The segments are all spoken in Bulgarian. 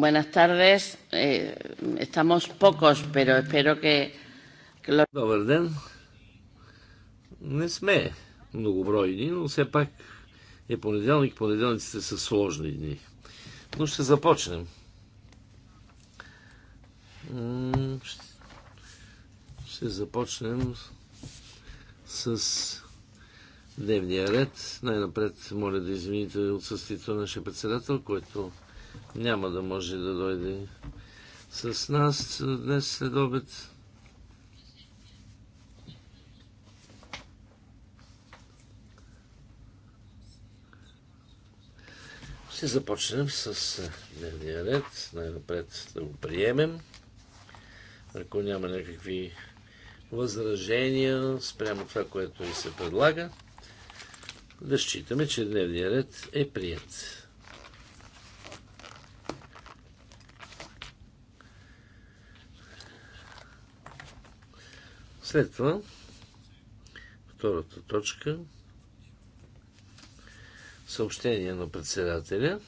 Buenas tardes. Eh, estamos pocos, pero espero que... que lo... Добър ден. Не сме многобройни, но все пак е понеделник. Понеделниците са сложни дни. Но ще започнем. Ще започнем с дневния ред. Най-напред моля да извините отсъствието на нашия председател, който няма да може да дойде с нас днес след обед. Ще започнем с е, дневния ред. Най-напред да го приемем. Ако няма някакви възражения спрямо това, което ви се предлага, да считаме, че дневния ред е прият. След това, втората точка, съобщение на председателя.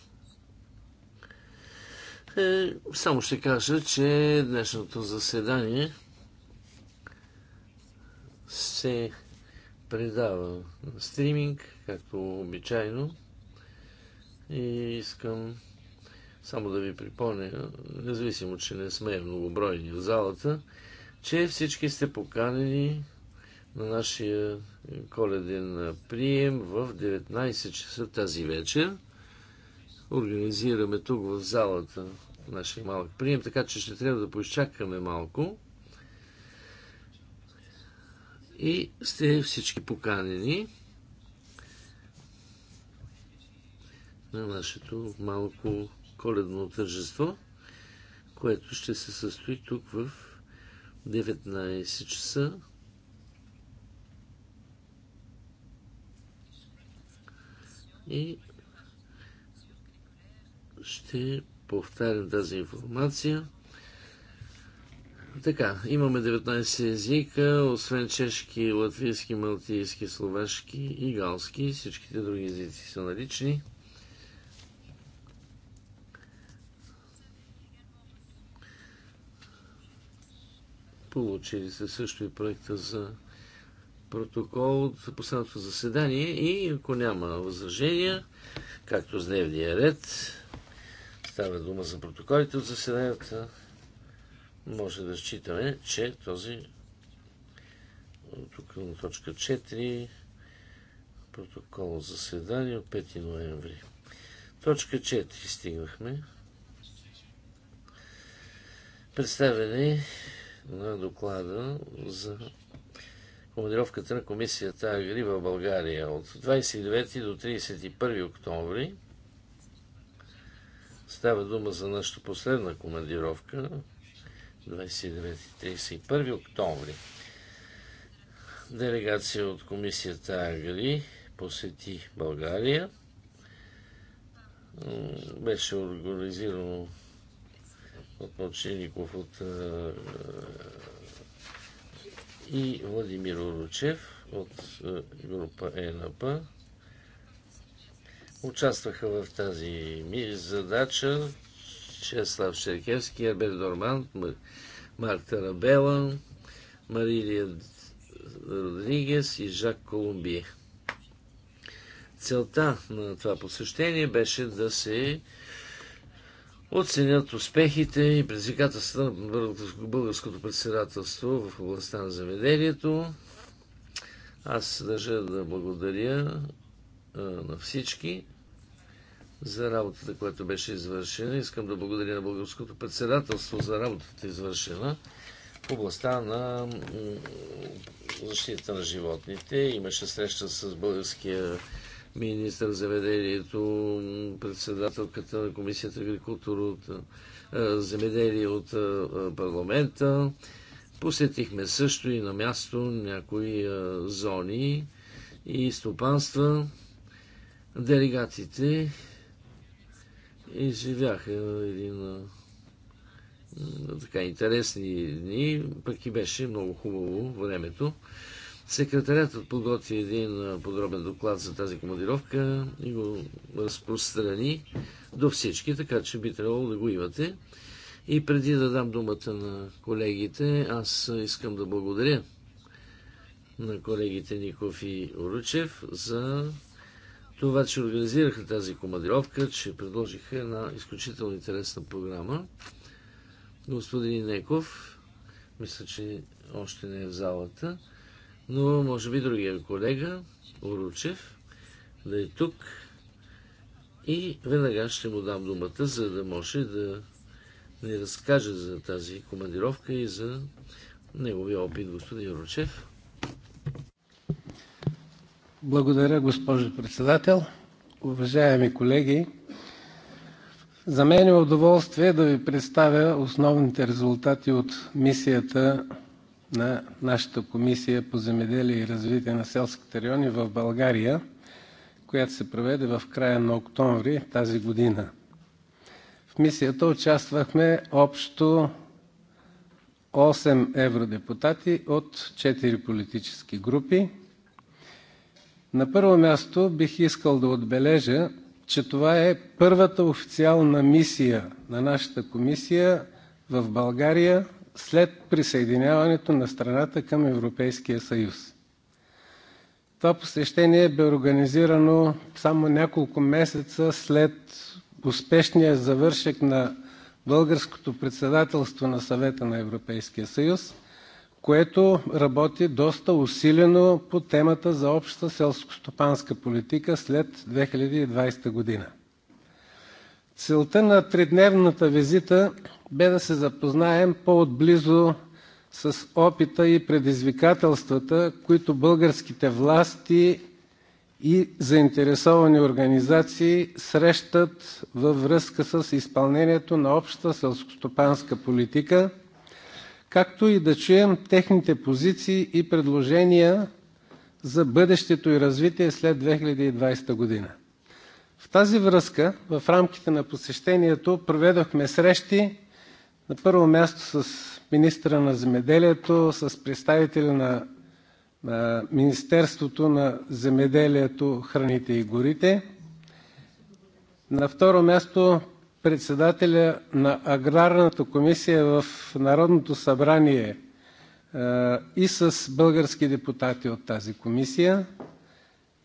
Е, само ще кажа, че днешното заседание се предава на стриминг, както обичайно. И искам само да ви припомня, независимо, че не сме многобройни в залата, че всички сте поканени на нашия коледен прием в 19 часа тази вечер. Организираме тук в залата нашия малък прием, така че ще трябва да поизчакаме малко. И сте всички поканени на нашето малко коледно тържество, което ще се състои тук в 19 часа. И ще повтарям тази информация. Така, имаме 19 езика, освен чешки, латвийски, малтийски, словашки и галски. Всичките други езици са налични. Получили се също и проекта за протокол от последното заседание и ако няма възражения, както с дневния ред, става дума за протоколите от заседанията, може да считаме, че този тук на точка 4 протокол от заседание от 5 ноември. Точка 4 стигнахме. Представяне на доклада за командировката на комисията Агри в България от 29 до 31 октомври. Става дума за нашата последна командировка 29-31 октомври. Делегация от комисията Агри посети България. Беше организирано Опочеников от и Владимир Оручев от група ЕНП участваха в тази ми задача Чеслав Шеркевски, Ербер Дорман, Марта Рабела, Марилия Родригес и Жак Колумбие. Целта на това посещение беше да се оценят успехите и предизвикателствата на българското председателство в областта на заведението. Аз държа да благодаря на всички за работата, която беше извършена. Искам да благодаря на българското председателство за работата извършена в областта на защита на животните. Имаше среща с българския министър на земеделието, председателката на Комисията агрикултура от земеделие от парламента. Посетихме също и на място някои зони и стопанства. Делегатите изживяха един така интересни дни, пък и беше много хубаво времето. Секретарятът подготви един подробен доклад за тази командировка и го разпространи до всички, така че би трябвало да го имате. И преди да дам думата на колегите, аз искам да благодаря на колегите Ников и Оручев за това, че организираха тази командировка, че предложиха една изключително интересна програма. Господин Неков, мисля, че още не е в залата но може би другия колега, Оручев, да е тук и веднага ще му дам думата, за да може да ни разкаже за тази командировка и за неговия опит, господин Ручев. Благодаря, госпожо председател. Уважаеми колеги, за мен е удоволствие да ви представя основните резултати от мисията на нашата Комисия по земеделие и развитие на селските райони в България, която се проведе в края на октомври тази година. В мисията участвахме общо 8 евродепутати от 4 политически групи. На първо място бих искал да отбележа, че това е първата официална мисия на нашата комисия в България след присъединяването на страната към Европейския съюз. Това посещение бе организирано само няколко месеца след успешния завършек на българското председателство на Съвета на Европейския съюз, което работи доста усилено по темата за обща селскостопанска политика след 2020 година. Целта на тридневната визита бе да се запознаем по-отблизо с опита и предизвикателствата, които българските власти и заинтересовани организации срещат във връзка с изпълнението на общата селскостопанска политика, както и да чуем техните позиции и предложения за бъдещето и развитие след 2020 година. В тази връзка в рамките на посещението проведохме срещи на първо място с министра на земеделието, с представители на, на Министерството на земеделието, храните и горите. На второ място председателя на Аграрната комисия в Народното събрание е, и с български депутати от тази комисия.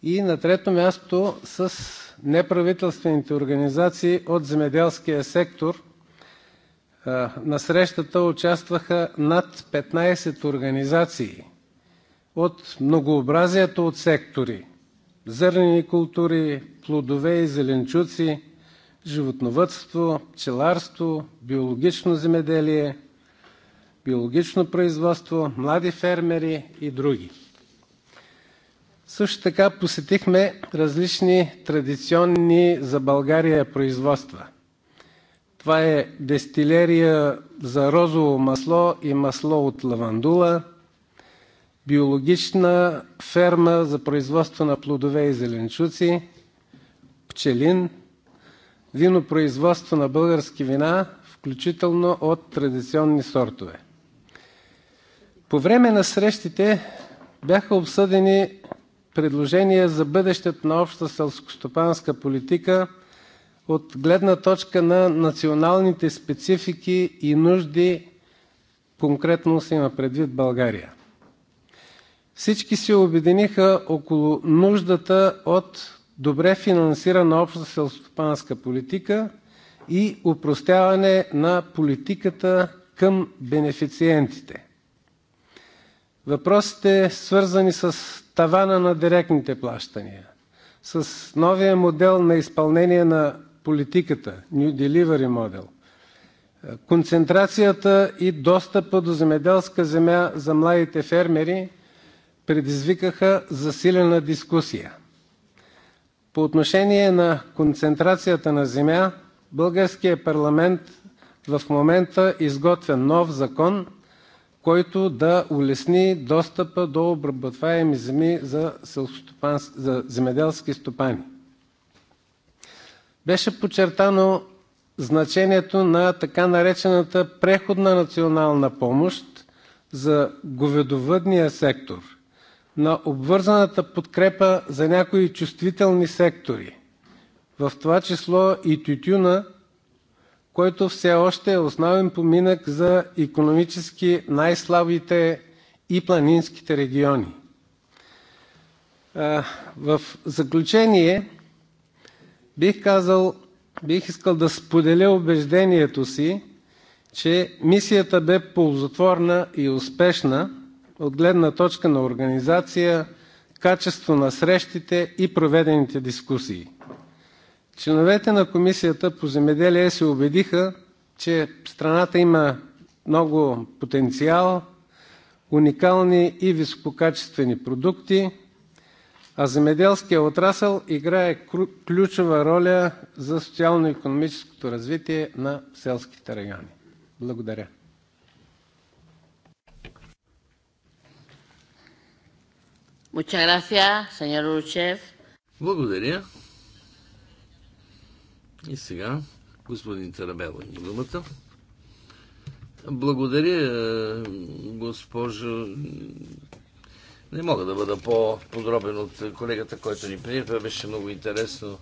И на трето място с неправителствените организации от земеделския сектор, на срещата участваха над 15 организации от многообразието от сектори – зърнени култури, плодове и зеленчуци, животновъдство, пчеларство, биологично земеделие, биологично производство, млади фермери и други. Също така посетихме различни традиционни за България производства – това е дестилерия за розово масло и масло от лавандула, биологична ферма за производство на плодове и зеленчуци, пчелин, винопроизводство на български вина, включително от традиционни сортове. По време на срещите бяха обсъдени предложения за бъдещето на обща селскостопанска политика от гледна точка на националните специфики и нужди, конкретно си има предвид България. Всички се обединиха около нуждата от добре финансирана обща селскостопанска политика и упростяване на политиката към бенефициентите. Въпросите, свързани с тавана на директните плащания, с новия модел на изпълнение на политиката, New Delivery Model, е, концентрацията и достъпа до земеделска земя за младите фермери предизвикаха засилена дискусия. По отношение на концентрацията на земя, българският парламент в момента изготвя нов закон, който да улесни достъпа до обработваеми земи за, за земеделски стопани. Беше подчертано значението на така наречената преходна национална помощ за говедовъдния сектор, на обвързаната подкрепа за някои чувствителни сектори, в това число и тютюна, който все още е основен поминък за икономически най-слабите и планинските региони. В заключение Бих казал, бих искал да споделя убеждението си, че мисията бе ползотворна и успешна от гледна точка на организация, качество на срещите и проведените дискусии. Членовете на Комисията по земеделие се убедиха, че страната има много потенциал, уникални и висококачествени продукти – а земеделският отрасъл играе ключова роля за социално економическото развитие на селските райони. Благодаря. Благодаря. И сега господин Тарабело, има думата. Благодаря, госпожо не мога да бъда по-подробен от колегата, който ни прие. Това беше много интересно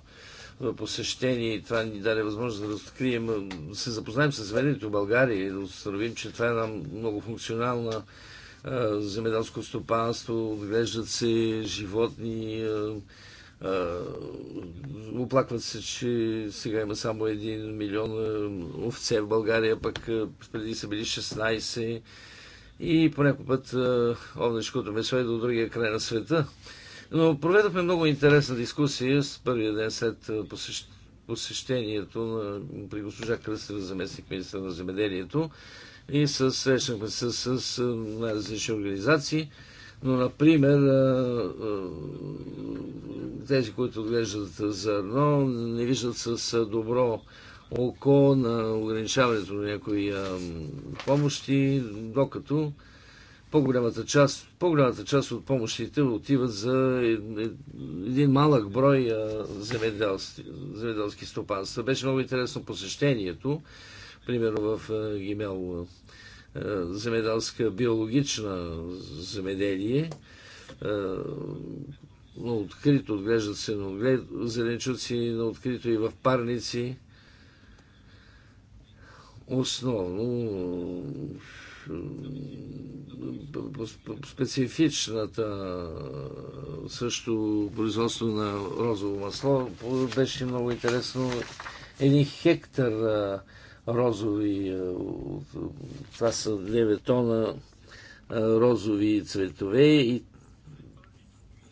посещение и това ни даде възможност да разкрием, да се запознаем с заведението в България и да установим, че това е една много функционална земеделско стопанство, отглеждат се животни, оплакват се, че сега има само един милион овце в България, пък преди са били 16 и по някой път е, овнешкото месо е до другия край на света. Но проведохме много интересна дискусия с първия ден след е, посещението на... при госпожа Кръстева, заместник министър на земеделието и със срещнахме се с, с е, най-различни организации. Но, например, тези, които отглеждат зърно, не виждат с добро око на ограничаването на някои помощи, докато по-голямата част, по-голямата част от помощите отиват за един малък брой земеделски, земеделски стопанства. Беше много интересно посещението, примерно в Гимел земеделска биологична земеделие. На открито отглеждат се на зеленчуци, на открито и в парници основно специфичната също производство на розово масло беше много интересно. Един хектар розови, това са 9 тона розови цветове и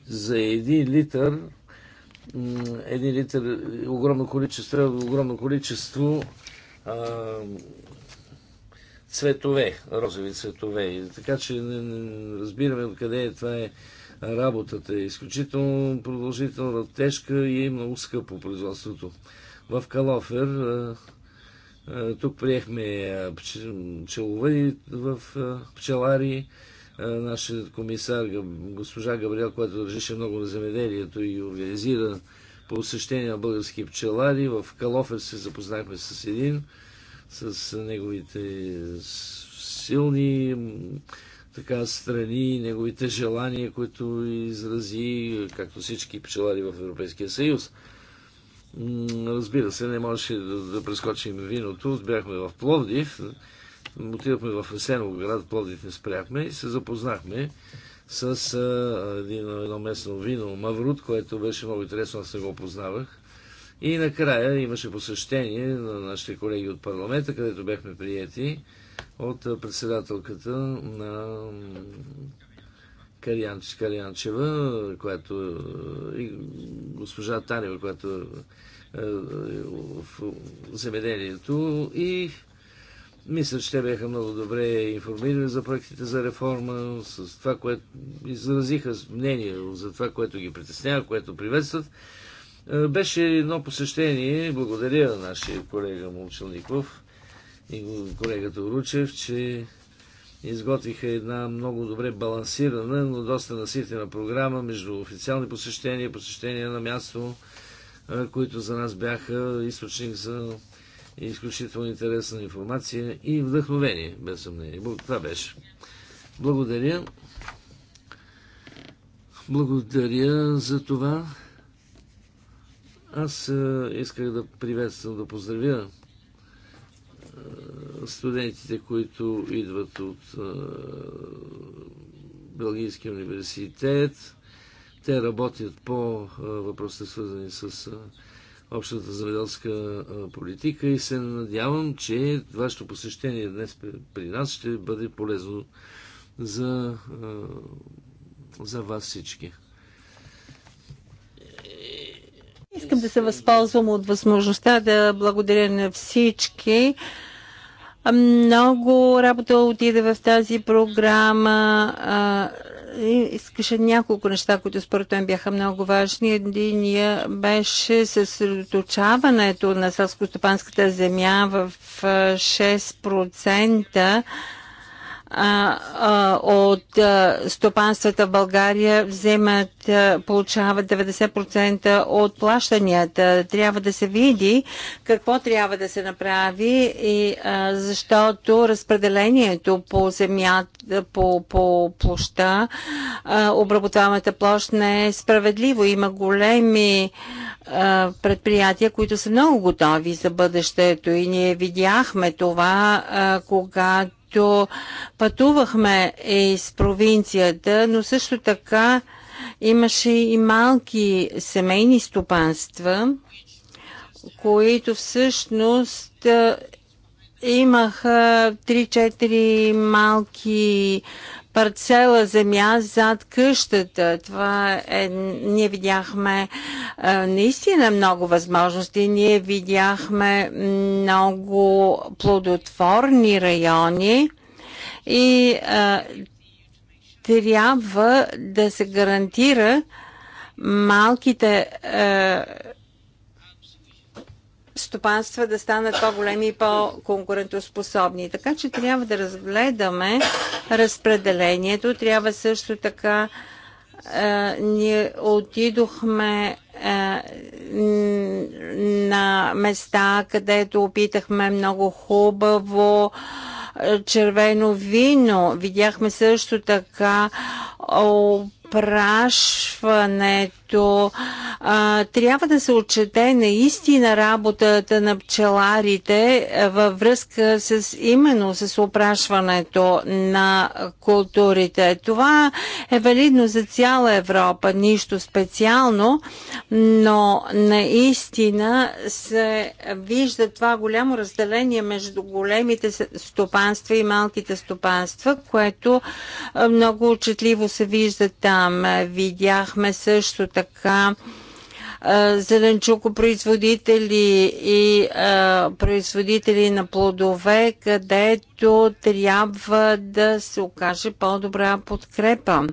за един литър един литър огромно количество, огромно количество цветове, розови цветове. така че разбираме откъде е това е работата. Е изключително продължителна, тежка и е много скъпо производството. В Калофер тук приехме пчеловъди в пчелари. Нашият комисар, госпожа Габриел, която държише много на земеделието и организира посещение на български пчелари. В Калофер се запознахме с един, с неговите силни така страни, неговите желания, които изрази, както всички пчелари в Европейския съюз. Разбира се, не можеше да, да прескочим виното. Бяхме в Пловдив, отидохме в Есенов град, Пловдив не спряхме и се запознахме с един едно местно вино, Маврут, което беше много интересно, аз не го познавах. И накрая имаше посещение на нашите колеги от парламента, където бяхме приети от председателката на Карианч, Карианчева, която и госпожа Танева, която е в земеделието и мисля, че те бяха много добре информирани за проектите за реформа, с това, което изразиха мнение за това, което ги притеснява, което приветстват. Е, беше едно посещение, благодаря на нашия колега Молчалников и колегата Ручев, че изготвиха една много добре балансирана, но доста наситена програма между официални посещения, посещения на място, е, които за нас бяха източник за и изключително интересна информация и вдъхновение, без съмнение. Това беше. Благодаря. Благодаря за това. Аз исках да приветствам, да поздравя студентите, които идват от Белгийския университет. Те работят по въпросите, свързани с общата земеделска политика и се надявам, че вашето посещение днес при нас ще бъде полезно за, за вас всички. Искам да се възползвам от възможността да благодаря на всички. Много работа отиде в тази програма искаше няколко неща, които според мен бяха много важни. Единия беше съсредоточаването на селско-стопанската земя в 6% а, а, от а, стопанствата в България вземат, а, получават 90% от плащанията. Трябва да се види какво трябва да се направи, и, а, защото разпределението по земята, по, по площа, а, обработваемата площ не е справедливо. Има големи предприятия, които са много готови за бъдещето и ние видяхме това, когато които пътувахме из провинцията, но също така имаше и малки семейни стопанства, които всъщност е, имаха 3-4 малки парцела земя зад къщата. Това е, ние видяхме а, наистина много възможности. Ние видяхме много плодотворни райони и а, трябва да се гарантира малките е, стопанства да станат по-големи и по-конкурентоспособни. Така че трябва да разгледаме разпределението. Трябва също така е, ние отидохме е, на места, където опитахме много хубаво е, червено вино. Видяхме също така опрашването който а, трябва да се отчете наистина работата на пчеларите във връзка с именно с опрашването на културите. Това е валидно за цяла Европа, нищо специално, но наистина се вижда това голямо разделение между големите стопанства и малките стопанства, което много отчетливо се вижда там. Видяхме също така така зеленчукопроизводители и а, производители на плодове, където трябва да се окаже по-добра подкрепа.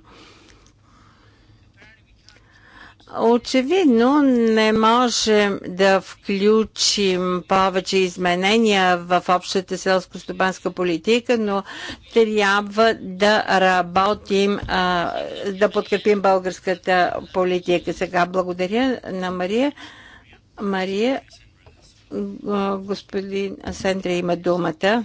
Очевидно не можем да включим повече изменения в общата селско-стопанска политика, но трябва да работим, а, да подкрепим българската политика. Сега благодаря на Мария. Мария, господин Сендри има думата.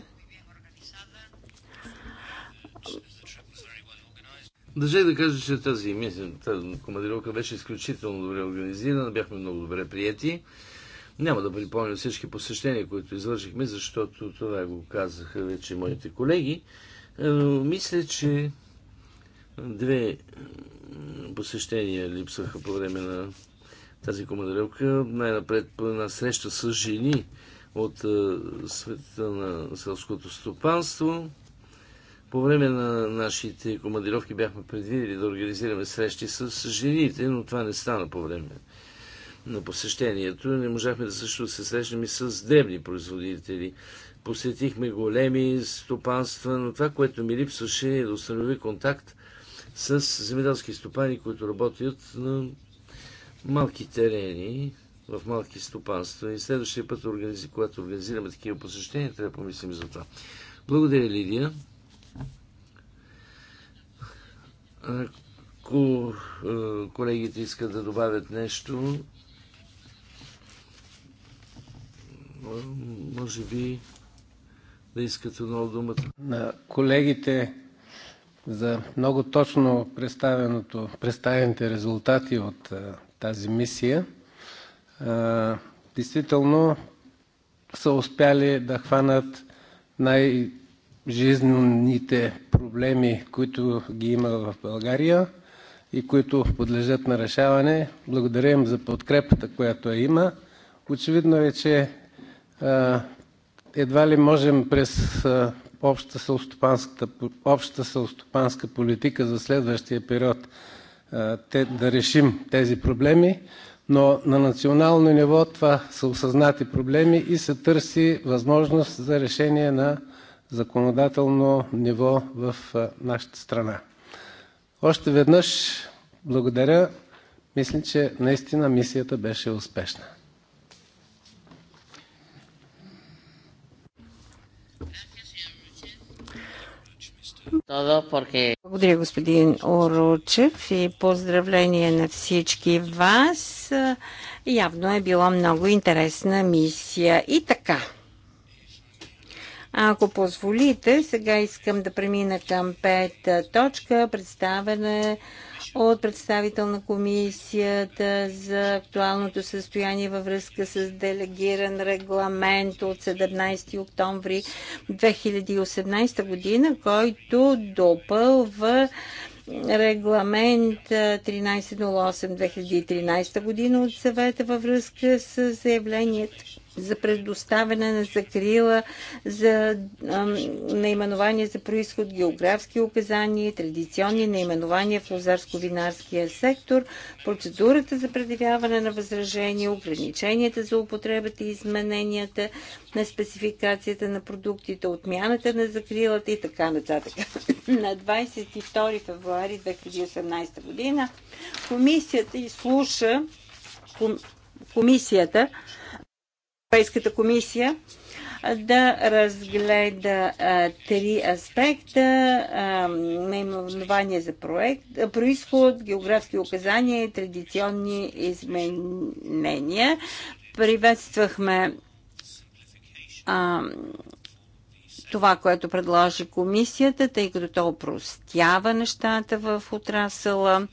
Държах да кажа, че тази, мисля, тази командировка беше изключително добре организирана, бяхме много добре прияти. Няма да припомня всички посещения, които извършихме, защото това го казаха вече моите колеги. Е, но мисля, че две посещения липсаха по време на тази командировка. Най-напред по една среща с жени от е, света на селското стопанство. По време на нашите командировки бяхме предвидели да организираме срещи с жените, но това не стана по време на посещението. Не можахме да също се срещнем и с древни производители. Посетихме големи стопанства, но това, което ми липсваше е да установи контакт с земеделски стопани, които работят на малки терени, в малки стопанства. И следващия път, когато организираме такива посещения, трябва да помислим за това. Благодаря, Лидия. Ако е, колегите искат да добавят нещо, може би да искат отново думата. На колегите за много точно представените резултати от е, тази мисия. Е, действително са успяли да хванат най- жизнените проблеми, които ги има в България и които подлежат на решаване. Благодаря им за подкрепата, която има. Очевидно е, че едва ли можем през общата селскостопанска политика за следващия период да решим тези проблеми, но на национално ниво това са осъзнати проблеми и се търси възможност за решение на законодателно ниво в нашата страна. Още веднъж благодаря. Мисля, че наистина мисията беше успешна. Благодаря, господин Оручев и поздравление на всички вас. Явно е била много интересна мисия. И така. Ако позволите, сега искам да премина към пета точка, представене от представител на комисията за актуалното състояние във връзка с делегиран регламент от 17 октомври 2018 година, който допълва регламент 1308-2013 година от съвета във връзка с заявлението за предоставяне на закрила за а, наименования за происход, географски указания традиционни наименования в лозарско-винарския сектор, процедурата за предявяване на възражения, ограниченията за употребата и измененията на спецификацията на продуктите, отмяната на закрилата и така нататък. На 22 февруари 2018 година комисията изслуша комисията Европейската комисия да разгледа а, три аспекта а, наименование за проект, а, происход, географски указания и традиционни изменения. Приветствахме а, това, което предложи комисията, тъй като то опростява нещата в отрасъла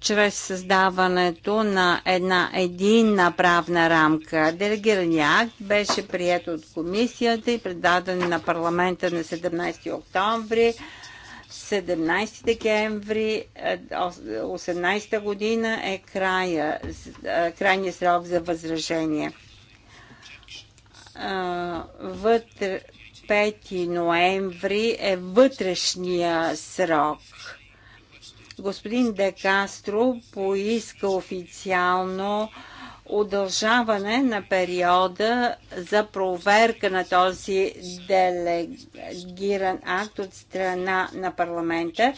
чрез създаването на една единна правна рамка. Делегирания акт беше прият от комисията и предаден на парламента на 17 октомври. 17 декември 18 е, година е края, е, крайния срок за възражение. Е, вътре, 5 ноември е вътрешния срок господин Де Кастро поиска официално удължаване на периода за проверка на този делегиран акт от страна на парламента.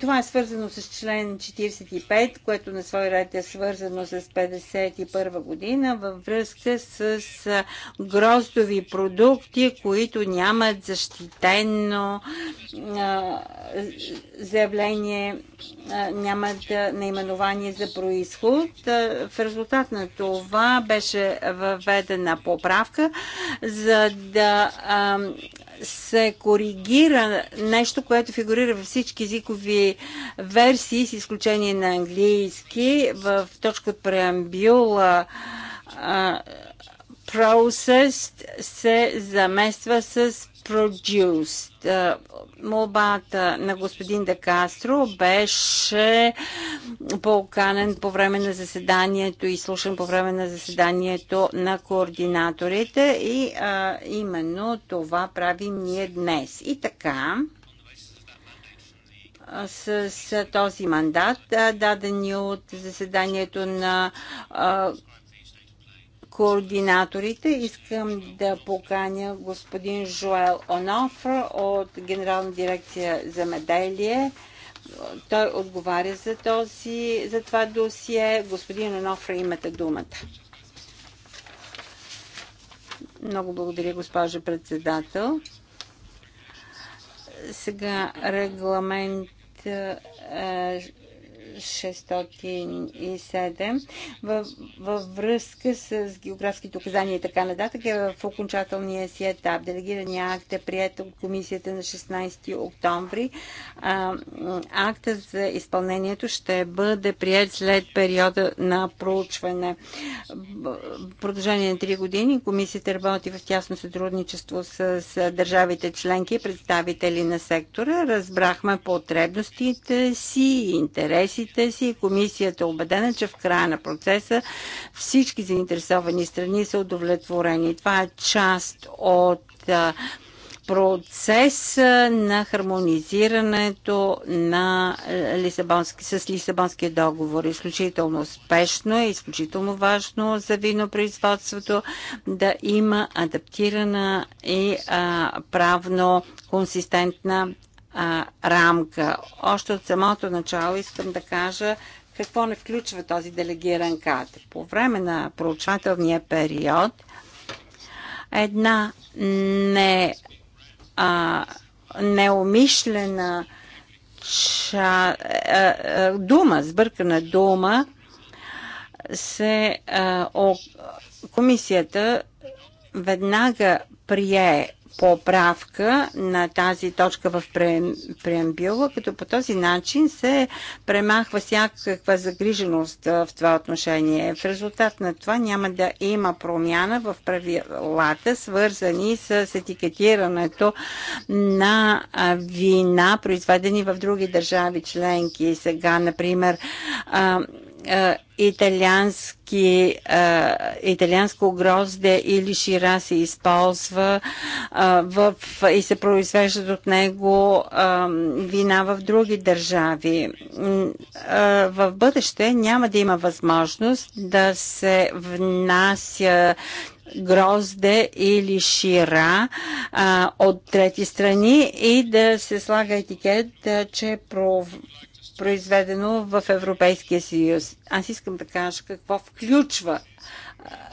Това е свързано с член 45, което на свой ред е свързано с 51 година във връзка с гроздови продукти, които нямат защитено заявление, нямат наименование за происход. В резултат на това беше въведена поправка, за да се коригира нещо, което фигурира във всички езикови версии, с изключение на английски. В точка от преамбюла processed се замества с produced. Е, молбата на господин Де Кастро беше поканен по време на заседанието и слушан по време на заседанието на координаторите и а, именно това правим ние днес. И така, с, с този мандат, даден от заседанието на а, координаторите. Искам да поканя господин Жоел Онофр от Генерална дирекция за меделие. Той отговаря за, този, за това досие. Господин Онофр, имате думата. Много благодаря, госпожа председател. Сега регламент е, 607 във, във връзка с географските указания и така нататък е в окончателния си етап. Делегирания акт е прият от комисията на 16 октомври. А, акта за изпълнението ще бъде прият след периода на проучване. В продължение на 3 години комисията работи в тясно сътрудничество с, с държавите членки и представители на сектора. Разбрахме потребностите си и интересите позициите си. Комисията е убедена, че в края на процеса всички заинтересовани страни са удовлетворени. Това е част от процес на хармонизирането на Лисабонски, с Лисабонския договор. Изключително успешно е, изключително важно за винопроизводството да има адаптирана и а, правно консистентна а, рамка. Още от самото начало искам да кажа какво не включва този делегиран кадър. По време на проучвателния период една не, а, неумишлена ча, а, а, дума, сбъркана дума, се а, о, комисията веднага прие поправка на тази точка в преамбюла, като по този начин се премахва всякаква загриженост в това отношение. В резултат на това няма да има промяна в правилата, свързани с етикетирането на вина, произведени в други държави членки. Сега, например, е, италиански, е, италианско грозде или шира се използва е, в, и се произвеждат от него вина в други държави. В бъдеще няма да има възможност да се внася грозде или шира а, от трети страни и да се слага етикет, че произведено в Европейския съюз. Аз искам да кажа какво включва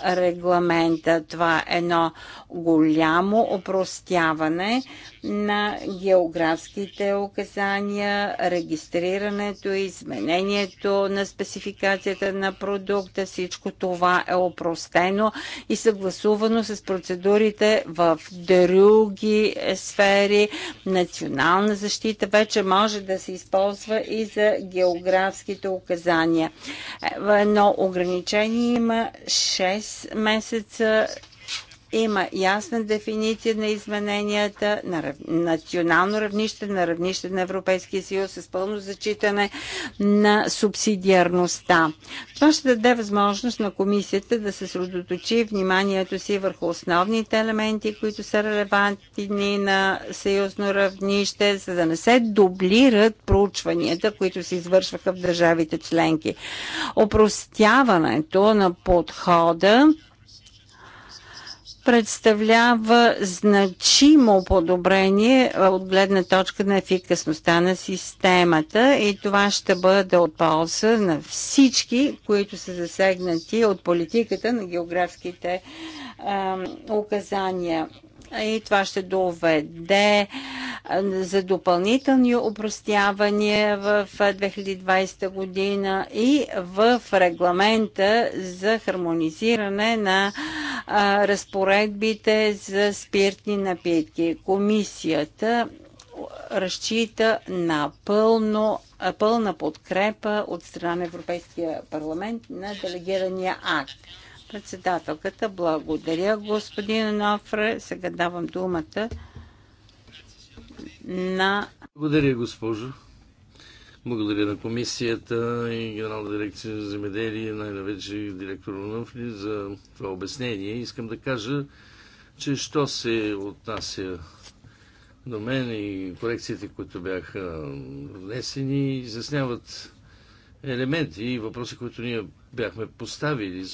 регламента. Това е едно голямо опростяване на географските указания, регистрирането изменението на спецификацията на продукта. Всичко това е опростено и съгласувано с процедурите в други сфери. Национална защита вече може да се използва и за географските указания. Е, но ограничение има 6 месеца има ясна дефиниция на измененията на национално равнище, на равнище на Европейския съюз с пълно зачитане на субсидиарността. Това ще даде възможност на комисията да се средоточи вниманието си върху основните елементи, които са релевантни на съюзно равнище, за да не се дублират проучванията, които се извършваха в държавите членки. Опростяването на подхода представлява значимо подобрение от гледна точка на ефикасността на системата и това ще бъде от полза на всички, които са засегнати от политиката на географските а, указания и това ще доведе за допълнителни упростявания в 2020 година и в регламента за хармонизиране на разпоредбите за спиртни напитки. Комисията разчита на пълно, пълна подкрепа от страна на Европейския парламент на делегирания акт. Председателката, благодаря господин Нофре. Сега давам думата на... Благодаря, госпожо. Благодаря на комисията и Генерална дирекция за земеделие, най-навече директор Нуфли за това обяснение. Искам да кажа, че що се отнася до мен и корекциите, които бяха внесени, изясняват елементи и въпроси, които ние бяхме поставили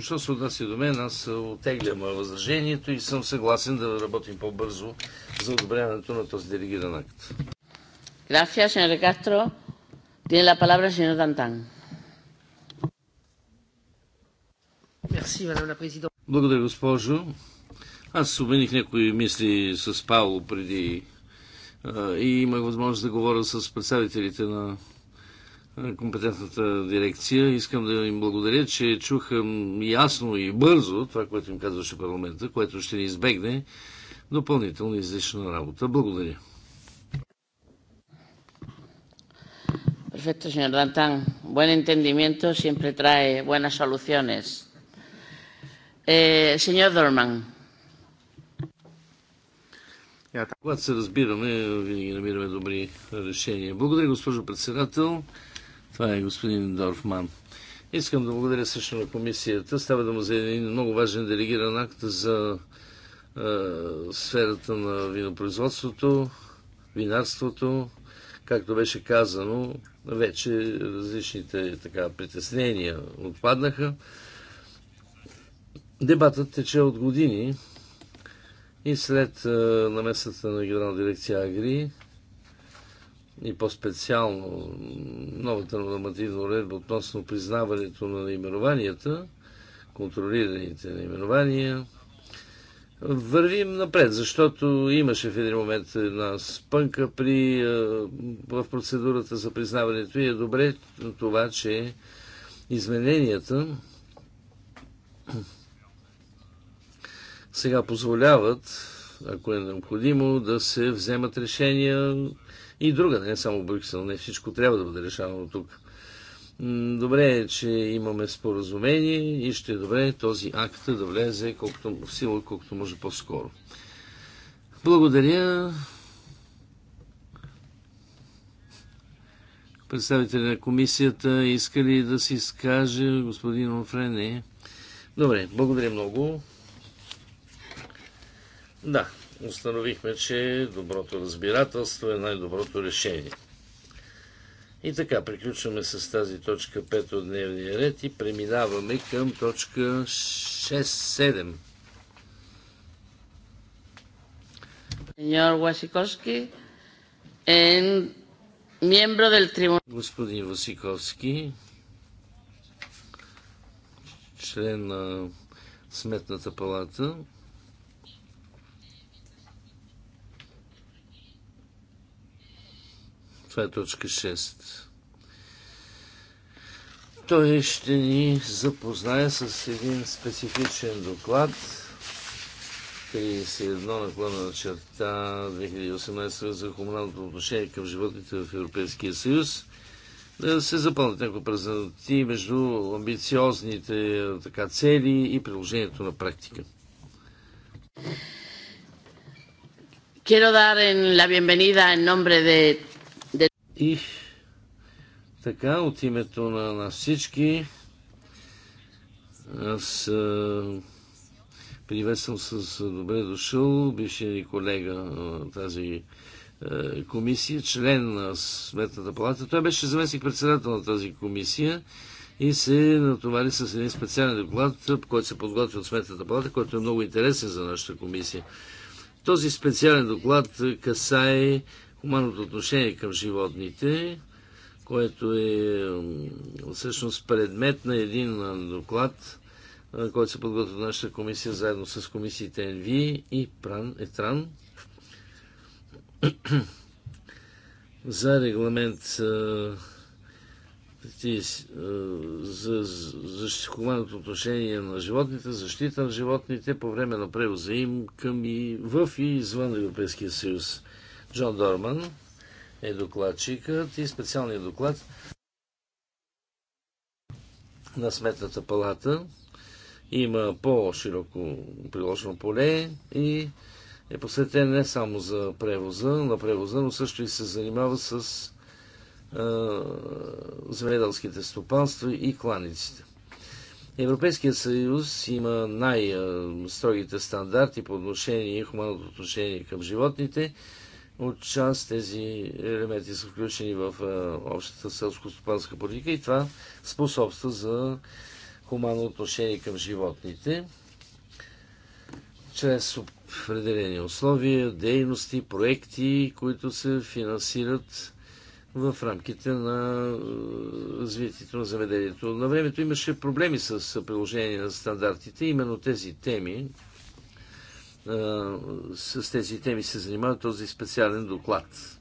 що се отнася до мен, аз отеглям възражението и съм съгласен да работим по-бързо за одобряването на този делегиран акт. Gracias, señor Castro. Tiene la palabra el señor Благодаря, госпожо. Аз обмених някои мисли с Пауло преди и имах възможност да говоря с представителите на компетентната дирекция. Искам да им благодаря, че чуха ясно и бързо това, което им казваше парламента, което ще ни избегне допълнителна излишна работа. Благодаря. Perfecto, señor Dantán. Buen entendimiento siempre trae buenas soluciones. Eh, señor Dorman. Когато се разбираме, винаги намираме добри решения. Благодаря, госпожо председател. Това е господин Дорфман. Искам да благодаря също на комисията. Става да му за един много важен делегиран акт за е, сферата на винопроизводството, винарството. Както беше казано, вече различните така, притеснения отпаднаха. Дебатът тече от години и след е, намесата на Генерална дирекция Агри и по-специално новата нормативна уредба относно признаването на наименованията, контролираните наименования, вървим напред, защото имаше в един момент една спънка при, в процедурата за признаването и е добре това, че измененията сега позволяват, ако е необходимо, да се вземат решения и друга, не само Брюксел. Не всичко трябва да бъде решавано тук. Добре е, че имаме споразумение и ще е добре този акт да влезе колкото, в сила, колкото може по-скоро. Благодаря. Представители на комисията искали да си изкаже господин Офрене? Добре, благодаря много. Да, установихме, че доброто разбирателство е най-доброто решение. И така, приключваме с тази точка 5 от дневния ред и преминаваме към точка 6-7. Господин Васиковски, член на Сметната палата, Това е точка 6. Той ще ни запознае с един специфичен доклад 31 наклона на черта 2018 за хуманалното отношение към животните в Европейския съюз да се запълнят някои празноти между амбициозните така, цели и приложението на практика. Quiero dar en la bienvenida en nombre de и така, от името на, на всички, аз приветствам с добре дошъл бившия ни колега на тази а, комисия, член на Сметната палата. Той беше заместник председател на тази комисия и се натовари с един специален доклад, който се подготви от Сметната палата, който е много интересен за нашата комисия. Този специален доклад касае хуманното отношение към животните, което е всъщност предмет на един доклад, който се подготвя в нашата комисия заедно с комисиите НВ и ПРАН, ЕТРАН за регламент за хуманното отношение на животните, защита на животните по време на превоза им към и в и извън Европейския съюз. Джон Дорман е докладчикът и специалният доклад на Сметната палата има по-широко приложено поле и е посветен не само за превоза, на превоза, но също и се занимава с земеделските стопанства и кланиците. Европейският съюз има най-строгите стандарти по отношение и хуманното отношение към животните от част тези елементи са включени в е, общата селско-стопанска политика и това способства за хуманно отношение към животните чрез определени условия, дейности, проекти, които се финансират в рамките на е, развитието на заведението. На времето имаше проблеми с приложение на стандартите. Именно тези теми с тези теми се занимава този специален доклад.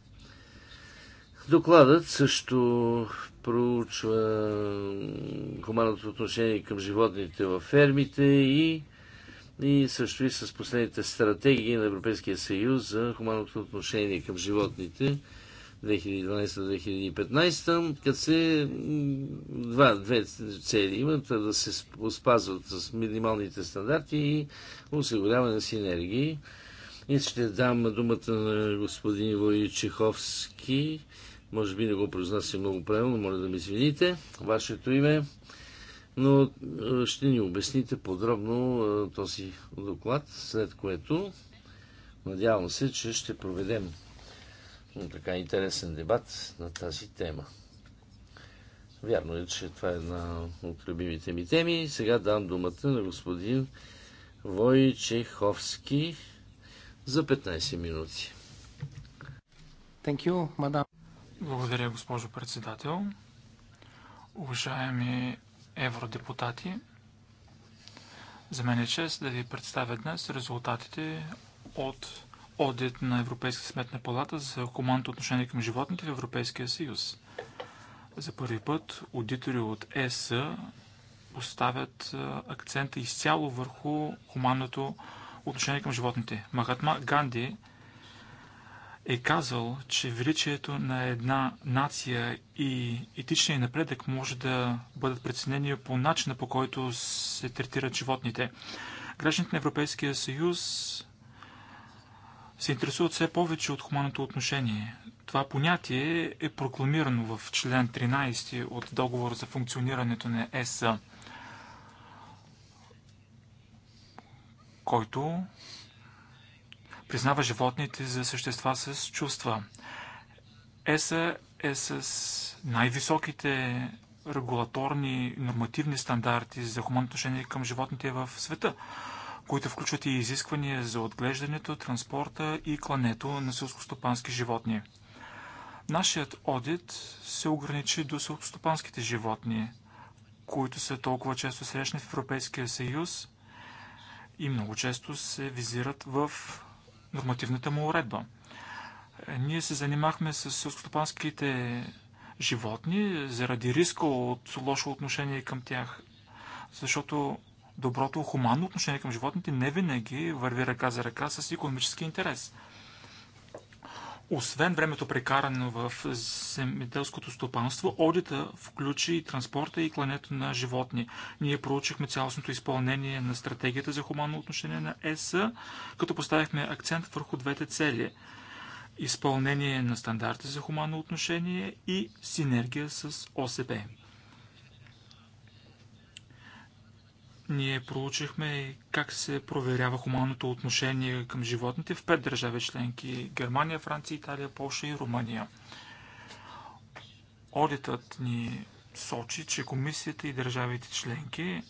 Докладът също проучва хуманното отношение към животните във фермите и, и също и с последните стратегии на Европейския съюз за хуманното отношение към животните – 2012-2015, като се два, две цели имат да се спазват с минималните стандарти и осигуряване на синергии. И ще дам думата на господин Войчеховски. Може би не го произнася много правилно, моля да ми извините. Вашето име. Но ще ни обясните подробно този доклад, след което надявам се, че ще проведем така интересен дебат на тази тема. Вярно е, че това е една от любимите ми теми. Сега дам думата на господин Войчеховски за 15 минути. Thank you, Благодаря, госпожо председател. Уважаеми евродепутати, за мен е чест да ви представя днес резултатите от одит на Европейска сметна палата за хуманното отношение към животните в Европейския съюз. За първи път аудитори от ЕС поставят акцента изцяло върху хуманното отношение към животните. Махатма Ганди е казал, че величието на една нация и етичния напредък може да бъдат преценени по начина по който се третират животните. Гражданите на Европейския съюз се интересуват все повече от хуманното отношение. Това понятие е прокламирано в член 13 от договора за функционирането на ЕС, който признава животните за същества с чувства. ЕСА е с най-високите регулаторни нормативни стандарти за хуманно отношение към животните в света които включват и изисквания за отглеждането, транспорта и клането на селскостопански животни. Нашият одит се ограничи до селскостопанските животни, които са толкова често срещани в Европейския съюз и много често се визират в нормативната му уредба. Е, ние се занимахме с селскостопанските животни заради риска от лошо отношение към тях, защото доброто хуманно отношение към животните не винаги върви ръка за ръка с економически интерес. Освен времето прекарано в земеделското стопанство, одита включи и транспорта и клането на животни. Ние проучихме цялостното изпълнение на стратегията за хуманно отношение на ЕС, като поставихме акцент върху двете цели – изпълнение на стандарти за хуманно отношение и синергия с ОСП. Ние проучихме как се проверява хуманното отношение към животните в пет държави членки – Германия, Франция, Италия, Польша и Румъния. Одитът ни сочи, че комисията и държавите членки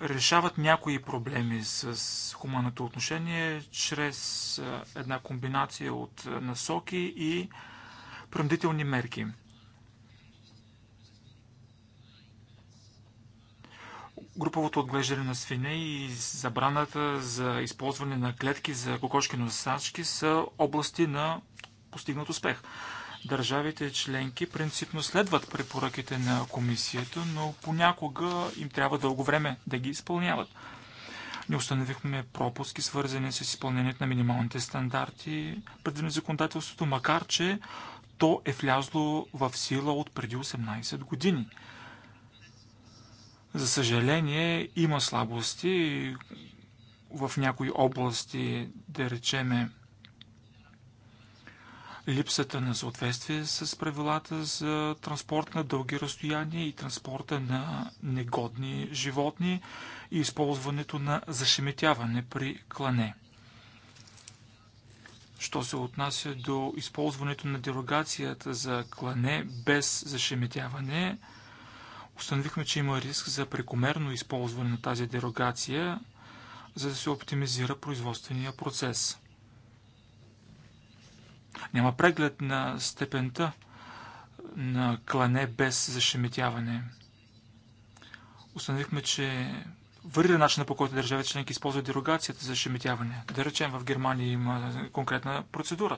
решават някои проблеми с хуманното отношение чрез една комбинация от насоки и принудителни мерки – груповото отглеждане на свине и забраната за използване на клетки за кокошки носачки са области на постигнат успех. Държавите членки принципно следват препоръките на комисията, но понякога им трябва дълго време да ги изпълняват. Не установихме пропуски, свързани с изпълнението на минималните стандарти, предвидени законодателството, макар че то е влязло в сила от преди 18 години – за съжаление, има слабости в някои области, да речеме, липсата на съответствие с правилата за транспорт на дълги разстояния и транспорта на негодни животни и използването на зашеметяване при клане. Що се отнася до използването на дерогацията за клане без зашеметяване – Установихме, че има риск за прекомерно използване на тази дерогация, за да се оптимизира производствения процес. Няма преглед на степента на клане без зашеметяване. Установихме, че варира начина по който държавите членки използват дерогацията за шеметяване. Да речем, в Германия има конкретна процедура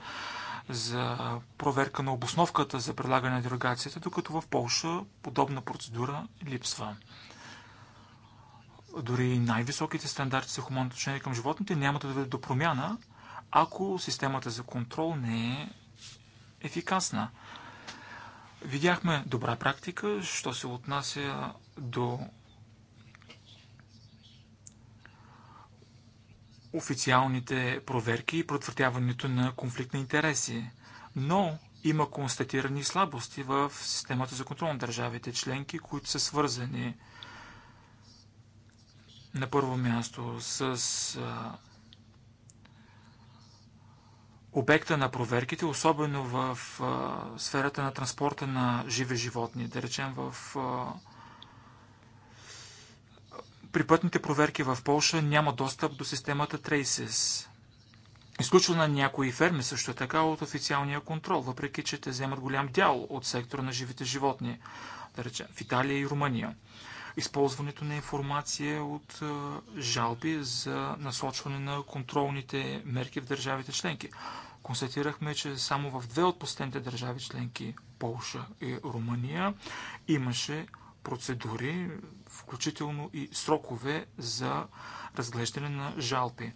за проверка на обосновката за предлагане на дерогацията, докато в Полша подобна процедура липсва. Дори най-високите стандарти за хуманно отношение към животните няма да доведат до промяна, ако системата за контрол не е ефикасна. Видяхме добра практика, що се отнася до официалните проверки и протвърдяването на конфликт на интереси. Но има констатирани слабости в системата за контрол на държавите членки, които са свързани на първо място с обекта на проверките, особено в сферата на транспорта на живи животни, да речем в при пътните проверки в Польша няма достъп до системата Traces. Изключва на някои ферми също е така от официалния контрол, въпреки че те вземат голям дял от сектора на живите животни, да речем, в Италия и Румъния. Използването на информация от жалби за насочване на контролните мерки в държавите членки. Констатирахме, че само в две от последните държави членки, Полша и Румъния, имаше процедури включително и срокове за разглеждане на жалби.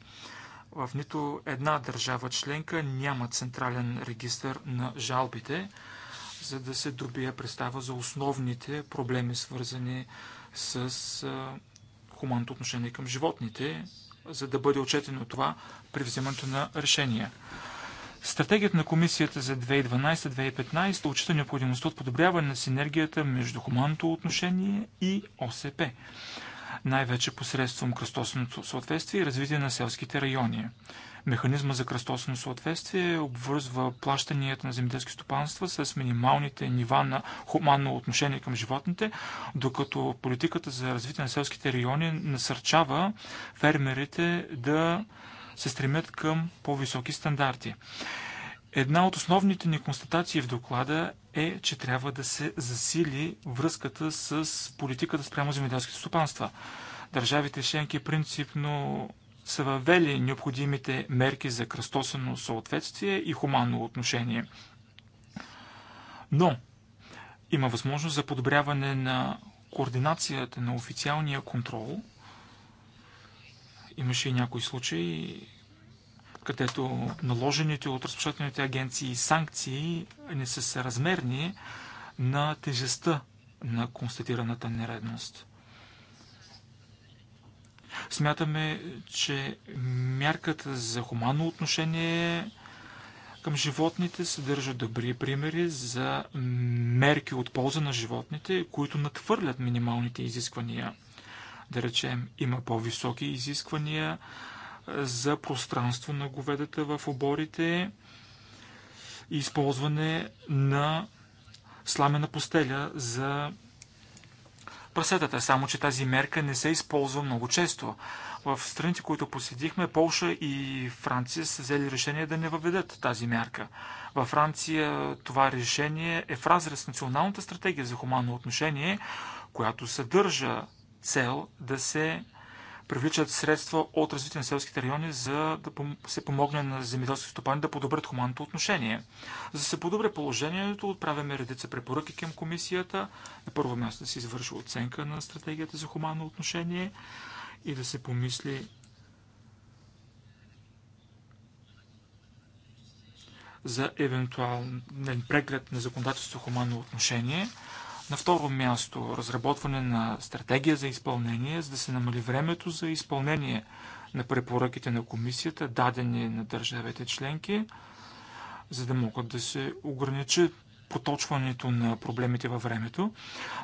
В нито една държава членка няма централен регистр на жалбите, за да се добие представа за основните проблеми, свързани с хуманното отношение към животните, за да бъде отчетено това при вземането на решения. Стратегията на комисията за 2012-2015 отчита необходимостта от подобряване на синергията между хуманното отношение и ОСП, най-вече посредством кръстосното съответствие и развитие на селските райони. Механизма за кръстосно съответствие обвързва плащанията на земеделски стопанства с минималните нива на хуманно отношение към животните, докато политиката за развитие на селските райони насърчава фермерите да се стремят към по-високи стандарти. Една от основните ни констатации в доклада е, че трябва да се засили връзката с политиката спрямо земеделските стопанства. Държавите членки принципно са въвели необходимите мерки за кръстосено съответствие и хуманно отношение. Но има възможност за подобряване на координацията на официалния контрол – Имаше и някои случаи, където наложените от разпочатаните агенции санкции не са съразмерни на тежестта на констатираната нередност. Смятаме, че мярката за хуманно отношение към животните съдържа добри примери за мерки от полза на животните, които надхвърлят минималните изисквания – да речем, има по-високи изисквания за пространство на говедата в оборите и използване на сламена постеля за прасетата. Само, че тази мерка не се използва много често. В страните, които посетихме, Полша и Франция са взели решение да не въведат тази мерка. Във Франция това решение е в разрез с националната стратегия за хуманно отношение, която съдържа цел да се привличат средства от развитие на селските райони, за да се помогне на земеделските стопани да подобрят хуманното отношение. За да се подобре положението, отправяме редица препоръки към комисията. На първо място да се извършва оценка на стратегията за хуманно отношение и да се помисли за евентуален преглед на законодателство хуманно отношение – на второ място, разработване на стратегия за изпълнение, за да се намали времето за изпълнение на препоръките на комисията, дадени на държавите членки, за да могат да се ограничи поточването на проблемите във времето.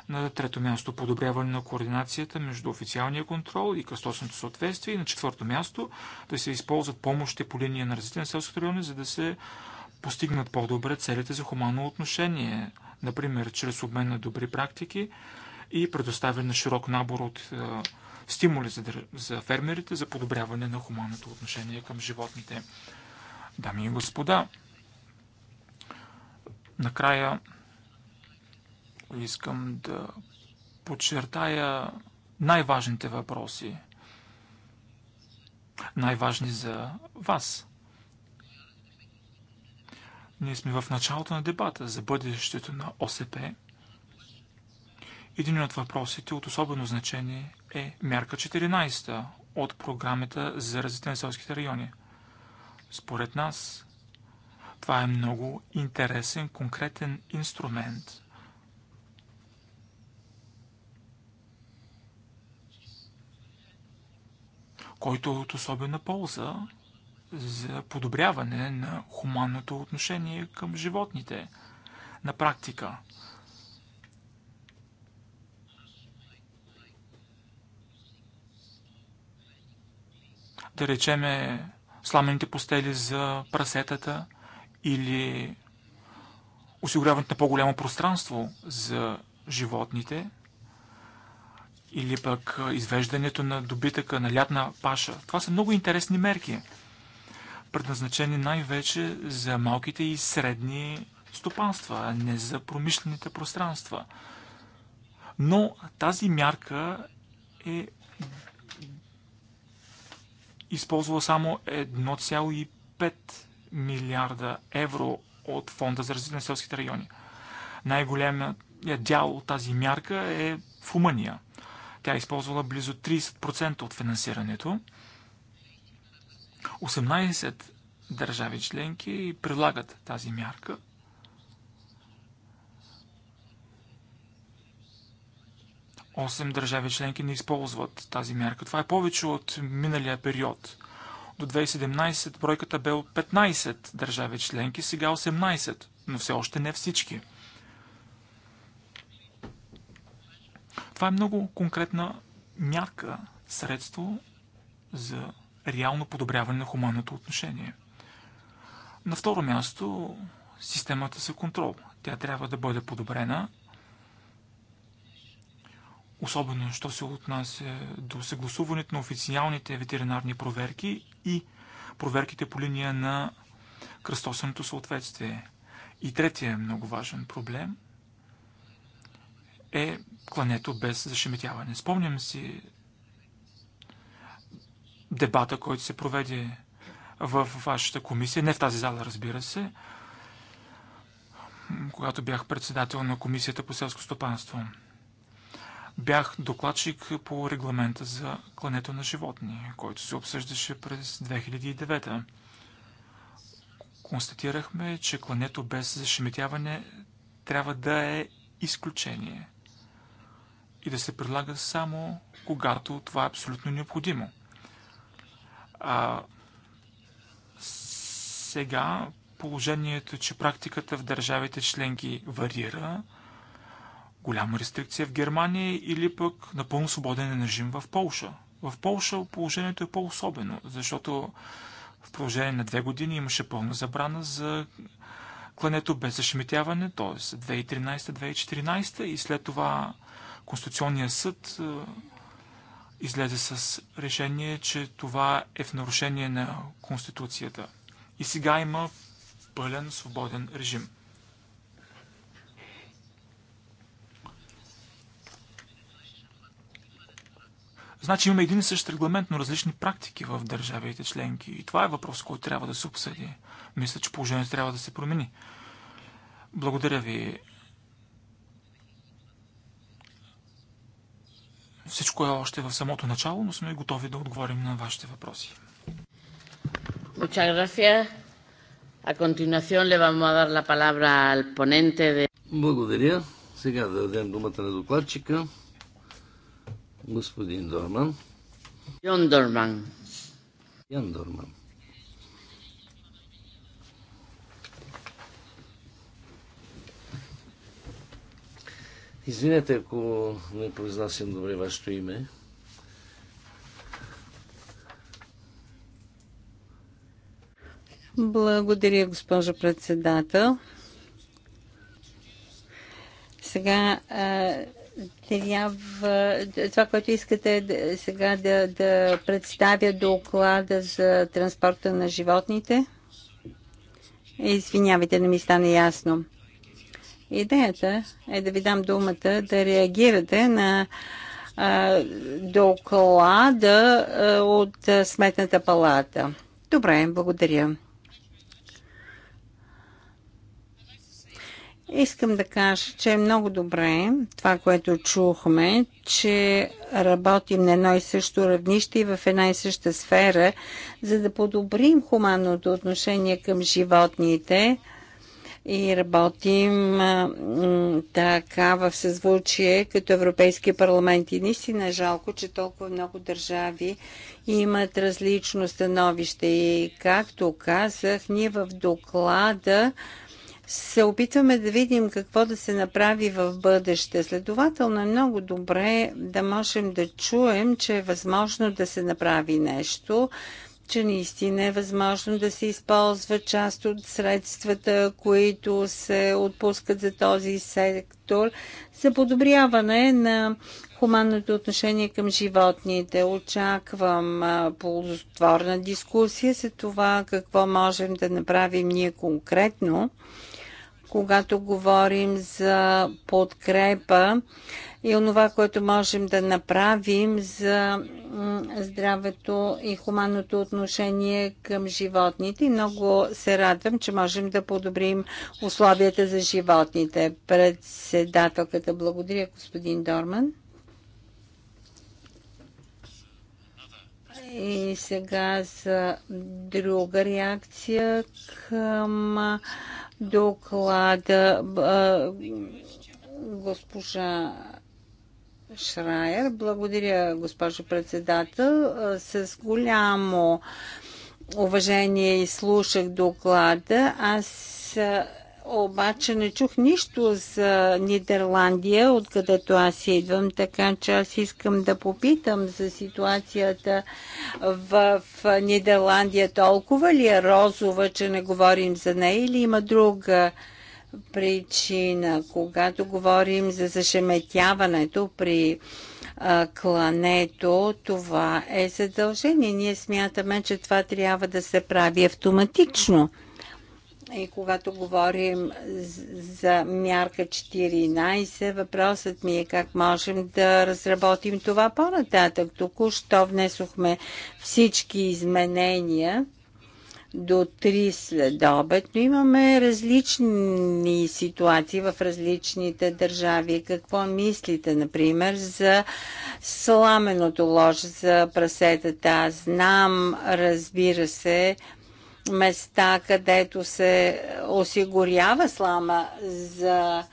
На трето място подобряване на координацията между официалния контрол и кръстосното съответствие. И на четвърто място да се използват помощи по линия на развитие на селските райони, за да се постигнат по-добре целите за хуманно отношение например чрез обмен на добри практики и предоставяне на широк набор от е, стимули за фермерите за подобряване на хуманното отношение към животните. Дами и господа, накрая искам да подчертая най-важните въпроси, най-важни за вас – ние сме в началото на дебата за бъдещето на ОСП. Един от въпросите от особено значение е мярка 14 от програмата за развитие на селските райони. Според нас, това е много интересен, конкретен инструмент. който е от особена полза за подобряване на хуманното отношение към животните на практика. Да речеме сламените постели за прасетата или осигуряването на по-голямо пространство за животните или пък извеждането на добитъка на лятна паша. Това са много интересни мерки – предназначени най-вече за малките и средни стопанства, а не за промишлените пространства. Но тази мярка е използвала само 1,5 милиарда евро от Фонда за развитие на селските райони. Най-големият дял от тази мярка е в Румъния. Тя е използвала близо 30% от финансирането. 18 държави членки прилагат тази мярка. Осем държави членки не използват тази мярка. Това е повече от миналия период. До 2017 бройката бе 15 държави членки, сега 18, но все още не всички. Това е много конкретна мярка, средство за реално подобряване на хуманното отношение. На второ място, системата за контрол. Тя трябва да бъде подобрена, особено що се отнася до съгласуването на официалните ветеринарни проверки и проверките по линия на кръстосаното съответствие. И третия много важен проблем е клането без зашеметяване. Спомням си дебата, който се проведе в вашата комисия, не в тази зала, разбира се, когато бях председател на Комисията по селско стопанство. Бях докладчик по регламента за клането на животни, който се обсъждаше през 2009 Констатирахме, че клането без зашеметяване трябва да е изключение и да се предлага само когато това е абсолютно необходимо – а, сега положението, е, че практиката в държавите членки варира, голяма рестрикция в Германия или пък напълно свободен режим в Полша. В Полша положението е по-особено, защото в продължение на две години имаше пълна забрана за клането без зашметяване, т.е. 2013-2014 и след това Конституционният съд излезе с решение, че това е в нарушение на Конституцията. И сега има пълен свободен режим. Значи имаме един и същ регламент, но различни практики в държавите членки. И това е въпрос, който трябва да се обсъди. Мисля, че положението трябва да се промени. Благодаря ви Всичко е още в самото начало, но сме готови да отговорим на вашите въпроси. Благодаря. Сега да дадем думата на докладчика. Господин Дорман. Йон Дорман. Йон Дорман. Извинете, ако не произнасям добре вашето име. Благодаря, госпожо председател. Сега трябва това, което искате сега да, да представя доклада за транспорта на животните. Извинявайте, не ми стана ясно. Идеята е да ви дам думата да реагирате на а, доклада а, от Сметната палата. Добре, благодаря. Искам да кажа, че е много добре това, което чухме, че работим на едно и също равнище и в една и съща сфера, за да подобрим хуманното отношение към животните – и работим така в съзвучие като Европейски парламент. И наистина е жалко, че толкова много държави имат различно становище. И както казах, ние в доклада се опитваме да видим какво да се направи в бъдеще. Следователно е много добре да можем да чуем, че е възможно да се направи нещо че наистина е възможно да се използва част от средствата, които се отпускат за този сектор, за подобряване на хуманното отношение към животните. Очаквам ползотворна дискусия за това какво можем да направим ние конкретно, когато говорим за подкрепа и онова, което можем да направим за здравето и хуманното отношение към животните. много се радвам, че можем да подобрим условията за животните. Председателката, благодаря, господин Дорман. И сега за друга реакция към доклада госпожа Шрайер. Благодаря, госпожо председател. С голямо уважение и слушах доклада. Аз обаче не чух нищо за Нидерландия, откъдето аз идвам, така че аз искам да попитам за ситуацията в, в Нидерландия. Толкова ли е розова, че не говорим за нея или има друга причина. Когато говорим за зашеметяването при клането, това е задължение. Ние смятаме, че това трябва да се прави автоматично. И когато говорим за мярка 14, въпросът ми е как можем да разработим това по-нататък. Току-що внесохме всички изменения до 3 след обед, но имаме различни ситуации в различните държави. Какво мислите, например, за сламеното лож за прасетата? Аз знам, разбира се, места, където се осигурява слама за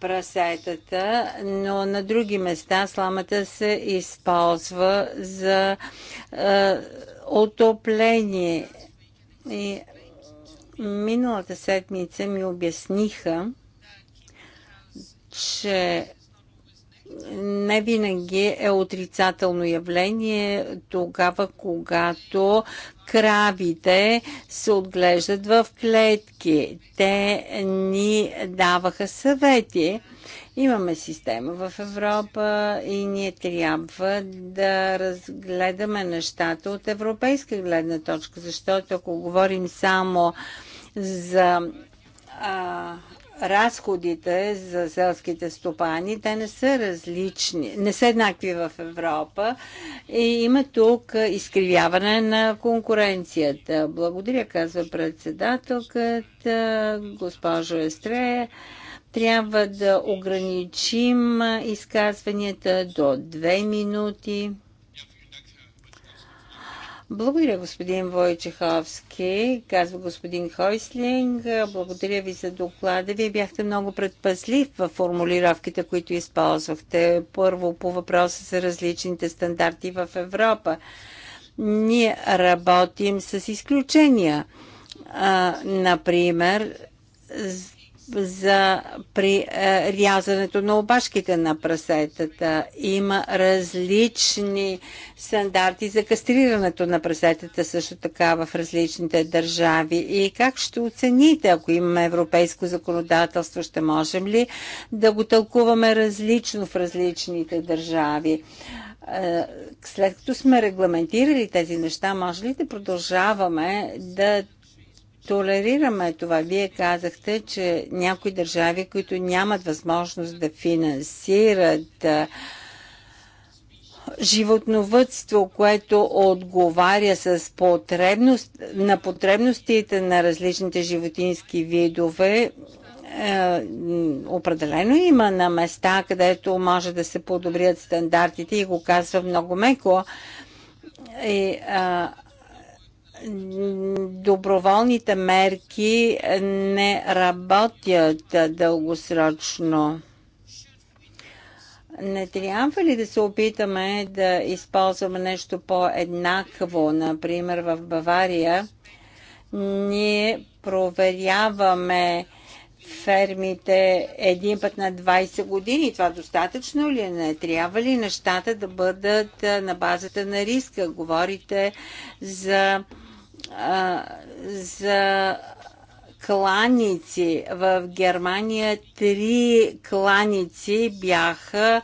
прасетата, но на други места сламата се използва за е, отопление. И миналата седмица ми обясниха, че не винаги е отрицателно явление тогава, когато кравите се отглеждат в клетки. Те ни даваха съвети Имаме система в Европа и ние трябва да разгледаме нещата от европейска гледна точка, защото ако говорим само за а, разходите за селските стопани, те не са различни, не са еднакви в Европа и има тук изкривяване на конкуренцията. Благодаря, казва председателката, госпожо Естрея. Трябва да ограничим изказванията до две минути. Благодаря, господин Войчеховски, казва господин Хойслинг. Благодаря ви за доклада. Вие бяхте много предпазлив в формулировките, които използвахте. Първо по въпроса за различните стандарти в Европа. Ние работим с изключения. А, например, за при е, рязането на обашките на прасетата. Има различни стандарти за кастрирането на прасетата също така в различните държави. И как ще оцените, ако имаме европейско законодателство, ще можем ли да го тълкуваме различно в различните държави? Е, след като сме регламентирали тези неща, може ли да продължаваме да толерираме това. Вие казахте, че някои държави, които нямат възможност да финансират животновътство, което отговаря с потребност, на потребностите на различните животински видове, е, определено има на места, където може да се подобрят стандартите и го казва много меко. И, а, доброволните мерки не работят дългосрочно. Не трябва ли да се опитаме да използваме нещо по-еднакво? Например, в Бавария ние проверяваме фермите един път на 20 години. Това достатъчно ли е? Не трябва ли нещата да бъдат на базата на риска? Говорите за за кланици. В Германия три кланици бяха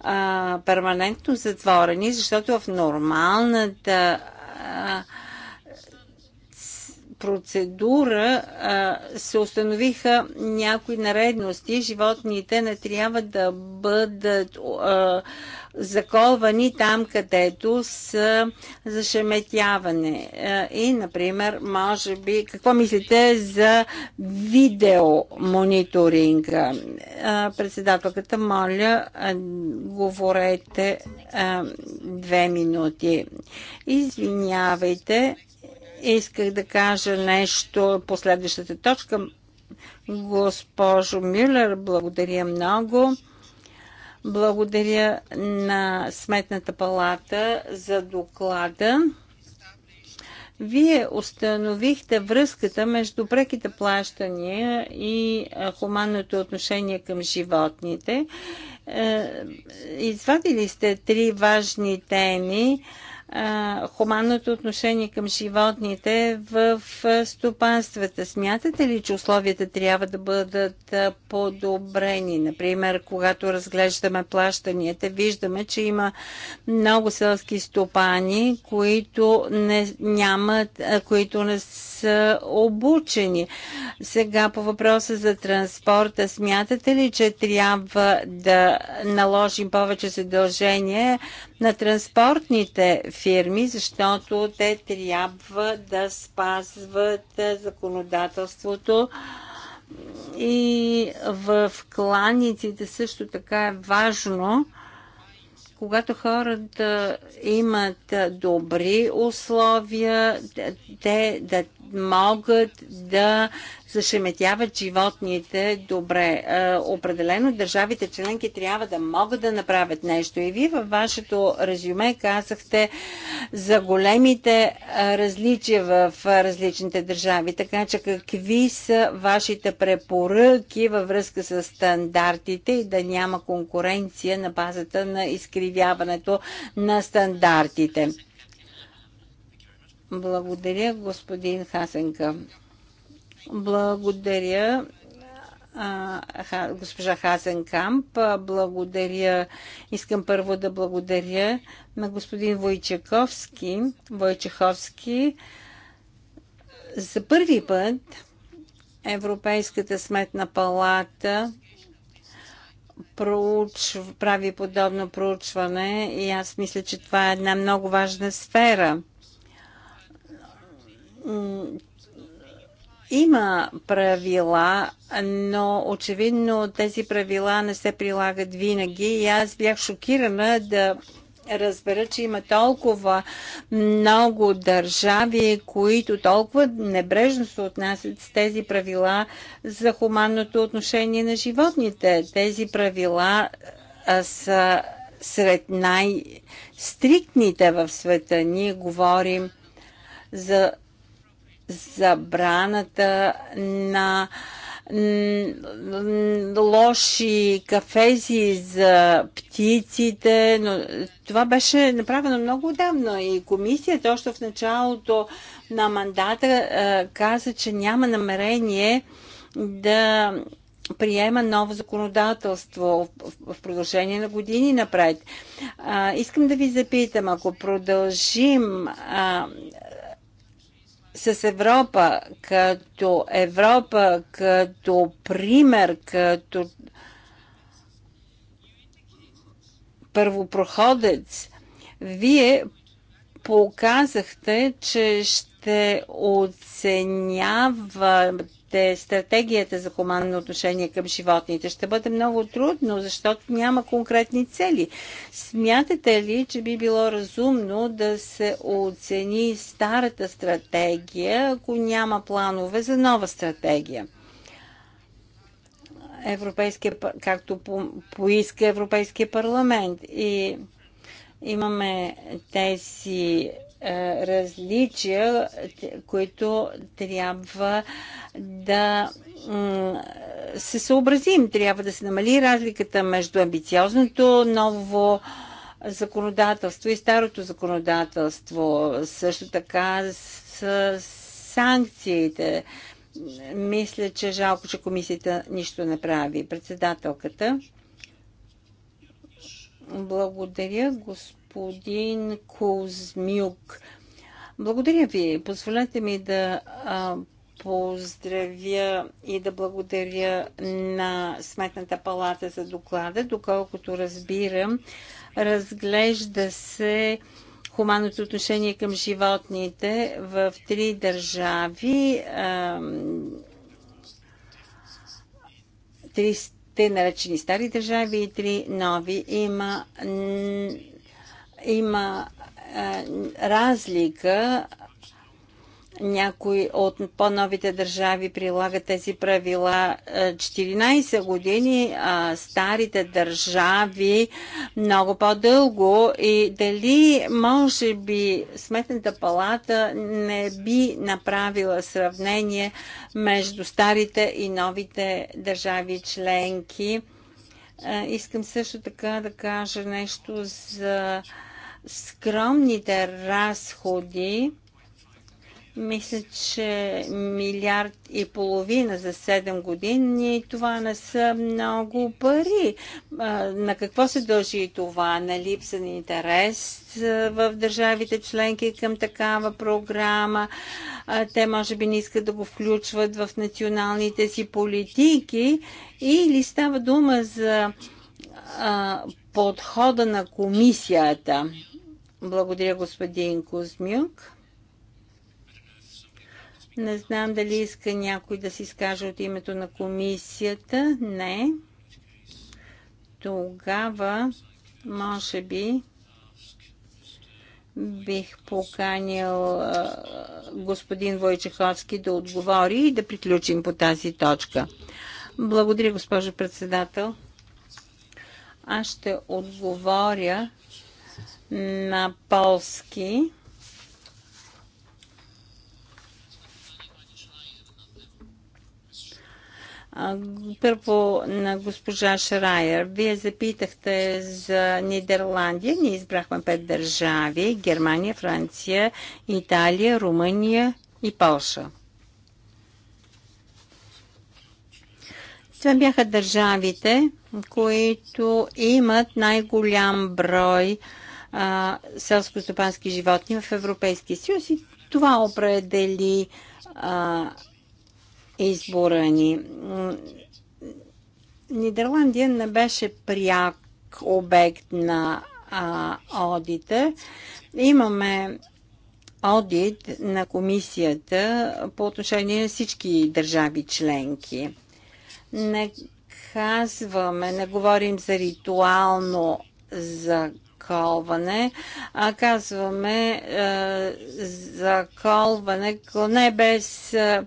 а, перманентно затворени, защото в нормалната а, процедура а, се установиха някои наредности. Животните не трябва да бъдат а, заколвани там, където са зашеметяване. А, и, например, може би, какво мислите за видеомониторинга? А, председателката, моля, а, говорете а, две минути. Извинявайте, Исках да кажа нещо по следващата точка. Госпожо Мюллер, благодаря много. Благодаря на Сметната палата за доклада. Вие установихте връзката между преките плащания и хуманното отношение към животните. Е, извадили сте три важни теми хуманното отношение към животните в стопанствата. Смятате ли, че условията трябва да бъдат подобрени? Например, когато разглеждаме плащанията, виждаме, че има много селски стопани, които не, нямат, които не са обучени. Сега по въпроса за транспорта, смятате ли, че трябва да наложим повече задължение на транспортните фирми, защото те трябва да спазват законодателството и в кланиците също така е важно, когато хората имат добри условия, те да могат да зашеметяват животните добре. Е, определено държавите членки трябва да могат да направят нещо. И вие във вашето резюме казахте за големите е, различия в е, различните държави. Така че какви са вашите препоръки във връзка с стандартите и да няма конкуренция на базата на изкривяването на стандартите? Благодаря, господин Хасенка. Благодаря, госпожа Камп, Благодаря. Искам първо да благодаря на господин Войчаковски. Войчаховски. За първи път Европейската сметна палата прави подобно проучване и аз мисля, че това е една много важна сфера има правила, но очевидно тези правила не се прилагат винаги и аз бях шокирана да разбера, че има толкова много държави, които толкова небрежно се отнасят с тези правила за хуманното отношение на животните. Тези правила са сред най-стриктните в света. Ние говорим за забраната на лоши кафези за птиците, но това беше направено много давно и комисията още в началото на мандата каза, че няма намерение да приема ново законодателство в продължение на години напред. искам да ви запитам, ако продължим с Европа, като Европа, като пример, като първопроходец, вие показахте, че ще оценяват е стратегията за хуманно отношение към животните? Ще бъде много трудно, защото няма конкретни цели. Смятате ли, че би било разумно да се оцени старата стратегия, ако няма планове за нова стратегия? Европейския, както по, поиска Европейския парламент. И имаме тези е, различия, които трябва да се съобразим. Трябва да се намали разликата между амбициозното ново законодателство и старото законодателство. Също така с санкциите. Мисля, че жалко, че комисията нищо не прави. Председателката. Благодаря, господин господин Кузмюк. Благодаря ви. Позволете ми да а, поздравя и да благодаря на Сметната палата за доклада. Доколкото разбирам, разглежда се хуманното отношение към животните в три държави. А, три те наречени стари държави и три нови. Има има а, е, разлика. Някои от по-новите държави прилагат тези правила 14 е, години, а старите държави много по-дълго. И дали, може би, Сметната палата не би направила сравнение между старите и новите държави членки? Е, искам също така да кажа нещо за скромните разходи, мисля, че милиард и половина за 7 години, това не са много пари. На какво се дължи това? На липса на интерес в държавите членки към такава програма? Те може би не искат да го включват в националните си политики или става дума за подхода на комисията? Благодаря, господин Кузмюк. Не знам дали иска някой да си изкаже от името на комисията. Не. Тогава, може би, бих поканил господин Войчеховски да отговори и да приключим по тази точка. Благодаря, госпожо председател. Аз ще отговоря на полски. Първо на госпожа Шрайер. Вие запитахте за Нидерландия. Ние избрахме пет държави Германия, Франция, Италия, Румъния и Полша. Това бяха държавите, които имат най-голям брой а, селско-стопански животни в Европейския съюз и това определи а, избора ни. Нидерландия не беше пряк обект на а, одита. Имаме одит на комисията по отношение на всички държави членки. Не казваме, не говорим за ритуално за заколване, а казваме е, заколване, не без е,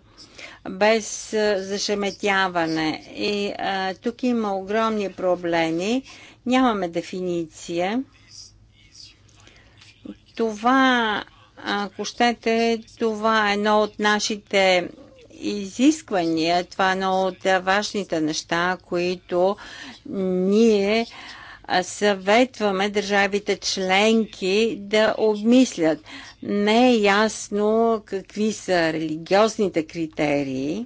без е, зашеметяване. И а, тук има огромни проблеми. Нямаме дефиниция. Това, ако щете, това е едно от нашите изисквания. Това е едно от важните неща, които ние съветваме държавите членки да обмислят. Не е ясно какви са религиозните критерии.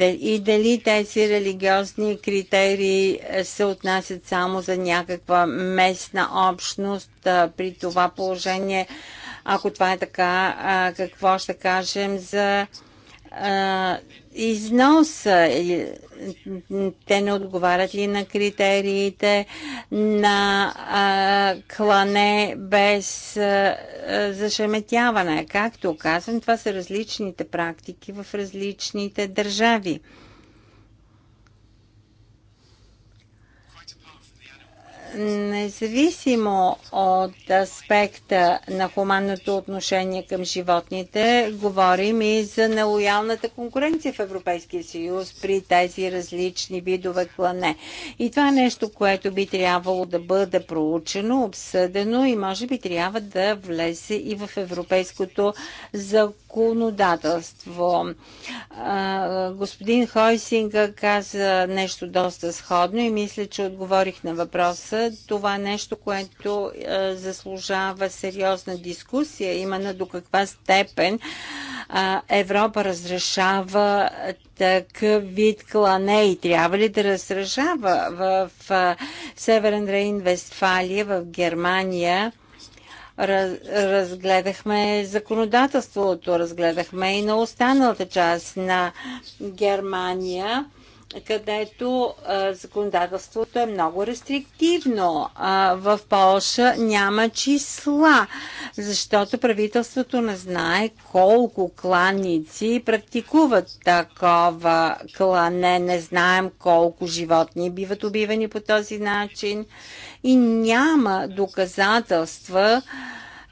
и дали тези религиозни критерии е, се отнасят само за някаква местна общност, при това положение ако това е така, а, какво ще кажем за а, износа? Те не отговарят ли на критериите на а, клане без а, зашеметяване? Както казвам, това са различните практики в различните държави. Независимо от аспекта на хуманното отношение към животните, говорим и за нелоялната конкуренция в Европейския съюз при тези различни видове клане. И това е нещо, което би трябвало да бъде проучено, обсъдено и може би трябва да влезе и в европейското законодателство законодателство. господин Хойсинга каза нещо доста сходно и мисля, че отговорих на въпроса. Това е нещо, което заслужава сериозна дискусия, именно до каква степен Европа разрешава такъв вид клане и трябва ли да разрешава в Северен Рейн, Вестфалия, в Германия – раз, разгледахме законодателството, разгледахме и на останалата част на Германия където а, законодателството е много рестриктивно. А, в Полша няма числа, защото правителството не знае колко кланици практикуват такова клане, не знаем колко животни биват убивани по този начин и няма доказателства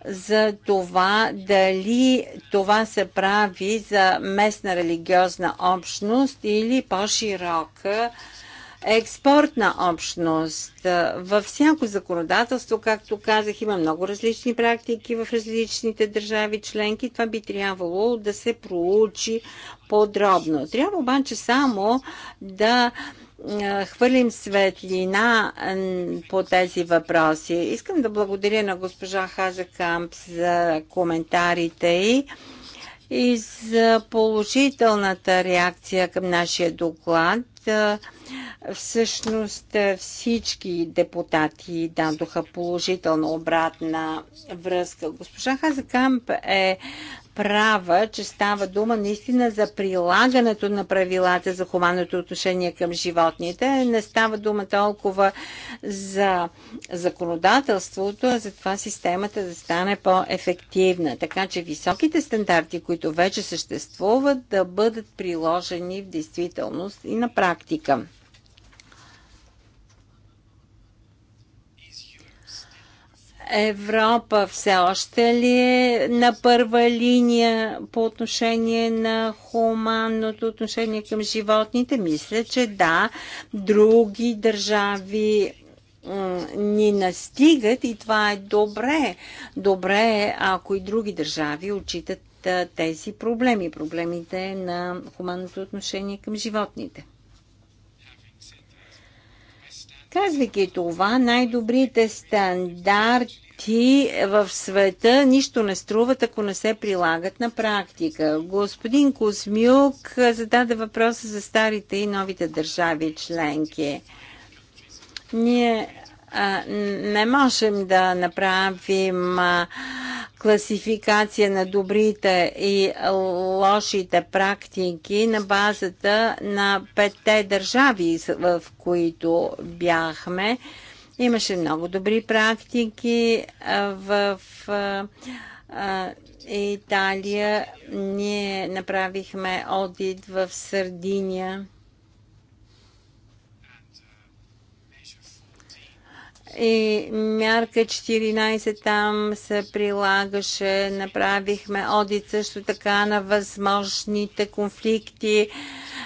за това дали това се прави за местна религиозна общност или по-широка експортна общност. Във всяко законодателство, както казах, има много различни практики в различните държави членки. Това би трябвало да се проучи подробно. Трябва обаче само да хвърлим светлина по тези въпроси. Искам да благодаря на госпожа Хазакамп за коментарите и и за положителната реакция към нашия доклад. Всъщност всички депутати дадоха положително обратна връзка. Госпожа Хазакамп е права, че става дума наистина за прилагането на правилата за хуманното отношение към животните. Не става дума толкова за законодателството, а за това системата да стане по-ефективна. Така че високите стандарти, които вече съществуват, да бъдат приложени в действителност и на практика. Европа все още ли е на първа линия по отношение на хуманното отношение към животните? Мисля, че да. Други държави ни настигат и това е добре. Добре е, ако и други държави отчитат тези проблеми, проблемите на хуманното отношение към животните. Казвайки това, най-добрите стандарти в света нищо не струват, ако не се прилагат на практика. Господин Космюк зададе въпроса за старите и новите държави членки. Ние не можем да направим класификация на добрите и лошите практики на базата на петте държави, в които бяхме. Имаше много добри практики в Италия. Ние направихме одит в Сърдиния. и мярка 14 там се прилагаше. Направихме одит също така на възможните конфликти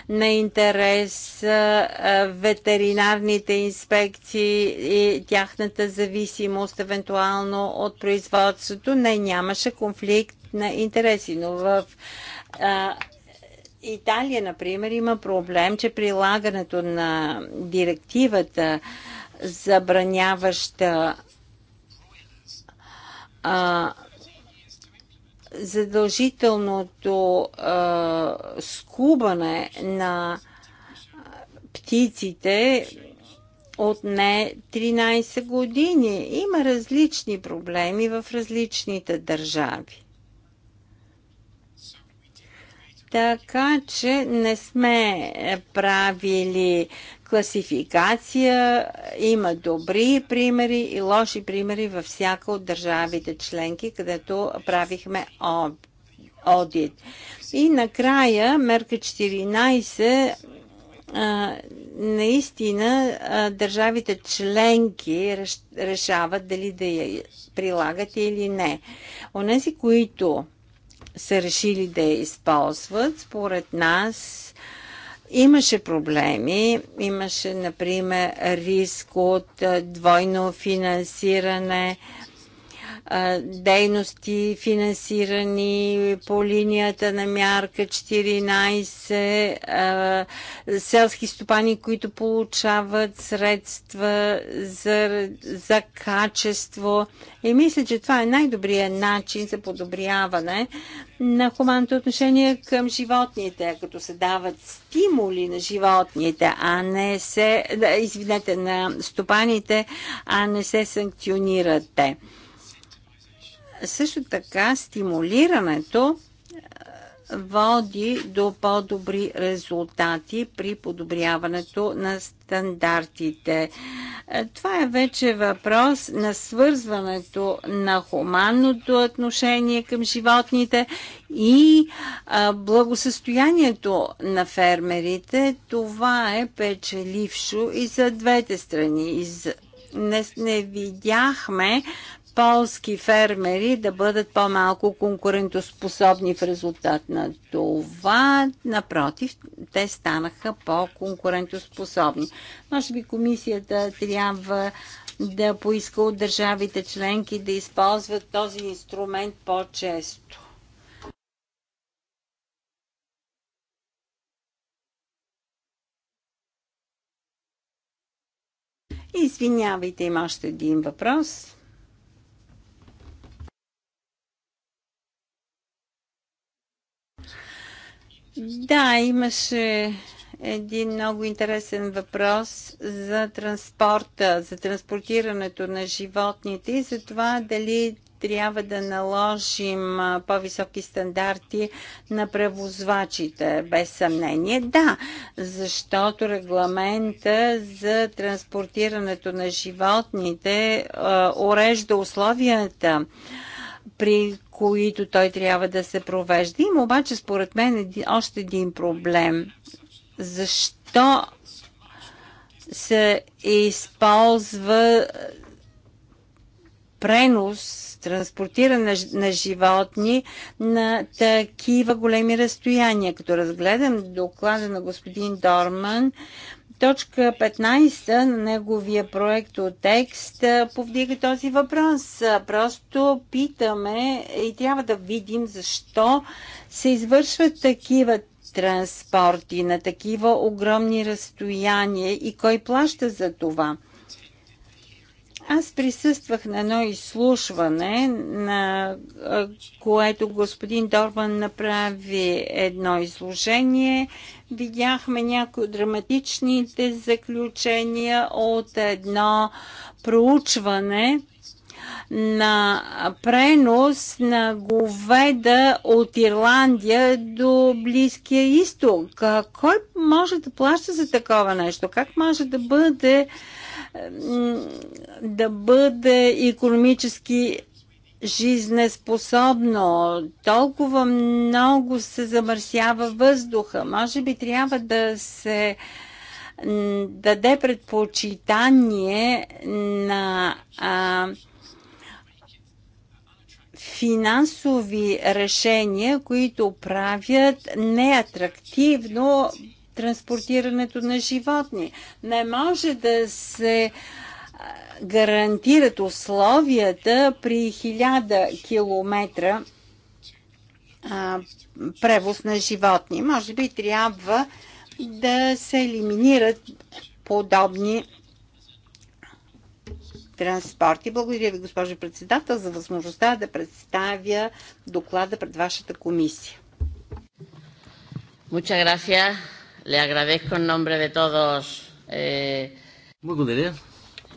на интерес, ветеринарните инспекции и тяхната зависимост евентуално от производството. Не, нямаше конфликт на интереси, но в Италия, например, има проблем, че прилагането на директивата а, забраняваща а, задължителното а, скубане на птиците от не 13 години. Има различни проблеми в различните държави. Така че не сме правили класификация. Има добри примери и лоши примери във всяка от държавите членки, където правихме одит. И накрая, мерка 14 наистина държавите членки решават дали да я прилагат или не. Онези, които са решили да я използват, според нас Имаше проблеми, имаше, например, риск от двойно финансиране, дейности, финансирани по линията на мярка 14, селски стопани, които получават средства за, за качество. И мисля, че това е най-добрият начин за подобряване на хуманното отношение към животните, като се дават стимули на животните, а не се, извинете, на стопаните, а не се санкционират те. Също така стимулирането води до по-добри резултати при подобряването на стандартите. Това е вече въпрос на свързването на хуманното отношение към животните и благосъстоянието на фермерите. Това е печелившо и за двете страни. Не, не видяхме полски фермери да бъдат по-малко конкурентоспособни в резултат на това. Напротив, те станаха по-конкурентоспособни. Може би комисията трябва да поиска от държавите членки да използват този инструмент по-често. Извинявайте, има още един въпрос. Да, имаше един много интересен въпрос за транспорта, за транспортирането на животните и за това дали трябва да наложим по-високи стандарти на превозвачите, без съмнение. Да, защото регламента за транспортирането на животните урежда условията, при които той трябва да се провежда. Има обаче, според мен, един, още един проблем. Защо се използва пренос, транспортиране на животни на такива големи разстояния. Като разгледам доклада на господин Дорман, Точка 15 на неговия проект от текст повдига този въпрос. Просто питаме и трябва да видим защо се извършват такива транспорти на такива огромни разстояния и кой плаща за това. Аз присъствах на едно изслушване, на което господин Дорбан направи едно изложение. Видяхме някои от драматичните заключения от едно проучване на пренос на говеда от Ирландия до Близкия изток. Кой може да плаща за такова нещо? Как може да бъде да бъде економически жизнеспособно. Толкова много се замърсява въздуха. Може би трябва да се даде предпочитание на а, финансови решения, които правят неатрактивно транспортирането на животни. Не може да се гарантират условията при 1000 км превоз на животни. Може би трябва да се елиминират подобни транспорти. Благодаря ви, госпожо председател, за възможността да представя доклада пред вашата комисия. Muchas gracias, Le agradezco en nombre de todos. Eh... Благодаря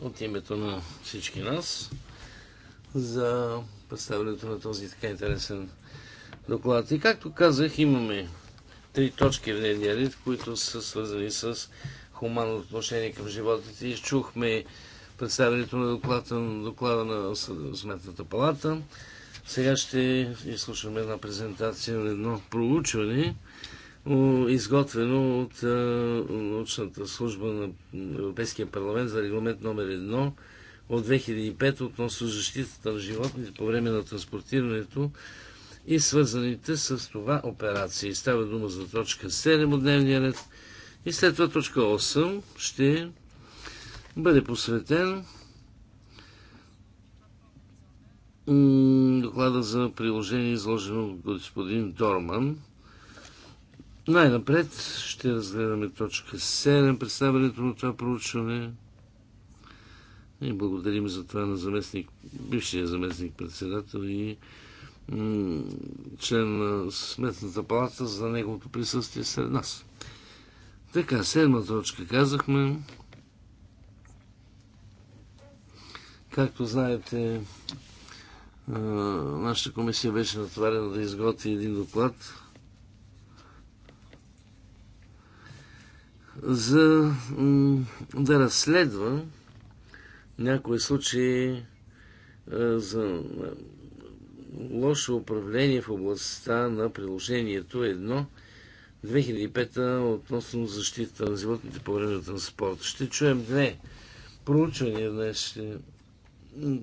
от името на всички нас за представянето на този така интересен доклад. И както казах, имаме три точки в дневния ред, които са свързани с хуманно отношение към животите И представянето на доклада, на доклада на Сметната палата. Сега ще изслушаме една презентация на едно проучване, изготвено от научната служба на Европейския парламент за регламент номер 1 от 2005 относно защитата на животните по време на транспортирането и свързаните с това операции. Става дума за точка 7 от дневния ред и след това точка 8 ще бъде посветен доклада за приложение, изложено от господин Дорман. Най-напред ще разгледаме точка 7, представянето на това проучване. И благодарим за това на заместник, бившия заместник председател и член на Сметната палата за неговото присъствие сред нас. Така, седма точка казахме. Както знаете, нашата комисия беше натварена да изготви един доклад за да разследва някои случаи за лошо управление в областта на приложението едно 2005 относно защита на животните по време на транспорт. Ще чуем две проучвания днес,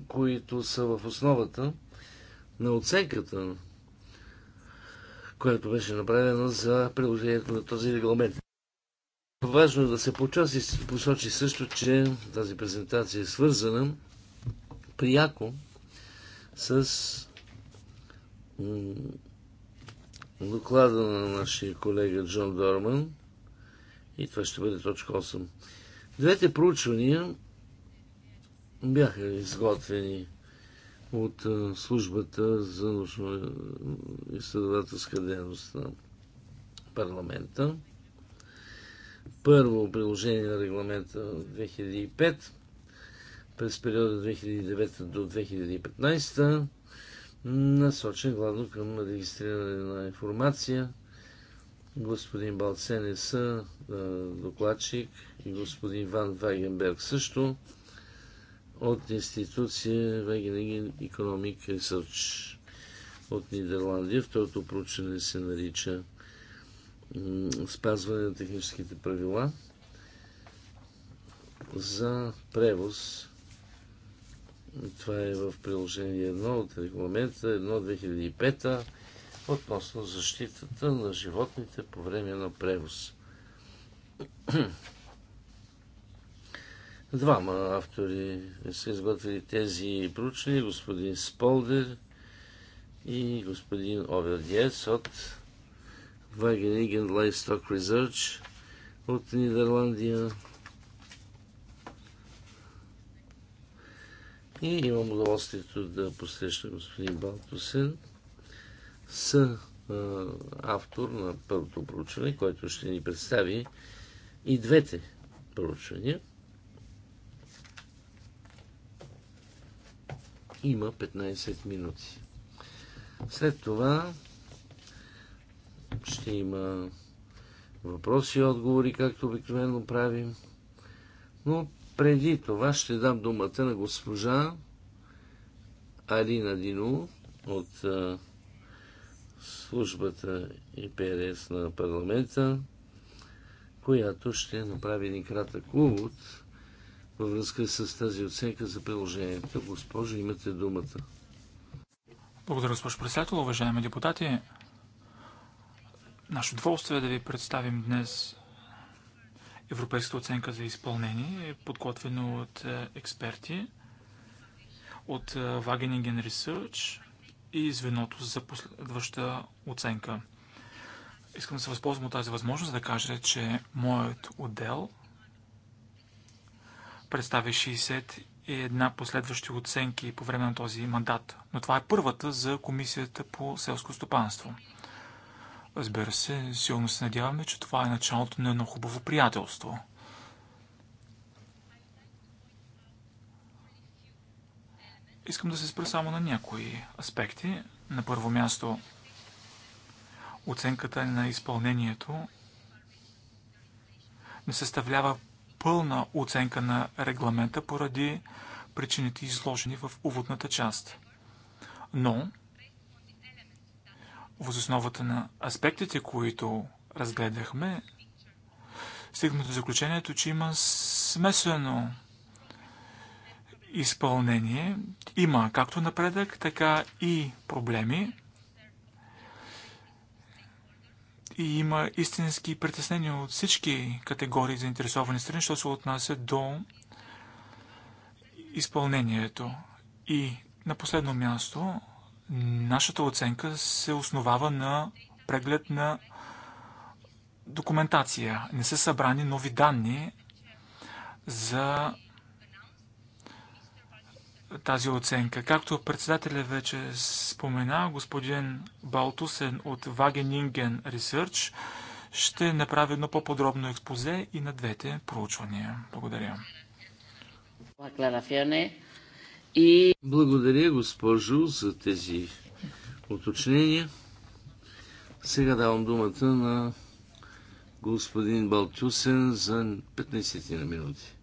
които са в основата на оценката, която беше направена за приложението на този регламент. Важно е да се почаси, посочи също, че тази презентация е свързана прияко с доклада на нашия колега Джон Дорман и това ще бъде точка 8. Двете проучвания бяха изготвени от службата за научно-изследователска дейност на парламента първо приложение на регламента 2005 през периода 2009 до 2015 насочен главно към регистриране на информация. Господин Балценес, докладчик и господин Ван Вайгенберг също от институция Wageningen Economic Research от Нидерландия. Второто проучване се нарича спазване на техническите правила за превоз. Това е в приложение 1 от регламента 1-2005 относно защитата на животните по време на превоз. Двама автори са изготвили тези проучвания, господин Сполдер и господин Овердиец от Wageningen Livestock Research от Нидерландия. И имам удоволствието да посреща господин Балтусен с а, автор на първото проучване, който ще ни представи и двете проучвания. Има 15 минути. След това ще има въпроси и отговори, както обикновено правим. Но преди това ще дам думата на госпожа Алина Дину от службата ИПРС на парламента, която ще направи един кратък увод във връзка с тази оценка за приложението. Госпожо, имате думата. Благодаря, госпожо председател. Уважаеми депутати, Наше удоволствие е да ви представим днес Европейската оценка за изпълнение, подготвено от е, експерти от е, Wageningen Research и звеното за последваща оценка. Искам да се възползвам от тази възможност да кажа, че моят отдел представи 61 последващи оценки по време на този мандат, но това е първата за Комисията по селско стопанство – Разбира се, силно се надяваме, че това е началото на едно хубаво приятелство. Искам да се спра само на някои аспекти. На първо място, оценката на изпълнението не съставлява пълна оценка на регламента поради причините изложени в уводната част. Но Възосновата основата на аспектите, които разгледахме, стигнахме до заключението, че има смесено изпълнение. Има както напредък, така и проблеми. И има истински притеснения от всички категории заинтересовани страни, що се отнася до изпълнението. И на последно място Нашата оценка се основава на преглед на документация. Не са събрани нови данни за тази оценка. Както председателя вече спомена, господин Балтусен от Вагенинген Research ще направи едно по-подробно експозе и на двете проучвания. Благодаря. И... Благодаря, госпожо, за тези уточнения. Сега давам думата на господин Балтюсен за 15 на минути.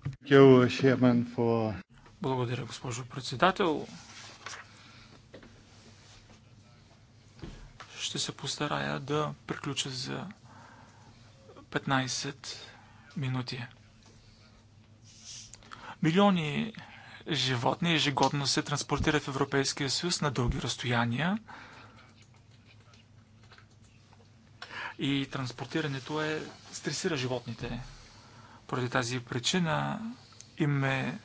Благодаря, госпожо председател. Ще се постарая да приключа за 15 минути. Милиони животни ежегодно се транспортират в Европейския съюз на дълги разстояния. И транспортирането е стресира животните. Поради тази причина им е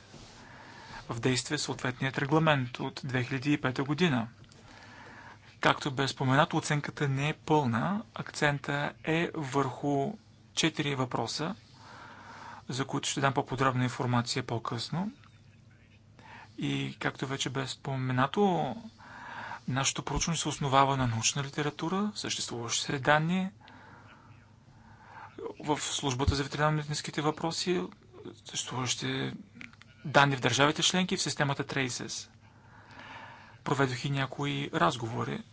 в действие съответният регламент от 2005 година. Както бе споменато, оценката не е пълна. Акцента е върху четири въпроса, за които ще дам по-подробна информация по-късно. И както вече бе споменато, нашето проучване се основава на научна литература, съществуващи се данни в службата за ветеринарно-медицинските въпроси, съществуващи данни в държавите членки в системата Traces. Проведох и някои разговори,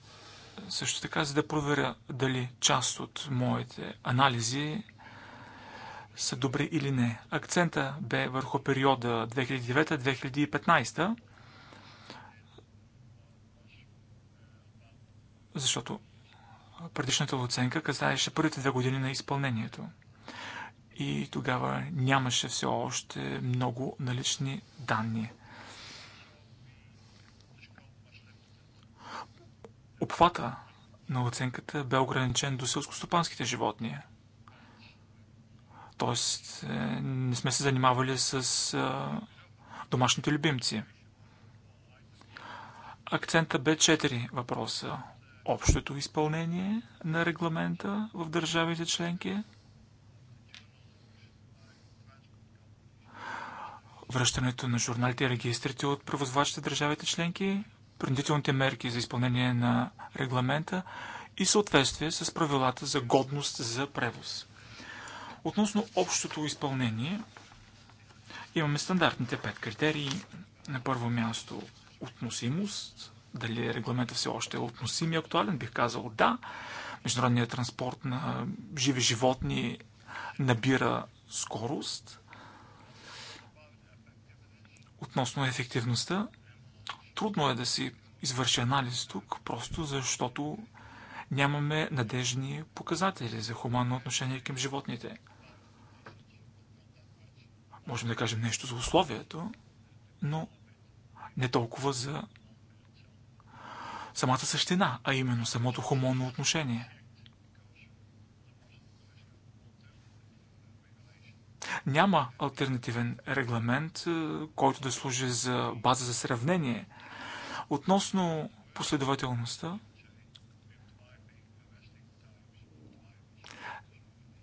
също така, за да проверя дали част от моите анализи са добри или не. Акцента бе върху периода 2009-2015, защото предишната оценка казаеше първите две години на изпълнението. И тогава нямаше все още много налични данни. Обхвата на оценката бе ограничен до селскостопанските животни – Тоест, е, не сме се занимавали с е, домашните любимци. Акцента бе 4 въпроса. Общото изпълнение на регламента в държавите членки. Връщането на журналите и регистрите от превозвачите държавите членки. Принудителните мерки за изпълнение на регламента и съответствие с правилата за годност за превоз. Относно общото изпълнение, имаме стандартните пет критерии. На първо място относимост. Дали регламентът все още е относим и актуален? Бих казал да. Международният транспорт на живи животни набира скорост. Относно ефективността, трудно е да си извърши анализ тук, просто защото нямаме надежни показатели за хуманно отношение към животните. Можем да кажем нещо за условието, но не толкова за самата същина, а именно самото хумонно отношение. Няма альтернативен регламент, е, който да служи за база за сравнение. Относно последователността,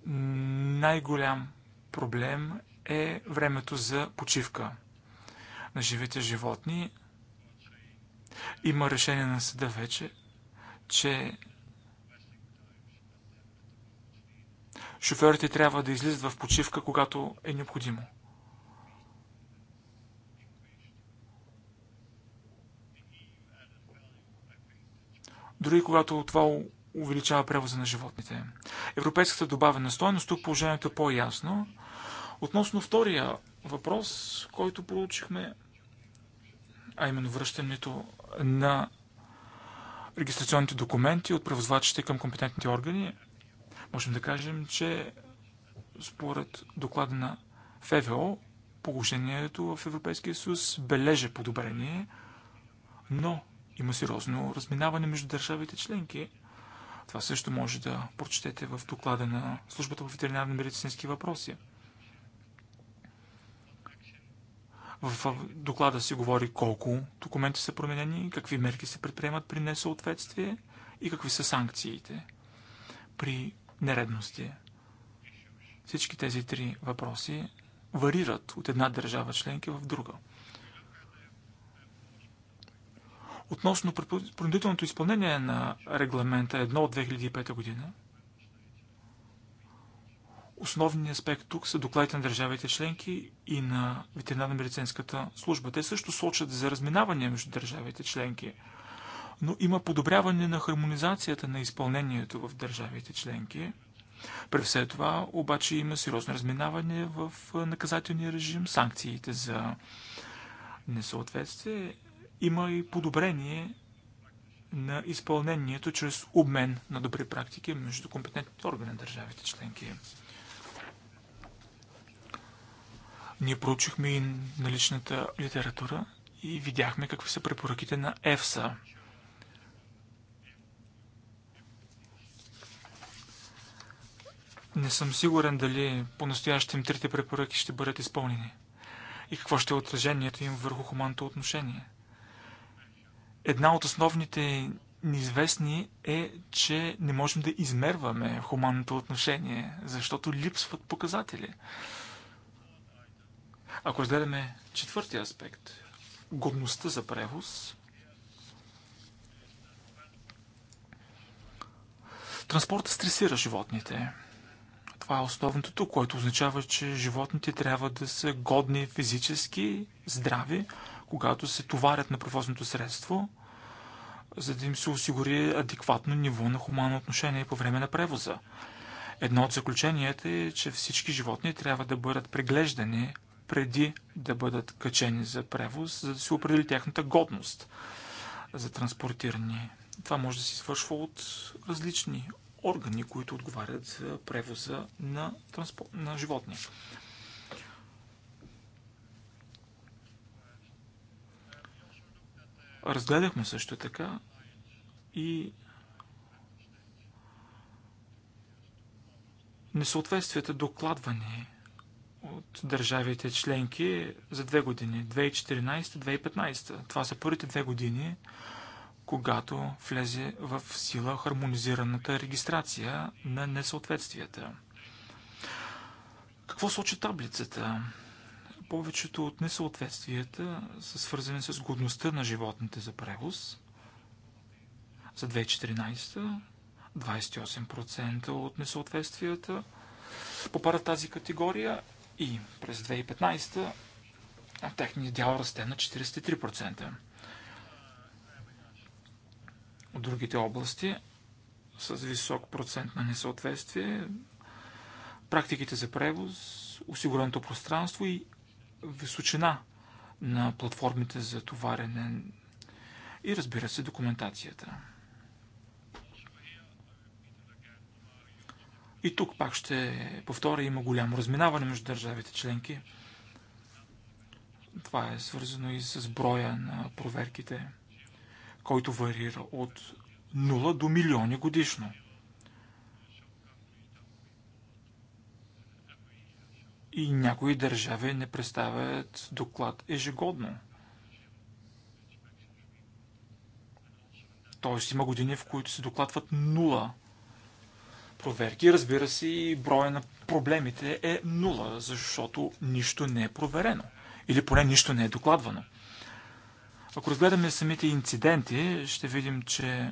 най-голям проблем е времето за почивка на живите животни. Има решение на съда вече, че шофьорите трябва да излизат в почивка, когато е необходимо. Дори когато това увеличава превоза на животните. Европейската добавена стоеност, тук положението е по-ясно. Относно втория въпрос, който получихме, а именно връщането на регистрационните документи от превозвачите към компетентните органи, можем да кажем, че според доклада на ФВО, положението в Европейския съюз бележи подобрение, но има сериозно разминаване между държавите членки. Това също може да прочетете в доклада на Службата по ветеринарно-медицински въпроси. В доклада се говори колко документи са променени, какви мерки се предприемат при несъответствие и какви са санкциите при нередности. Всички тези три въпроси варират от една държава членка в друга. Относно принудителното изпълнение на регламента 1 от 2005 година, Основният аспект тук са докладите на държавите членки и на ветеринарно-медицинската служба. Те също сочат за разминавания между държавите членки, но има подобряване на хармонизацията на изпълнението в държавите членки. При все това обаче има сериозно разминаване в наказателния режим, санкциите за несъответствие. Има и подобрение на изпълнението чрез обмен на добри практики между компетентните органи на държавите членки. Ние проучихме и наличната литература и видяхме какви са препоръките на ЕФСА. Не съм сигурен дали по-настоящем трите препоръки ще бъдат изпълнени и какво ще е отражението им върху хуманното отношение. Една от основните неизвестни е, че не можем да измерваме хуманното отношение, защото липсват показатели. Ако разгледаме четвъртия аспект, годността за превоз, транспортът стресира животните. Това е основното което означава, че животните трябва да са годни физически, здрави, когато се товарят на превозното средство, за да им се осигури адекватно ниво на хуманно отношение по време на превоза. Едно от заключенията е, че всички животни трябва да бъдат преглеждани преди да бъдат качени за превоз, за да се определи тяхната годност за транспортиране. Това може да се извършва от различни органи, които отговарят за превоза на, транспор... на животни. Разгледахме също така и несъответствията докладване от държавите членки за две години 2014-2015. Това са първите две години, когато влезе в сила хармонизираната регистрация на несъответствията. Какво сочи таблицата? Повечето от несъответствията са свързани с годността на животните за превоз. За 2014 28% от несъответствията попадат тази категория и през 2015 техният дял расте на 43%. От другите области с висок процент на несъответствие, практиките за превоз, осигуреното пространство и височина на платформите за товарене и разбира се документацията. И тук пак ще повторя, има голямо разминаване между държавите членки. Това е свързано и с броя на проверките, който варира от 0 до милиони годишно. И някои държави не представят доклад ежегодно. Тоест има години, в които се докладват нула проверки. Разбира се, и броя на проблемите е нула, защото нищо не е проверено. Или поне нищо не е докладвано. Ако разгледаме самите инциденти, ще видим, че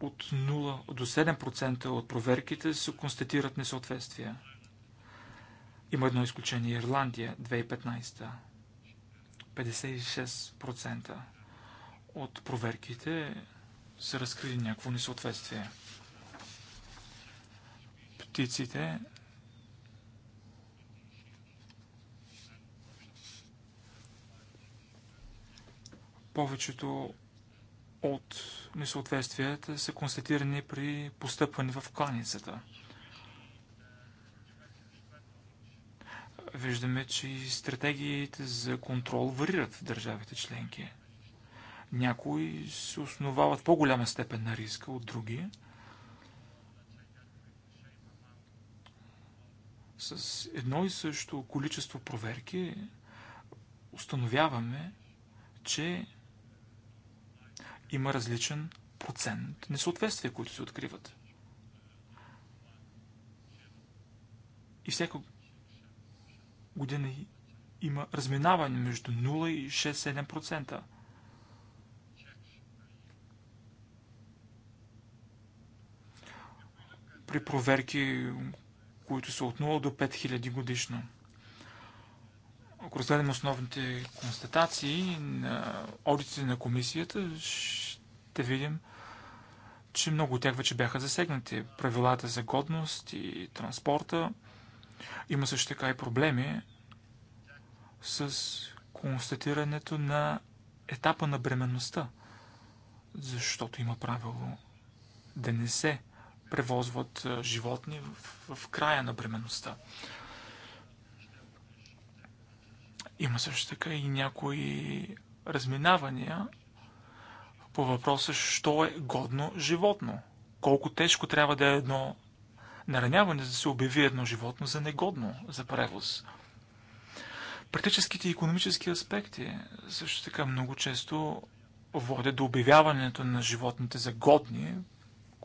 от 0 до 7% от проверките се констатират несъответствия. Има едно изключение Ирландия 2015. 56% от проверките са разкрили някакво несъответствие. Птиците повечето от несъответствията са констатирани при постъпване в кланицата. Виждаме, че и стратегиите за контрол варират в държавите членки. Някои се основават по-голяма степен на риска от други. С едно и също количество проверки установяваме, че има различен процент несъответствия, които се откриват. И всяка година има разминаване между 0 и 6-7%. при проверки, които са от 0 до 5000 годишно. Ако разгледаме основните констатации на одитите на комисията, ще видим, че много от тях вече бяха засегнати. Правилата за годност и транспорта. Има също така и проблеми с констатирането на етапа на бременността, защото има правило да не се превозват животни в края на бременността. Има също така и някои разминавания по въпроса, що е годно животно. Колко тежко трябва да е едно нараняване, за да се обяви едно животно за негодно за превоз. Практическите и економически аспекти също така много често водят до обявяването на животните за годни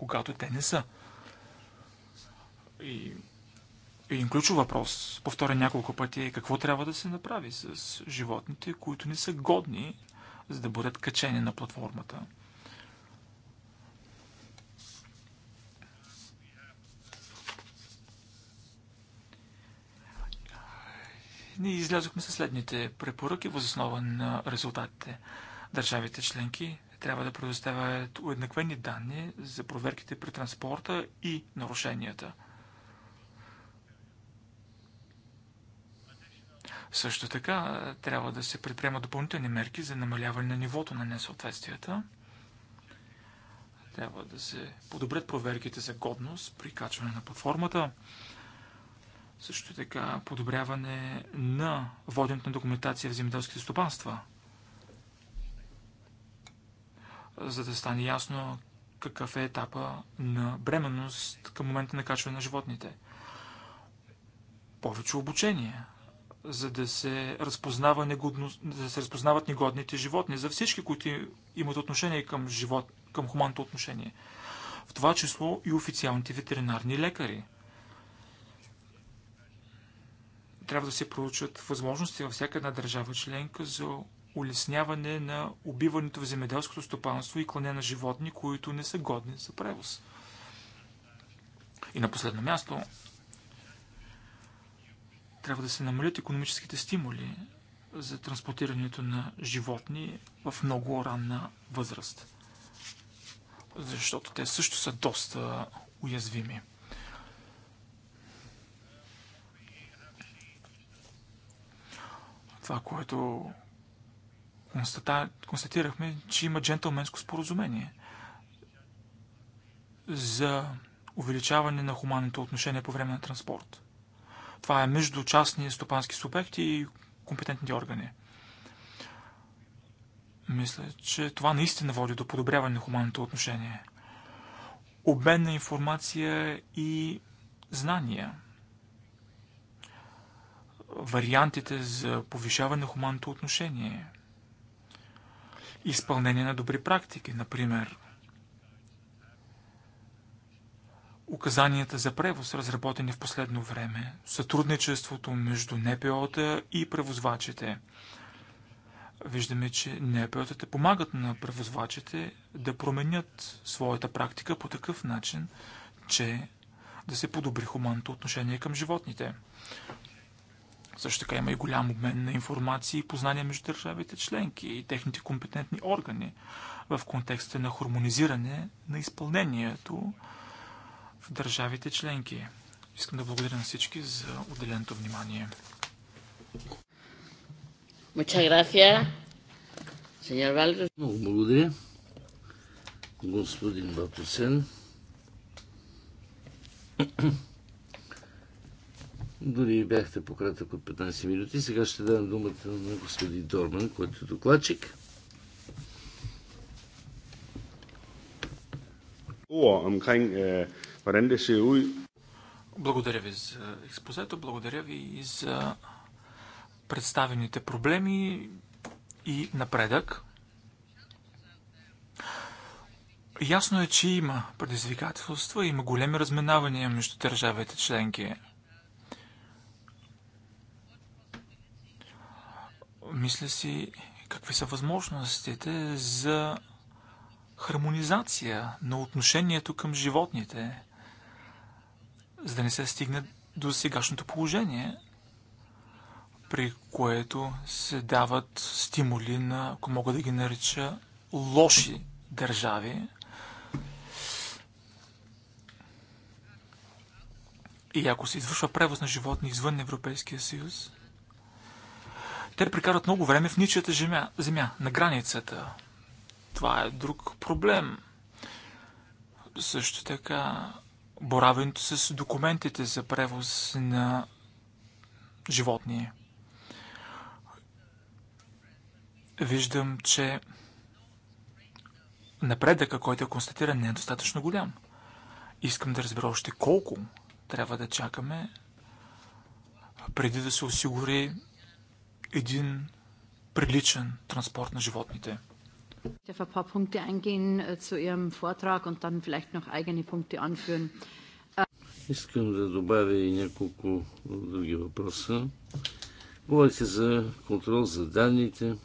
когато те не са. И един ключов въпрос, повторя няколко пъти, е какво трябва да се направи с животните, които не са годни, за да бъдат качени на платформата. Ние излязохме със следните препоръки възоснова на резултатите. Държавите членки трябва да предоставят уеднаквени данни за проверките при транспорта и нарушенията. Също така трябва да се предприемат допълнителни мерки за намаляване на нивото на несъответствията. Трябва да се подобрят проверките за годност при качване на платформата. Също така подобряване на воденето на документация в земеделските стопанства – за да стане ясно какъв е етапа на бременност към момента на качване на животните. Повече обучение, за да се, разпознава негодно, да се разпознават негодните животни за всички, които имат отношение към, живот, към хуманното отношение. В това число и официалните ветеринарни лекари. Трябва да се проучат възможности във всяка една държава членка за улесняване на убиването в земеделското стопанство и клане на животни, които не са годни за превоз. И на последно място, трябва да се намалят економическите стимули за транспортирането на животни в много ранна възраст. Защото те също са доста уязвими. Това, което констатирахме, че има джентълменско споразумение за увеличаване на хуманното отношение по време на транспорт. Това е между частни стопански субекти и компетентните органи. Мисля, че това наистина води до подобряване на хуманното отношение. Обмен на информация и знания. Вариантите за повишаване на хуманното отношение – изпълнение на добри практики, например указанията за превоз, разработени в последно време, сътрудничеството между нпо и превозвачите. Виждаме, че нпо помагат на превозвачите да променят своята практика по такъв начин, че да се подобри хуманното отношение към животните. Също така има и голям обмен на информация и познания между държавите членки и техните компетентни органи в контекста на хармонизиране на изпълнението в държавите членки. Искам да благодаря на всички за отделеното внимание. Много благодаря, господин Батусен. Дори бяхте по-кратък от 15 минути. Сега ще дам думата на господин Дорман, който е докладчик. Øh, благодаря ви за експозето, благодаря ви и за представените проблеми и напредък. Ясно е, че има предизвикателства, има големи разминавания между държавите членки – мисля си какви са възможностите за хармонизация на отношението към животните, за да не се стигне до сегашното положение, при което се дават стимули на, ако мога да ги нарича, лоши държави. И ако се извършва превоз на животни извън Европейския съюз, те прекарат много време в ничията земя, земя на границата. Това е друг проблем. Също така, боравенето с документите за превоз на животни. Виждам, че напредъка, който е констатиран, не е достатъчно голям. Искам да разбера още колко трябва да чакаме преди да се осигури един приличен транспорт на животните. Äh, äh, Искам да добавя и няколко други въпроса. Говорите за контрол за данните.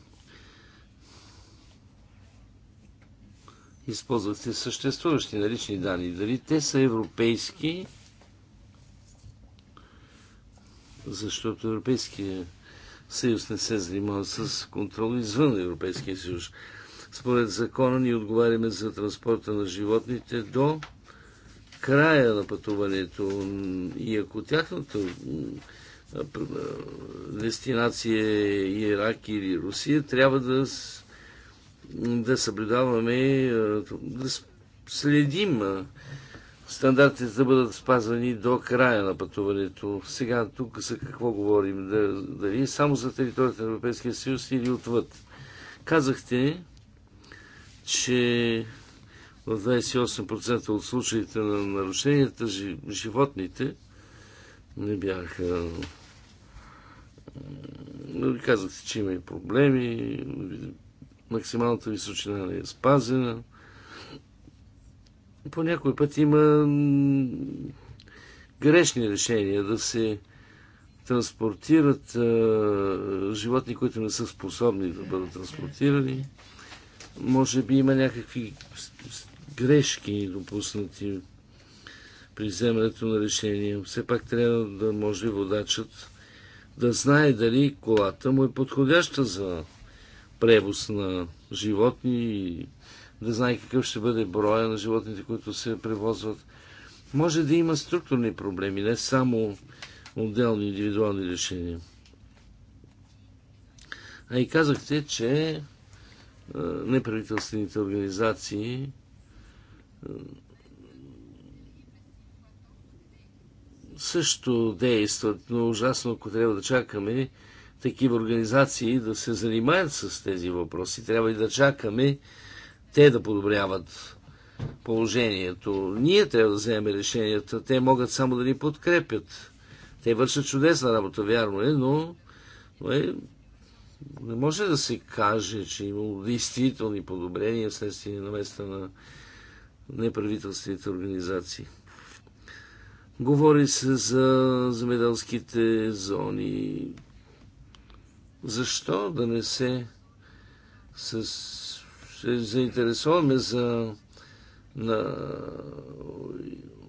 Използвате съществуващи налични данни. Дали те са европейски? Защото Европейския съюз не се занимава с контрол извън Европейския съюз. Според закона ни отговаряме за транспорта на животните до края на пътуването. И ако тяхната дестинация е Ирак или Русия, трябва да, да съблюдаваме, да следим стандартите да бъдат спазвани до края на пътуването. Сега тук за какво говорим? Дали е само за територията на Европейския съюз или отвъд? Казахте, че в 28% от случаите на нарушенията животните не бяха нали казахте, че има и проблеми, максималната височина не е спазена по някой път има грешни решения да се транспортират а, животни, които не са способни да бъдат транспортирани. Може би има някакви грешки допуснати при вземането на решение. Все пак трябва да може водачът да знае дали колата му е подходяща за превоз на животни и да знае какъв ще бъде броя на животните, които се превозват. Може да има структурни проблеми, не само отделни индивидуални решения. А и казахте, че е, неправителствените организации е, също действат, но ужасно, ако трябва да чакаме такива организации да се занимаят с тези въпроси. Трябва и да чакаме те да подобряват положението. Ние трябва да вземем решенията. Те могат само да ни подкрепят. Те вършат чудесна работа, вярно е, но, но е, не може да се каже, че е има действителни подобрения вследствие на места на неправителствените организации. Говори се за земеделските зони. Защо да не се с ще заинтересуваме за на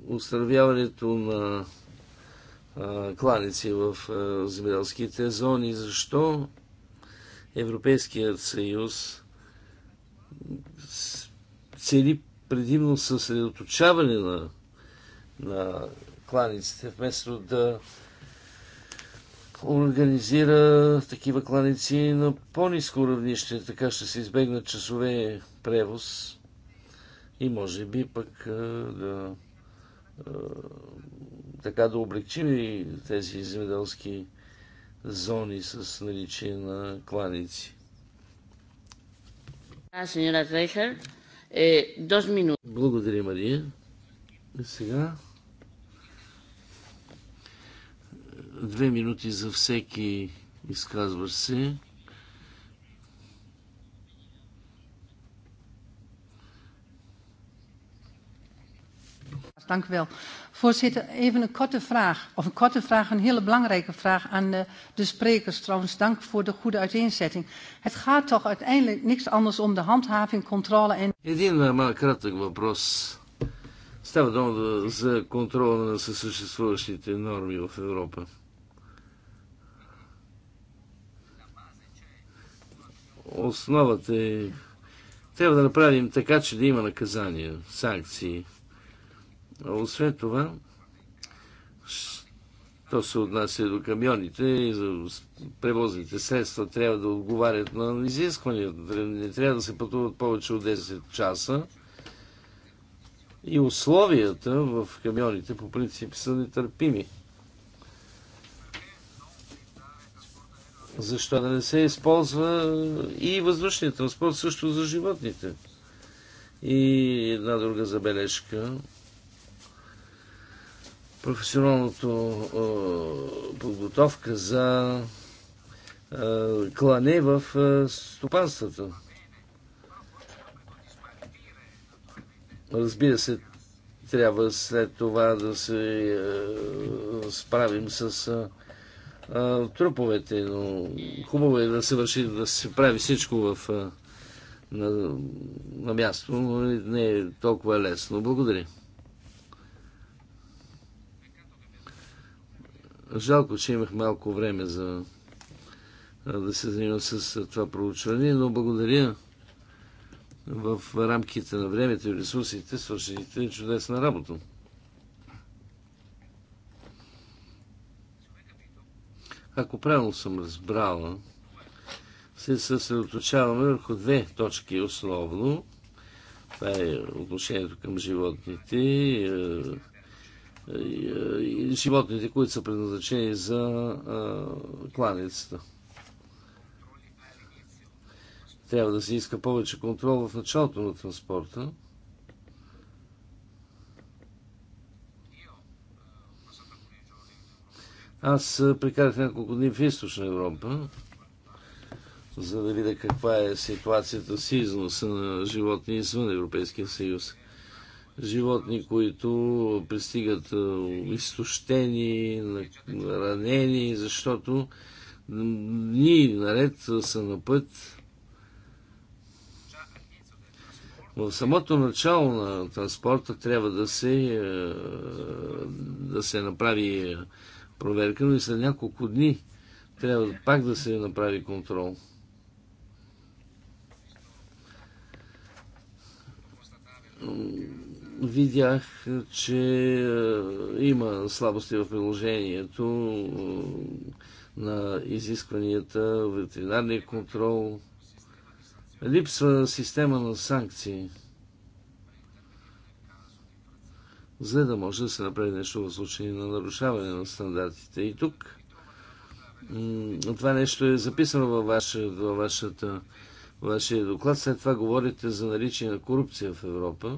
устравяването на а, кланици в а, земеделските зони. Защо Европейският съюз цели предимно съсредоточаване на, на кланиците, вместо да организира такива кланици на по-низко равнище, така ще се избегнат часове превоз и може би пък да така да облегчим и тези земеделски зони с наличие на кланици. Е, Благодаря, Мария. И сега Две минути за всеки изказваш се. Dank u wel. Voorzitter, even een korte vraag. Of een korte vraag, een hele belangrijke vraag aan de, de sprekers trouwens. Dank voor de goede uiteenzetting. Het gaat toch uiteindelijk niks anders om de handhaving, controle en... Един normaal кратък въпрос. Става дума за контрола на съществуващите normen в Europa. Основата е... Трябва да направим така, че да има наказания, санкции. Освен това, то се отнася до камионите и за превозните средства трябва да отговарят на изискванията. Не трябва да се пътуват повече от 10 часа. И условията в камионите по принцип са нетърпими. Защо да не се използва и въздушният транспорт също за животните? И една друга забележка. Професионалното подготовка за клане в стопанствата. Разбира се, трябва след това да се справим с а, труповете, но хубаво е да се върши, да се прави всичко в, а, на, на място, но не е толкова лесно. Благодаря. Жалко, че имах малко време за да се занимавам с това проучване, но благодаря в рамките на времето и ресурсите свършените чудесна работа. ако правилно съм разбрала, се съсредоточаваме върху две точки основно. Това е отношението към животните. Е, е, и животните, които са предназначени за кланицата. Трябва да се иска повече контрол в началото на транспорта. Аз прекарах няколко дни в източна Европа, за да видя каква е ситуацията с износа на животни извън Европейския съюз. Животни, които пристигат изтощени, ранени, защото дни наред са на път. В самото начало на транспорта трябва да се, да се направи проверка, но и след няколко дни трябва пак да се направи контрол. Видях, че е, има слабости в приложението е, на изискванията, ветеринарния контрол. Липсва система на санкции. за да може да се направи нещо в случай на нарушаване на стандартите. И тук това нещо е записано във, ваша, във вашата, във вашия доклад. След това говорите за наличие на корупция в Европа.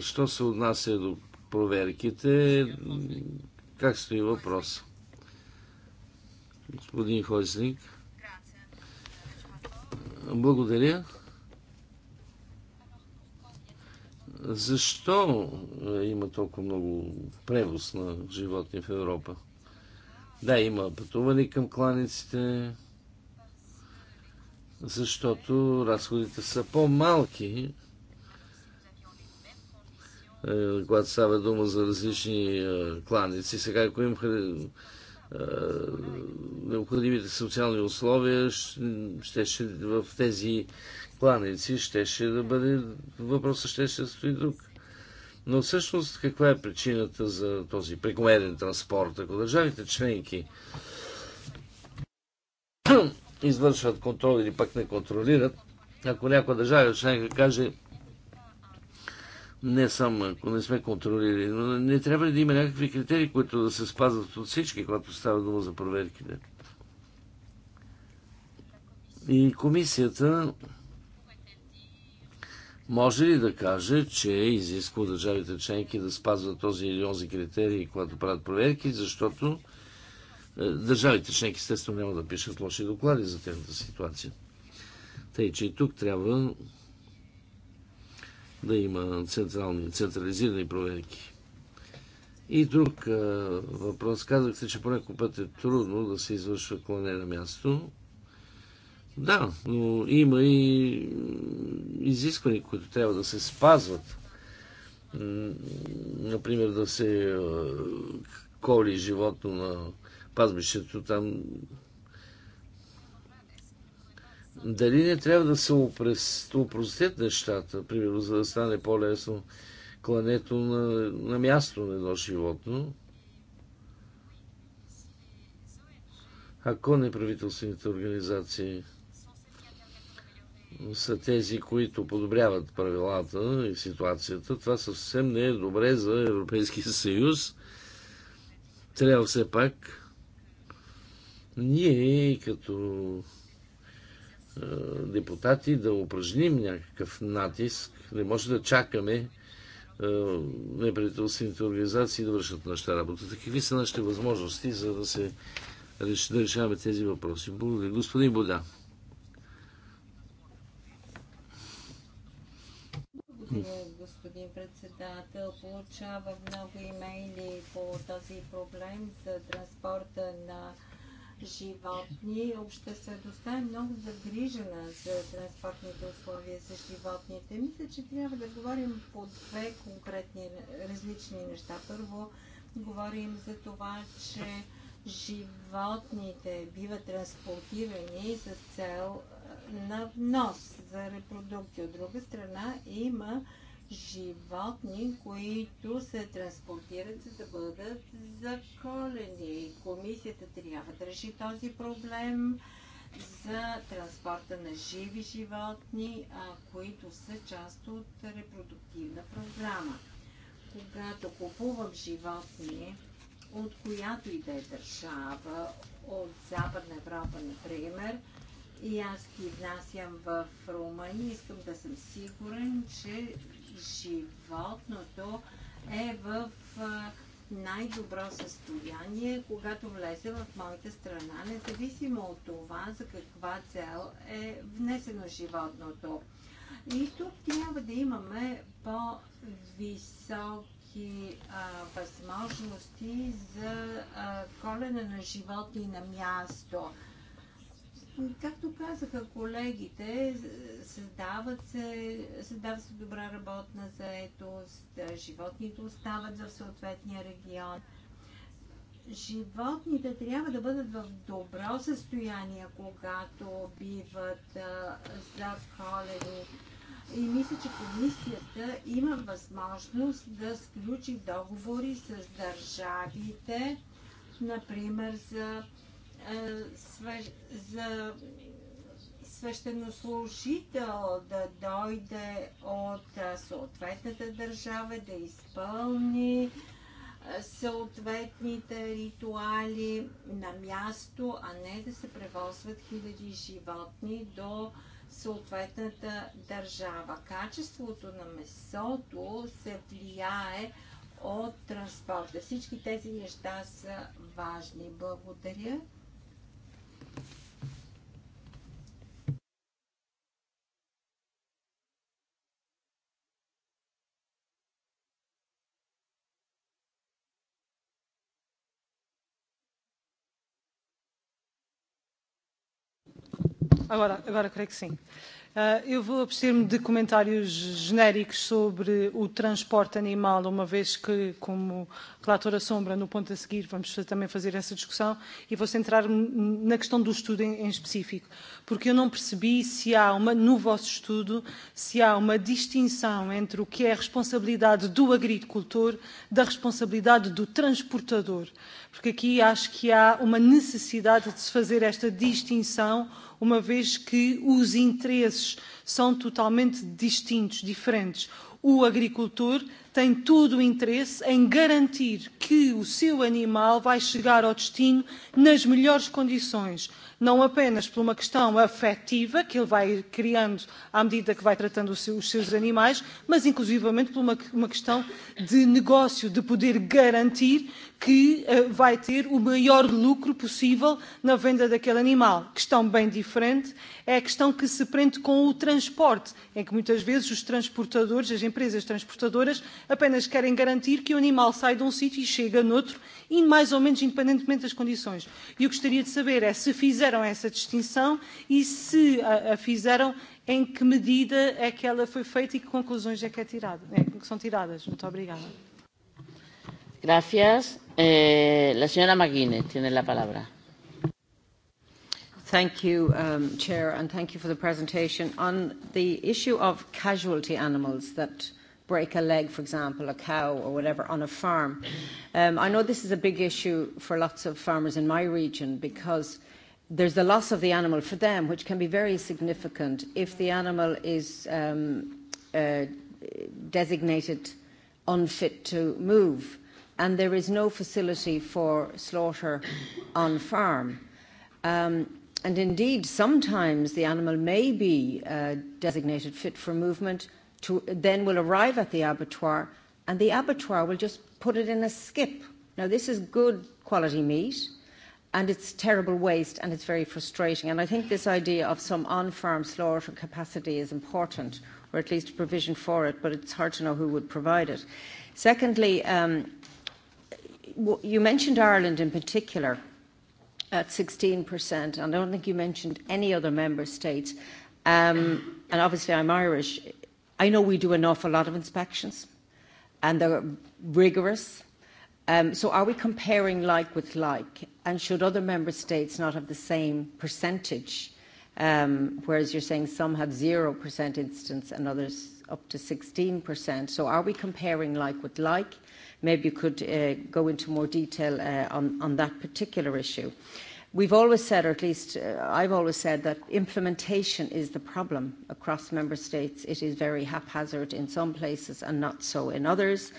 Що се отнася до проверките, как стои въпрос? Господин Хойсник, Благодаря. Защо е, има толкова много превоз на животни в Европа? Да, има пътуване към кланиците, защото разходите са по-малки, е, когато става дума за различни е, кланици. Сега, ако им необходимите социални условия, ще, ще в тези ще щеше да бъде, въпросът щеше да стои друг. Но всъщност каква е причината за този прекомерен транспорт? Ако държавите членки извършват контрол или пък не контролират, ако някоя държава членка каже не съм, ако не сме контролирали, но не трябва ли да има някакви критерии, които да се спазват от всички, когато става дума за проверките? И комисията може ли да каже, че е изисква държавите членки да спазват този или онзи критерий, когато правят проверки, защото е, държавите членки естествено няма да пишат лоши доклади за тяхната ситуация. Тъй, че и тук трябва да има централни, централизирани проверки. И друг е, въпрос. Казахте, че понякога път е трудно да се извършва клане на място. Да, но има и изисквания, които трябва да се спазват. Например, да се коли животно на пазбището там. Дали не трябва да се упростят нещата, примерно, за да стане по-лесно клането на, на място на едно животно? Ако неправителствените организации са тези, които подобряват правилата и ситуацията. Това съвсем не е добре за Европейския съюз. Трябва все пак ние като депутати да упражним някакъв натиск. Не може да чакаме неправителствените организации да вършат нашата работа. Какви са нашите възможности за да се да решаваме тези въпроси? Благодаря. Господин Боля. господин председател. Получавам много имейли по този проблем за транспорта на животни. Обществеността е много загрижена за транспортните условия за животните. Мисля, че трябва да говорим по две конкретни различни неща. Първо, говорим за това, че животните биват транспортирани с цел на внос за репродукция. От друга страна има животни, които се транспортират за да бъдат заколени. Комисията трябва да реши този проблем за транспорта на живи животни, а, които са част от репродуктивна програма. Когато купувам животни, от която и да е държава, от Западна Европа, например, и аз ги внасям в Румъния. Искам да съм сигурен, че животното е в най-добро състояние, когато влезе в моята страна, независимо от това за каква цел е внесено животното. И тук трябва да имаме по-високи възможности за а, колене на животни на място както казаха колегите, създават се, създава се добра работна заетост, животните остават в съответния регион. Животните трябва да бъдат в добро състояние, когато биват заколени. И мисля, че комисията има възможност да сключи договори с държавите, например за за свещенослужител да дойде от съответната държава, да изпълни съответните ритуали на място, а не да се превозват хиляди животни до съответната държава. Качеството на месото се влияе от транспорта. Всички тези неща са важни. Благодаря. Agora, agora creio que sim. Eu vou abster-me de comentários genéricos sobre o transporte animal, uma vez que, como relatora Sombra, no ponto a seguir, vamos também fazer essa discussão, e vou centrar-me na questão do estudo em, em específico, porque eu não percebi se há uma, no vosso estudo, se há uma distinção entre o que é a responsabilidade do agricultor da responsabilidade do transportador, porque aqui acho que há uma necessidade de se fazer esta distinção, uma vez que os interesses países são totalmente distintos, diferentes. O agricultor tem todo o interesse em garantir que o seu animal vai chegar ao destino nas melhores condições, não apenas por uma questão afetiva que ele vai criando à medida que vai tratando os seus animais, mas inclusivamente por uma questão de negócio, de poder garantir que vai ter o maior lucro possível na venda daquele animal. Questão bem diferente é a questão que se prende com o transporte, em que muitas vezes os transportadores, as empresas transportadoras, apenas querem garantir que o animal sai de um sítio e chega noutro, e mais ou menos independentemente das condições. E eu gostaria de saber é se fizer fizeram essa distinção e se a, a fizeram, em que medida é que ela foi feita e que conclusões é que, é tirada, é que são tiradas. Muito obrigada. Gracias. Eh, a senhora Maguine tem a palavra. Thank you, um, Chair, and thank you for the presentation. On the issue of casualty animals that break a leg, for example, a cow or whatever, on a farm, um, I know this is a big issue for lots of farmers in my region because – there's the loss of the animal for them, which can be very significant if the animal is um, uh, designated unfit to move and there is no facility for slaughter on farm. Um, and indeed, sometimes the animal may be uh, designated fit for movement, to, then will arrive at the abattoir, and the abattoir will just put it in a skip. Now, this is good quality meat and it's terrible waste and it's very frustrating. And I think this idea of some on-farm slaughter capacity is important, or at least a provision for it, but it's hard to know who would provide it. Secondly, um, you mentioned Ireland in particular at 16%, and I don't think you mentioned any other member states. Um, and obviously, I'm Irish. I know we do an awful lot of inspections, and they're rigorous. Um, so are we comparing like with like? And should other member states not have the same percentage? Um, whereas you're saying some have 0% instance and others up to 16%. So are we comparing like with like? Maybe you could uh, go into more detail uh, on, on that particular issue. We've always said, or at least uh, I've always said, that implementation is the problem across member states. It is very haphazard in some places and not so in others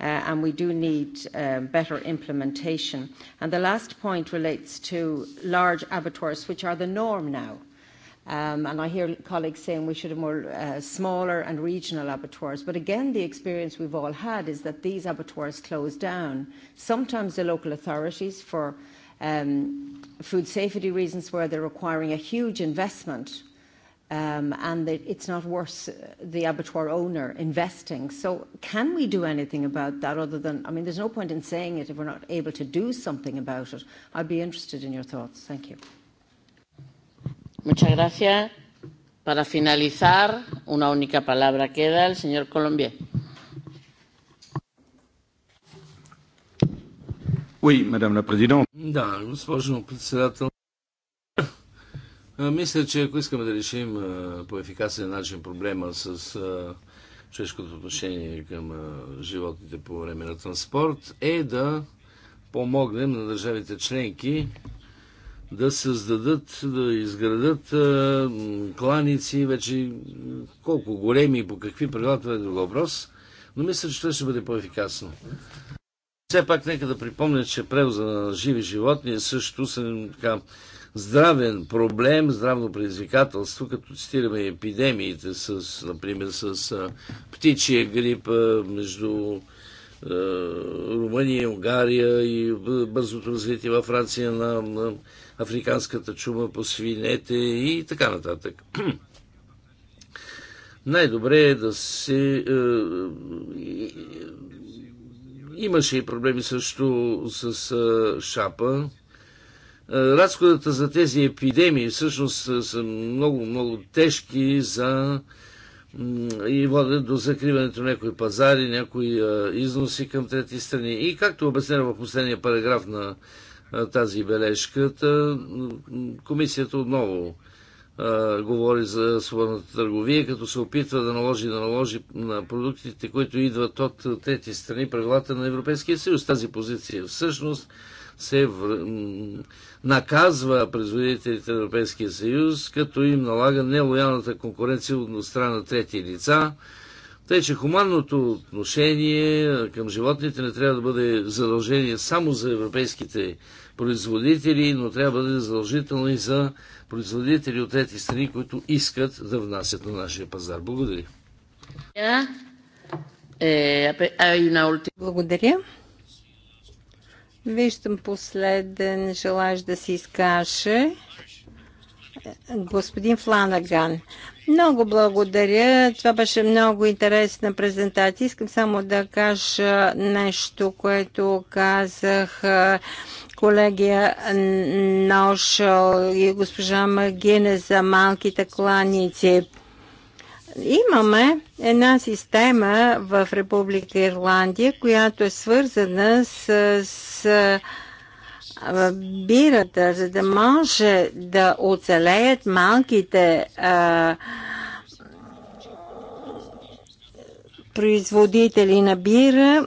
and we do need better implementation. And the last point relates to large abattoirs, which are the norm now. Um, and I hear colleagues saying we should have more uh, smaller and regional abattoirs. But again, the experience we've all had is that these abattoirs close down. Sometimes the local authorities, for um, food safety reasons, where they're requiring a huge investment um, and that it's not worth the abattoir owner investing. So, can we do anything about that other than, I mean, there's no point in saying it if we're not able to do something about it. I'd be interested in your thoughts. Thank you. Muchas gracias. Para finalizar, una única palabra queda el señor Colombier. Oui, madame la présidente. Да, госпожо председател. Мисля, че ако искаме да решим по ефикасен начин проблема с човешкото отношение към животните по време на транспорт, е да помогнем на държавите членки да създадат, да изградат кланици, вече колко големи и по какви правила, това е друг въпрос, но мисля, че това ще бъде по-ефикасно. Все пак нека да припомня, че превоза на живи животни е също са така, здравен проблем, здравно предизвикателство, като цитираме епидемиите, с, например, с птичия грип между Румъния, Унгария и бързото развитие във Франция на, на африканската чума по свинете и така нататък. Най-добре е да се. Имаше и проблеми също с шапа е, разходата за тези епидемии всъщност са много, много тежки за и водят до закриването на някои пазари, някои е, износи към трети страни. И както обяснява в последния параграф на е, тази бележка, комисията отново говори за свободната търговия, като се опитва да наложи да наложи на продуктите, които идват от трети страни, правилата на Европейския съюз. Тази позиция всъщност се вър... наказва производителите на Европейския съюз, като им налага нелоялната конкуренция от страна на трети лица. Тъй, че хуманното отношение към животните не трябва да бъде задължение само за европейските производители, но трябва да бъде задължително и за производители от трети страни, които искат да внасят на нашия пазар. Благодаря. Благодаря. Е, Виждам последен желаящ да се изкаже. Господин Фланаган. Много благодаря. Това беше много интересна презентация. Искам само да кажа нещо, което казах колегия Ношъл и госпожа Магине за малките кланици. Имаме една система в Република Ирландия, която е свързана с, с бирата, за да може да оцелеят малките а, производители на бира.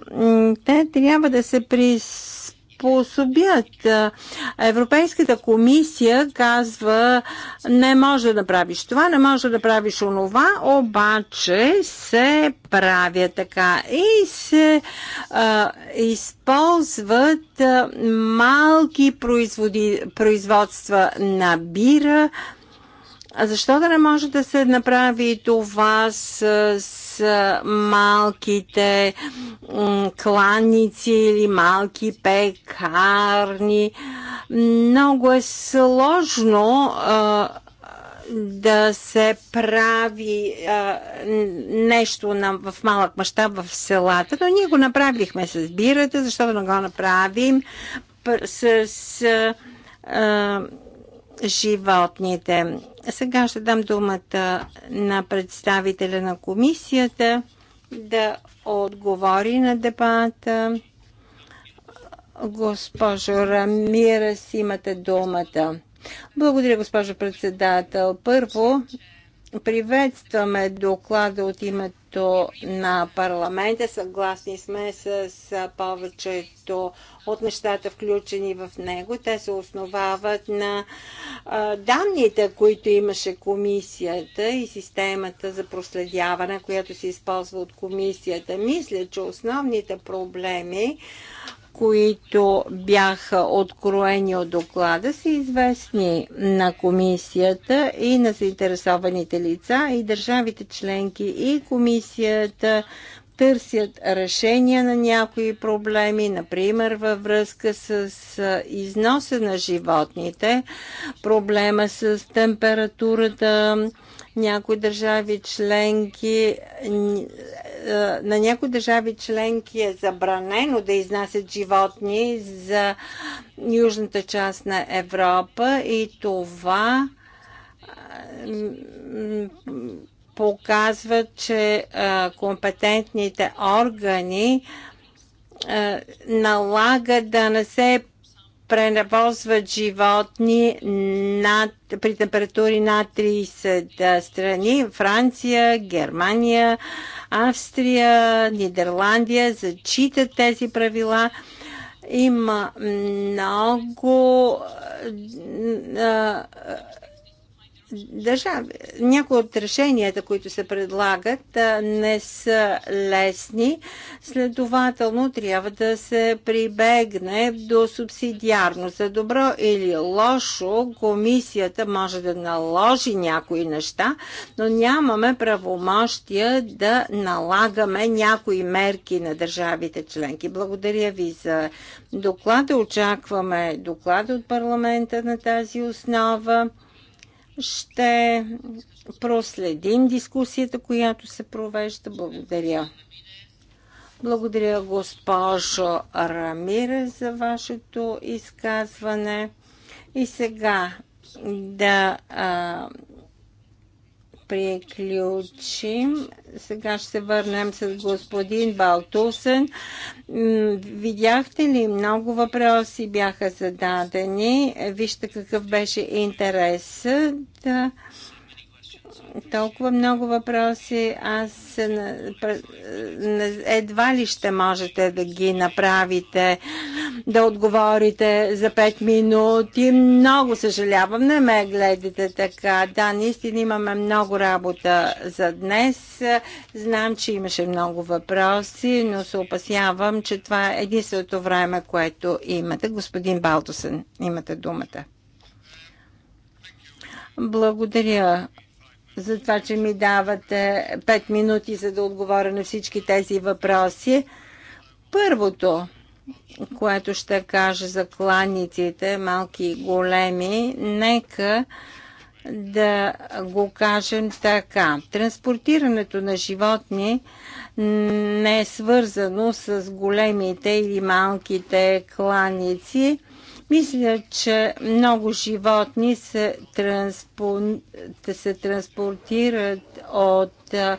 Те трябва да се присъединят приспособят. Европейската комисия казва, не може да правиш това, не може да правиш онова, обаче се правя така и се а, използват а, малки производи, производства на бира. Защо да не може да се направи това с, с малките кланици или малки пекарни. Много е сложно да се прави а, нещо на, в малък мащаб в селата, но ние го направихме с бирата, защото не го направим с. А, животните. Сега ще дам думата на представителя на комисията да отговори на дебата. Госпожо Рамирес, имате думата. Благодаря, госпожо председател. Първо, Приветстваме доклада от името на парламента. Съгласни сме с повечето от нещата, включени в него. Те се основават на данните, които имаше комисията и системата за проследяване, която се използва от комисията. Мисля, че основните проблеми които бяха откроени от доклада, са известни на комисията и на заинтересованите лица и държавите членки и комисията търсят решения на някои проблеми, например във връзка с износа на животните, проблема с температурата, някои държави членки, е, на някои държави членки е забранено да изнасят животни за южната част на Европа и това е, показва, че е, компетентните органи налага да не се пренапозват животни над, при температури над 30 страни Франция, Германия, Австрия, Нидерландия зачитат тези правила. Има много държави. Някои от решенията, които се предлагат, не са лесни. Следователно, трябва да се прибегне до субсидиарно. За добро или лошо, комисията може да наложи някои неща, но нямаме правомощия да налагаме някои мерки на държавите членки. Благодаря ви за доклада. Очакваме доклада от парламента на тази основа. Ще проследим дискусията, която се провежда. Благодаря. Благодаря, госпожо Рамире, за вашето изказване. И сега да а, приключим. Сега ще се върнем с господин Балтусен. Видяхте ли, много въпроси бяха зададени. Вижте какъв беше интересът толкова много въпроси, аз едва ли ще можете да ги направите, да отговорите за 5 минути. Много съжалявам, не ме гледате така. Да, наистина имаме много работа за днес. Знам, че имаше много въпроси, но се опасявам, че това е единственото време, което имате. Господин Балтосен, имате думата. Благодаря, за това, че ми давате 5 минути, за да отговоря на всички тези въпроси. Първото, което ще кажа за кланиците, малки и големи, нека да го кажем така. Транспортирането на животни не е свързано с големите или малките кланици. Мисля, че много животни се, транспо... се транспортират от а,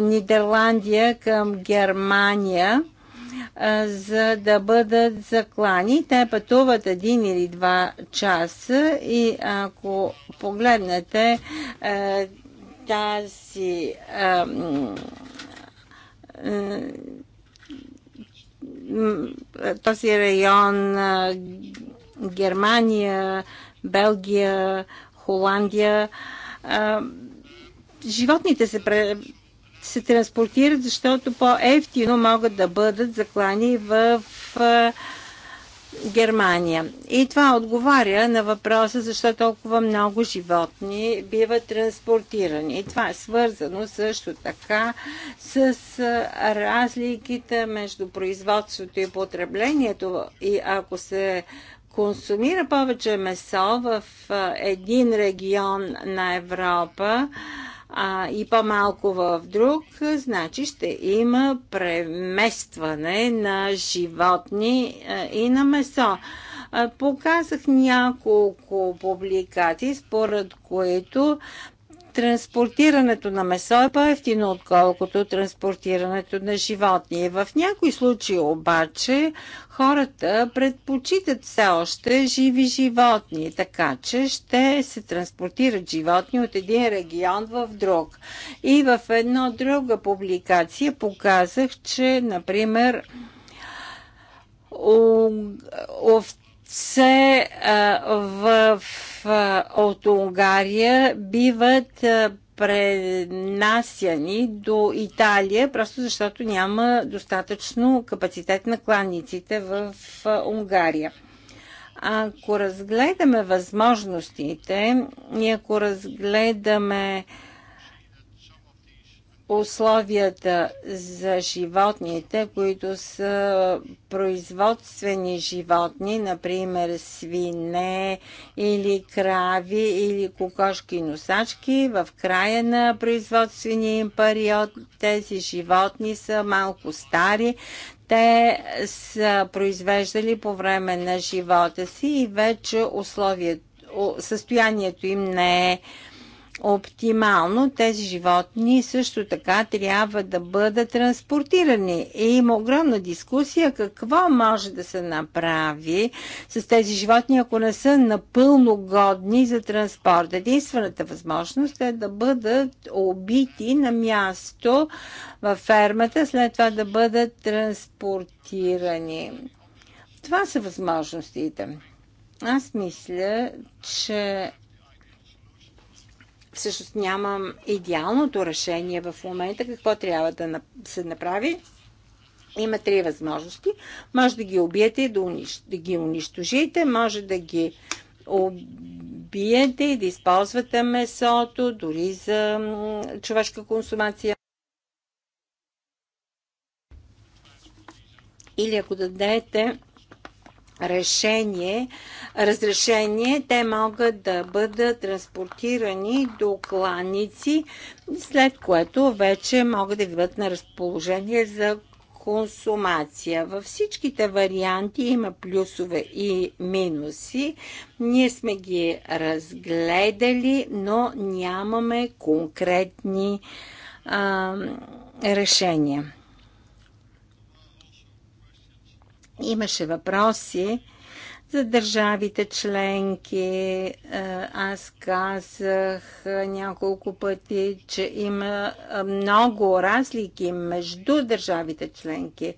Нидерландия към Германия за да бъдат заклани. Те пътуват един или два часа и ако погледнете тази този район Германия, Белгия, Холандия. Животните се, се транспортират, защото по-ефтино могат да бъдат заклани в Германия. И това отговаря на въпроса защо толкова много животни биват транспортирани. И това е свързано също така с разликите между производството и потреблението. И ако се консумира повече месо в един регион на Европа, а, и по-малко в друг, значи ще има преместване на животни а, и на месо. А, показах няколко публикати, според които Транспортирането на месо е по-ефтино, отколкото транспортирането на животни. В някои случаи обаче хората предпочитат все още живи животни, така че ще се транспортират животни от един регион в друг. И в една друга публикация показах, че, например, овци се в, в, от Унгария биват пренасяни до Италия, просто защото няма достатъчно капацитет на кланниците в Унгария. Ако разгледаме възможностите и ако разгледаме а, условията за животните, които са производствени животни, например свине или крави или кокошки носачки, в края на производствения им период тези животни са малко стари, те са произвеждали по време на живота си и вече условието, състоянието им не е оптимално. Тези животни също така трябва да бъдат транспортирани. И има огромна дискусия какво може да се направи с тези животни, ако не са напълно годни за транспорт. Единствената възможност е да бъдат убити на място във фермата, след това да бъдат транспортирани. Това са възможностите. Аз мисля, че всъщност нямам идеалното решение в момента какво трябва да се направи. Има три възможности. Може да ги убиете и да, унищ... да ги унищожите, може да ги убиете и да използвате месото дори за човешка консумация. Или ако дадете решение, разрешение, те могат да бъдат транспортирани до кланици, след което вече могат да бъдат на разположение за консумация. Във всичките варианти има плюсове и минуси. Ние сме ги разгледали, но нямаме конкретни а, решения. Имаше въпроси за държавите членки. Е, аз казах е, няколко пъти, че има е, много разлики между държавите членки.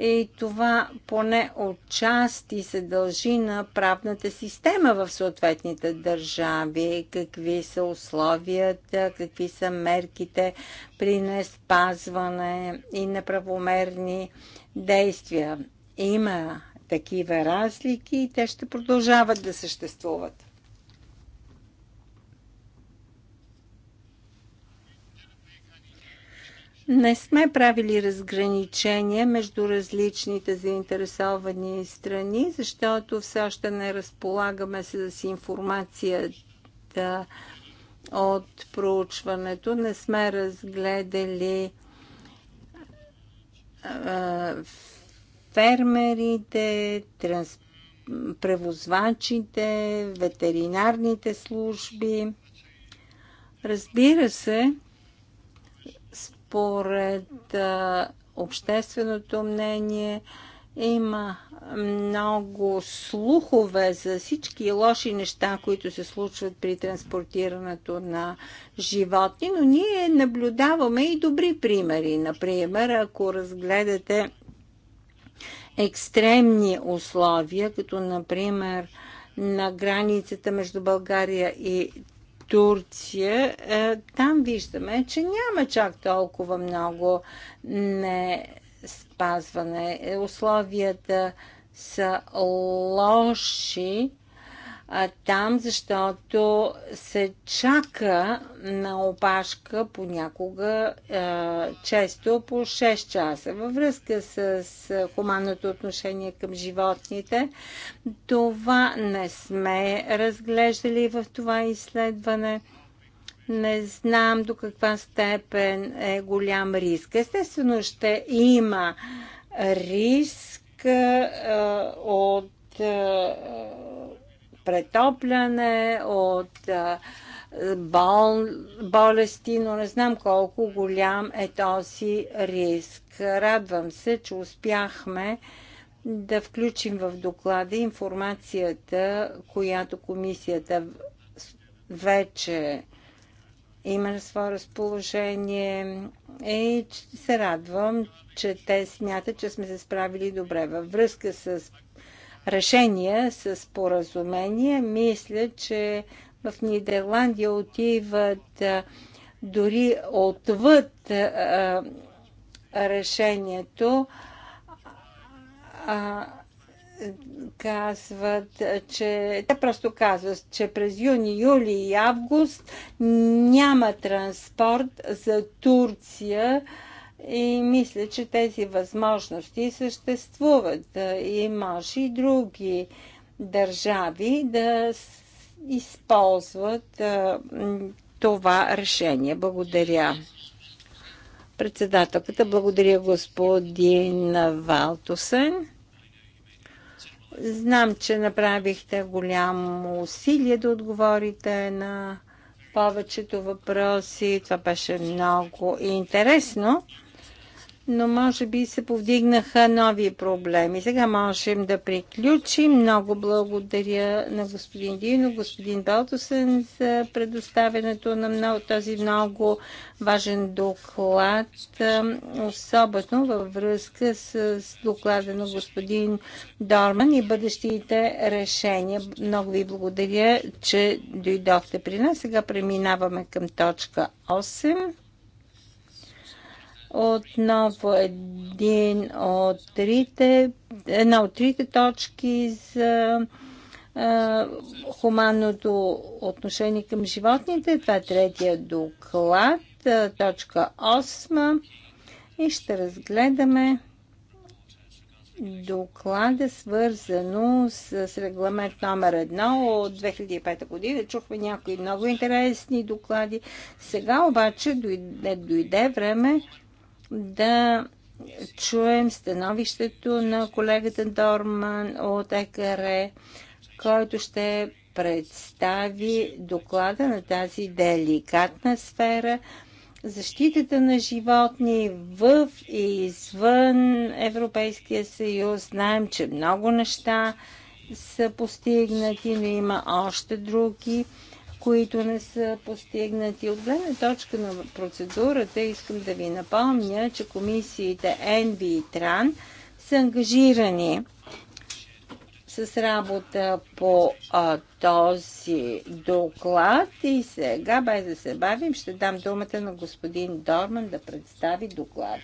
И това поне отчасти се дължи на правната система в съответните държави, какви са условията, какви са мерките при неспазване и неправомерни действия има такива разлики и те ще продължават да съществуват. Не сме правили разграничения между различните заинтересовани страни, защото все още не разполагаме с информацията от проучването. Не сме разгледали фермерите, транс... превозвачите, ветеринарните служби. Разбира се, според а, общественото мнение, има много слухове за всички лоши неща, които се случват при транспортирането на животни, но ние наблюдаваме и добри примери. Например, ако разгледате екстремни условия, като например на границата между България и Турция, е, там виждаме, че няма чак толкова много не спазване. Условията са лоши а, там, защото се чака на опашка понякога а, често по 6 часа. Във връзка с, а, хуманното отношение към животните, това не сме разглеждали в това изследване. Не знам до каква степен е голям риск. Естествено ще има риск а, от а, претопляне, от бол, болести, но не знам колко голям е този риск. Радвам се, че успяхме да включим в доклада информацията, която комисията вече има на свое разположение и се радвам, че те смятат, че сме се справили добре. Във връзка с решения с поразумение. Мисля, че в Нидерландия отиват дори отвъд решението казват, че те просто казват, че през юни, юли и август няма транспорт за Турция и мисля, че тези възможности съществуват е, и може и други държави да използват е, това решение. Благодаря. Председателката, благодаря господин Валтусен. Знам, че направихте голямо усилие да отговорите на повечето въпроси. Това беше много интересно но може би се повдигнаха нови проблеми. Сега можем да приключим. Много благодаря на господин Дино, господин Балтосен за предоставянето на много, този много важен доклад, особено във връзка с доклада на господин Дорман и бъдещите решения. Много ви благодаря, че дойдохте при нас. Сега преминаваме към точка 8. Отново един от трите, една от трите точки за хуманното отношение към животните. Това е третия доклад, точка 8. И ще разгледаме доклада, свързано с регламент номер 1 от 2005 година. Чухме някои много интересни доклади. Сега обаче дойде, дойде време да чуем становището на колегата Дорман от ЕКР, който ще представи доклада на тази деликатна сфера защитата на животни в и извън Европейския съюз. Знаем, че много неща са постигнати, но има още други които не са постигнати. От гледна точка на процедурата искам да ви напомня, че комисиите ЕНВИ и ТРАН са ангажирани с работа по а, този доклад и сега, без да се бавим, ще дам думата на господин Дорман да представи доклада.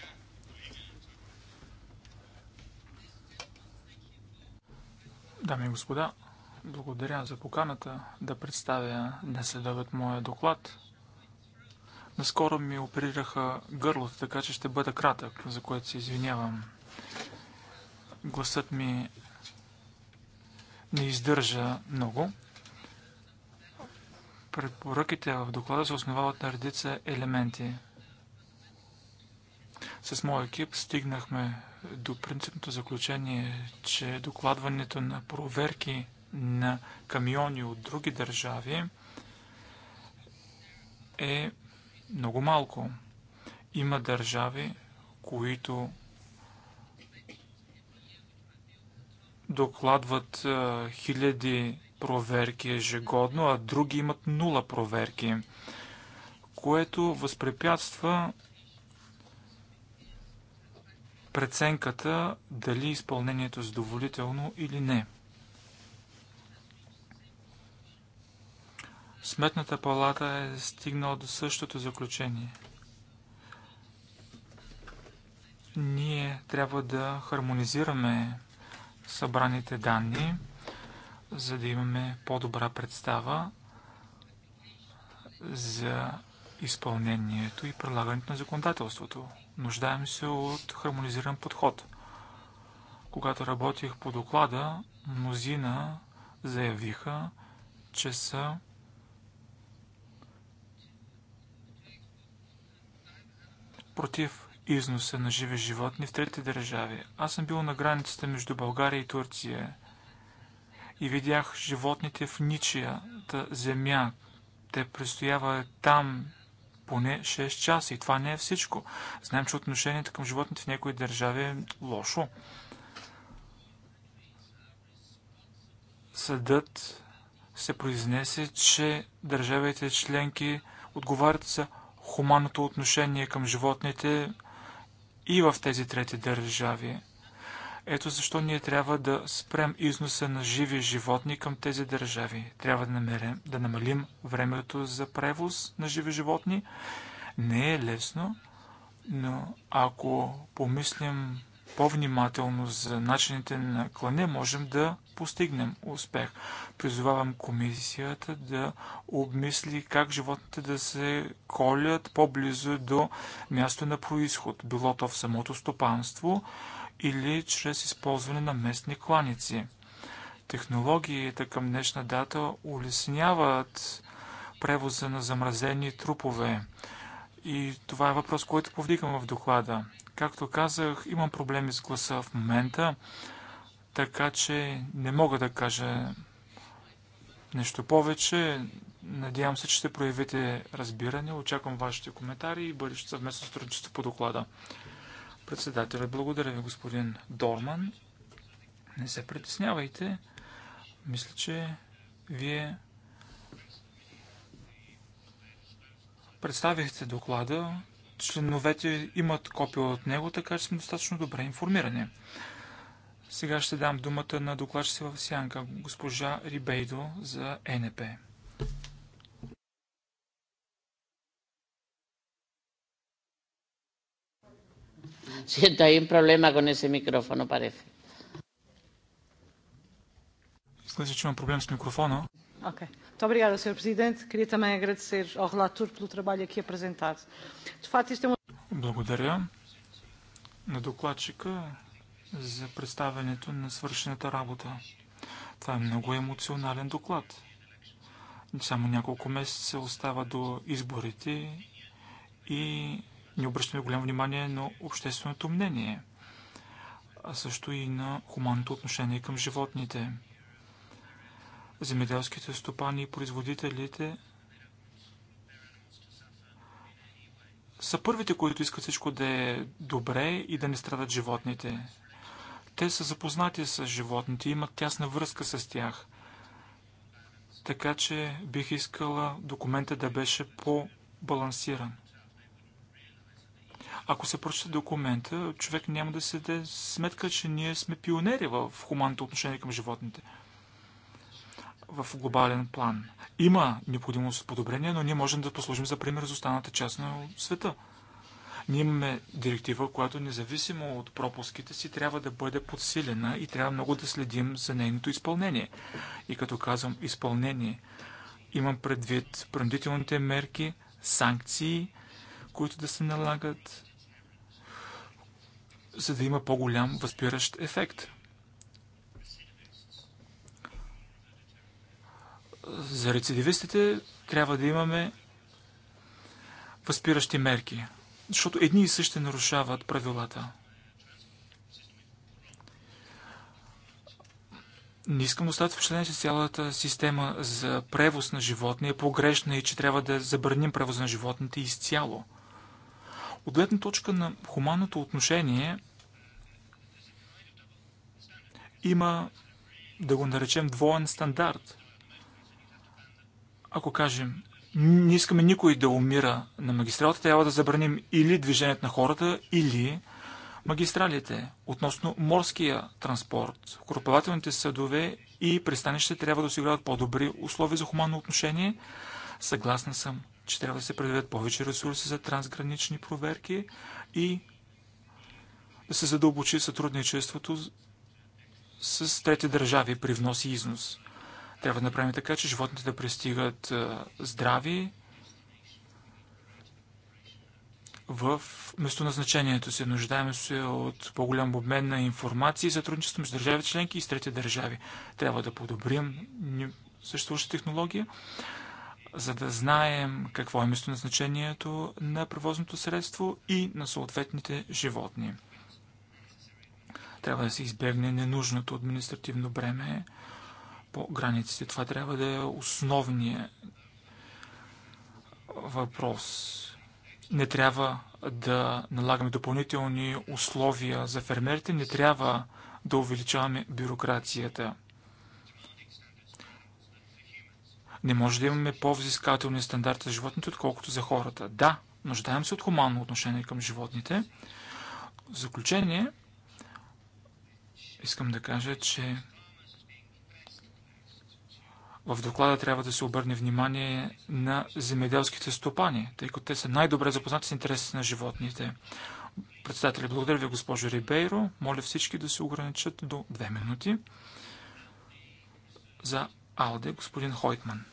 Дами и господа, благодаря за поканата да представя днес следобед моя доклад. Наскоро ми оперираха гърлото, така че ще бъда кратък, за което се извинявам. Гласът ми не издържа много. Препоръките в доклада се основават на редица елементи. С моя екип стигнахме до принципното заключение, че докладването на проверки на камиони от други държави е много малко. Има държави, които докладват хиляди проверки ежегодно, а други имат нула проверки, което възпрепятства преценката дали изпълнението е задоволително или не. Сметната палата е стигнала до същото заключение. Ние трябва да хармонизираме събраните данни, за да имаме по-добра представа за изпълнението и прилагането на законодателството. Нуждаем се от хармонизиран подход. Когато работих по доклада, мнозина заявиха, че са против износа на живи животни в трети държави. Аз съм бил на границата между България и Турция и видях животните в ничията земя. Те престоява там поне 6 часа и това не е всичко. Знаем, че отношението към животните в някои държави е лошо. Съдът се произнесе, че държавите членки отговарят за хуманното отношение към животните и в тези трети държави. Ето защо ние трябва да спрем износа на живи животни към тези държави. Трябва да, намерим, да намалим времето за превоз на живи животни. Не е лесно, но ако помислим по-внимателно за начините на клане, можем да постигнем успех. Призовавам комисията да обмисли как животните да се колят по-близо до място на происход, било то в самото стопанство или чрез използване на местни кланици. Технологията към днешна дата улесняват превоза на замразени трупове. И това е въпрос, който повдигам в доклада. Както казах, имам проблеми с гласа в момента. Така че не мога да кажа нещо повече. Надявам се, че ще проявите разбиране. Очаквам вашите коментари и бъдеще съвместно сътрудничество по доклада. Председателят, благодаря ви, господин Дорман. Не се притеснявайте. Мисля, че вие представихте доклада. Членовете имат копия от него, така че сме достатъчно добре информирани. Сега ще дам думата на докладчица в Сянка, госпожа Рибейдо за НП. Siento, hay un problema con ese micrófono, parece. Слышу, че има проблем с микрофона. Ok. Muito obrigada, Sr. Presidente. Queria também agradecer ao relator pelo trabalho aqui apresentado. De facto, isto é um... Благодаря Na докладчика за представянето на свършената работа. Това е много емоционален доклад. Само няколко месеца остава до изборите и не обръщаме голямо внимание на общественото мнение, а също и на хуманното отношение към животните. Земеделските стопани и производителите са първите, които искат всичко да е добре и да не страдат животните. Те са запознати с животните, имат тясна връзка с тях. Така че бих искала документа да беше по-балансиран. Ако се прочете документа, човек няма да се даде сметка, че ние сме пионери в хуманното отношение към животните в глобален план. Има необходимост от подобрение, но ние можем да послужим за пример за останата част на света. Ние имаме директива, която независимо от пропуските си трябва да бъде подсилена и трябва много да следим за нейното изпълнение. И като казвам изпълнение, имам предвид принудителните мерки, санкции, които да се налагат, за да има по-голям възпиращ ефект. За рецидивистите трябва да имаме възпиращи мерки. Защото едни и същи нарушават правилата. Не искам да оставя впечатление, че цялата система за превоз на животни е погрешна и че трябва да забраним превоз на животните изцяло. От гледна точка на хуманното отношение има, да го наречем, двоен стандарт. Ако кажем, не искаме никой да умира на магистралата, трябва да забраним или движението на хората, или магистралите. Относно морския транспорт, корпорателните съдове и пристанище трябва да осигуряват по-добри условия за хуманно отношение. Съгласна съм, че трябва да се предвидят повече ресурси за трансгранични проверки и да се задълбочи сътрудничеството с трети държави при внос и износ. Трябва да направим така, че животните да пристигат здрави в местоназначението си. Нуждаем се от по-голям обмен на информация и сътрудничество между държави членки и с трети държави. Трябва да подобрим съществуваща технология, за да знаем какво е местоназначението на превозното средство и на съответните животни. Трябва да се избегне ненужното административно бреме, по границите. Това трябва да е основният въпрос. Не трябва да налагаме допълнителни условия за фермерите, не трябва да увеличаваме бюрокрацията. Не може да имаме по-взискателни стандарти за животните, отколкото за хората. Да, нуждаем се от хуманно отношение към животните. В заключение, искам да кажа, че в доклада трябва да се обърне внимание на земеделските стопани, тъй като те са най-добре запознати с интересите на животните. Председателя, благодаря ви, госпожо Рибейро. Моля всички да се ограничат до две минути. За Алде, господин Хойтман.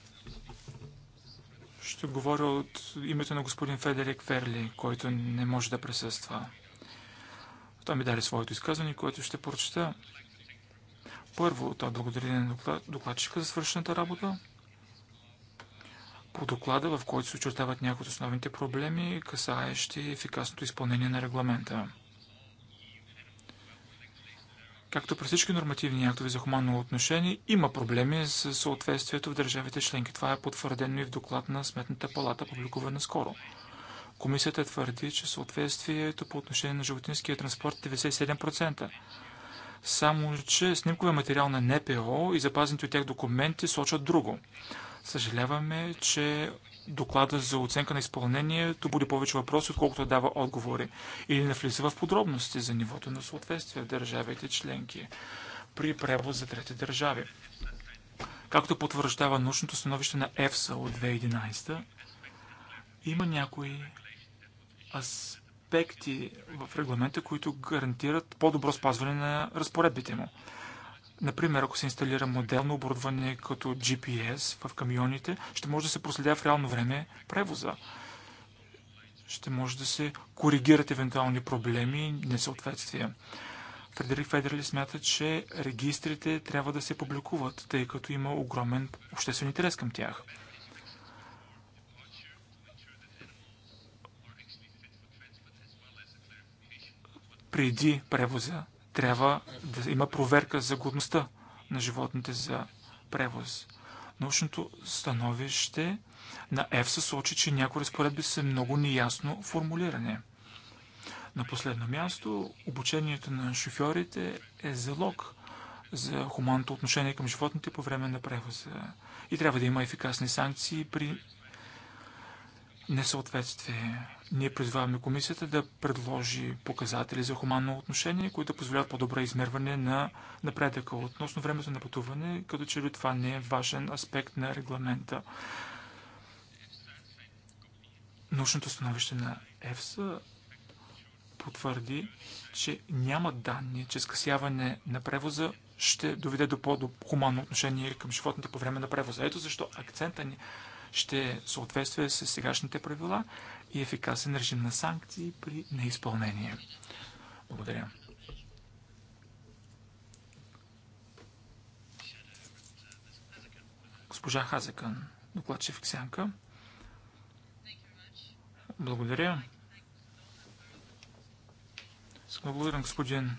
Ще говоря от името на господин Федерик Ферли, който не може да присъства. Той ми даде своето изказване, което ще прочета. Първо, той е благодари на докладчика за свършената работа. По доклада, в който се очертават някои от основните проблеми, касаещи ефикасното изпълнение на регламента. Както при всички нормативни актове за хуманно отношение, има проблеми с съответствието в държавите членки. Това е потвърдено и в доклад на Сметната палата, публикувана скоро. Комисията твърди, че съответствието по отношение на животинския транспорт е 97%. Само, че снимковия материал на НПО и запазените от тях документи сочат друго. Съжаляваме, че доклада за оценка на изпълнението буди повече въпроси, отколкото дава отговори или не влиза в подробности за нивото на съответствие в държавите членки при превоз за трети държави. Както потвърждава научното становище на ЕФСА от 2011, има някои аз аспекти в регламента, които гарантират по-добро спазване на разпоредбите му. Например, ако се инсталира моделно оборудване като GPS в камионите, ще може да се проследя в реално време превоза. Ще може да се коригират евентуални проблеми и несъответствия. Фредерик Федерли смята, че регистрите трябва да се публикуват, тъй като има огромен обществен интерес към тях. преди превоза трябва да има проверка за годността на животните за превоз. Научното становище на ЕФСА сочи, че някои разпоредби са много неясно формулирани. На последно място, обучението на шофьорите е залог за хуманното отношение към животните по време на превоза и трябва да има ефикасни санкции при несъответствие. Ние призваваме комисията да предложи показатели за хуманно отношение, които позволяват по добре измерване на напредъка относно времето на пътуване, като че ли това не е важен аспект на регламента. Научното становище на ЕФСА потвърди, че няма данни, че скъсяване на превоза ще доведе до по-хуманно отношение към животните по време на превоза. Ето защо акцента ни ще съответства с сегашните правила и ефикасен режим на санкции при неизпълнение. Благодаря. Госпожа Хазекан, докладчев Ксянка. Благодаря. Благодаря господин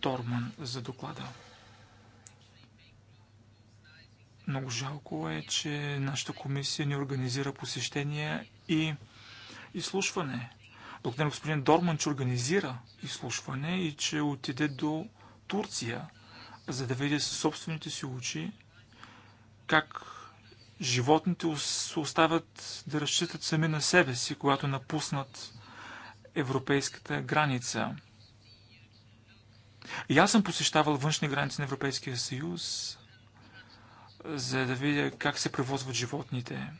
Торман за доклада. Много жалко е, че нашата комисия ни организира посещения и изслушване. Благодаря господин Дорман, че организира изслушване и че отиде до Турция, за да види със собствените си очи как животните се оставят да разчитат сами на себе си, когато напуснат европейската граница. И аз съм посещавал външни граници на Европейския съюз за да видя как се превозват животните.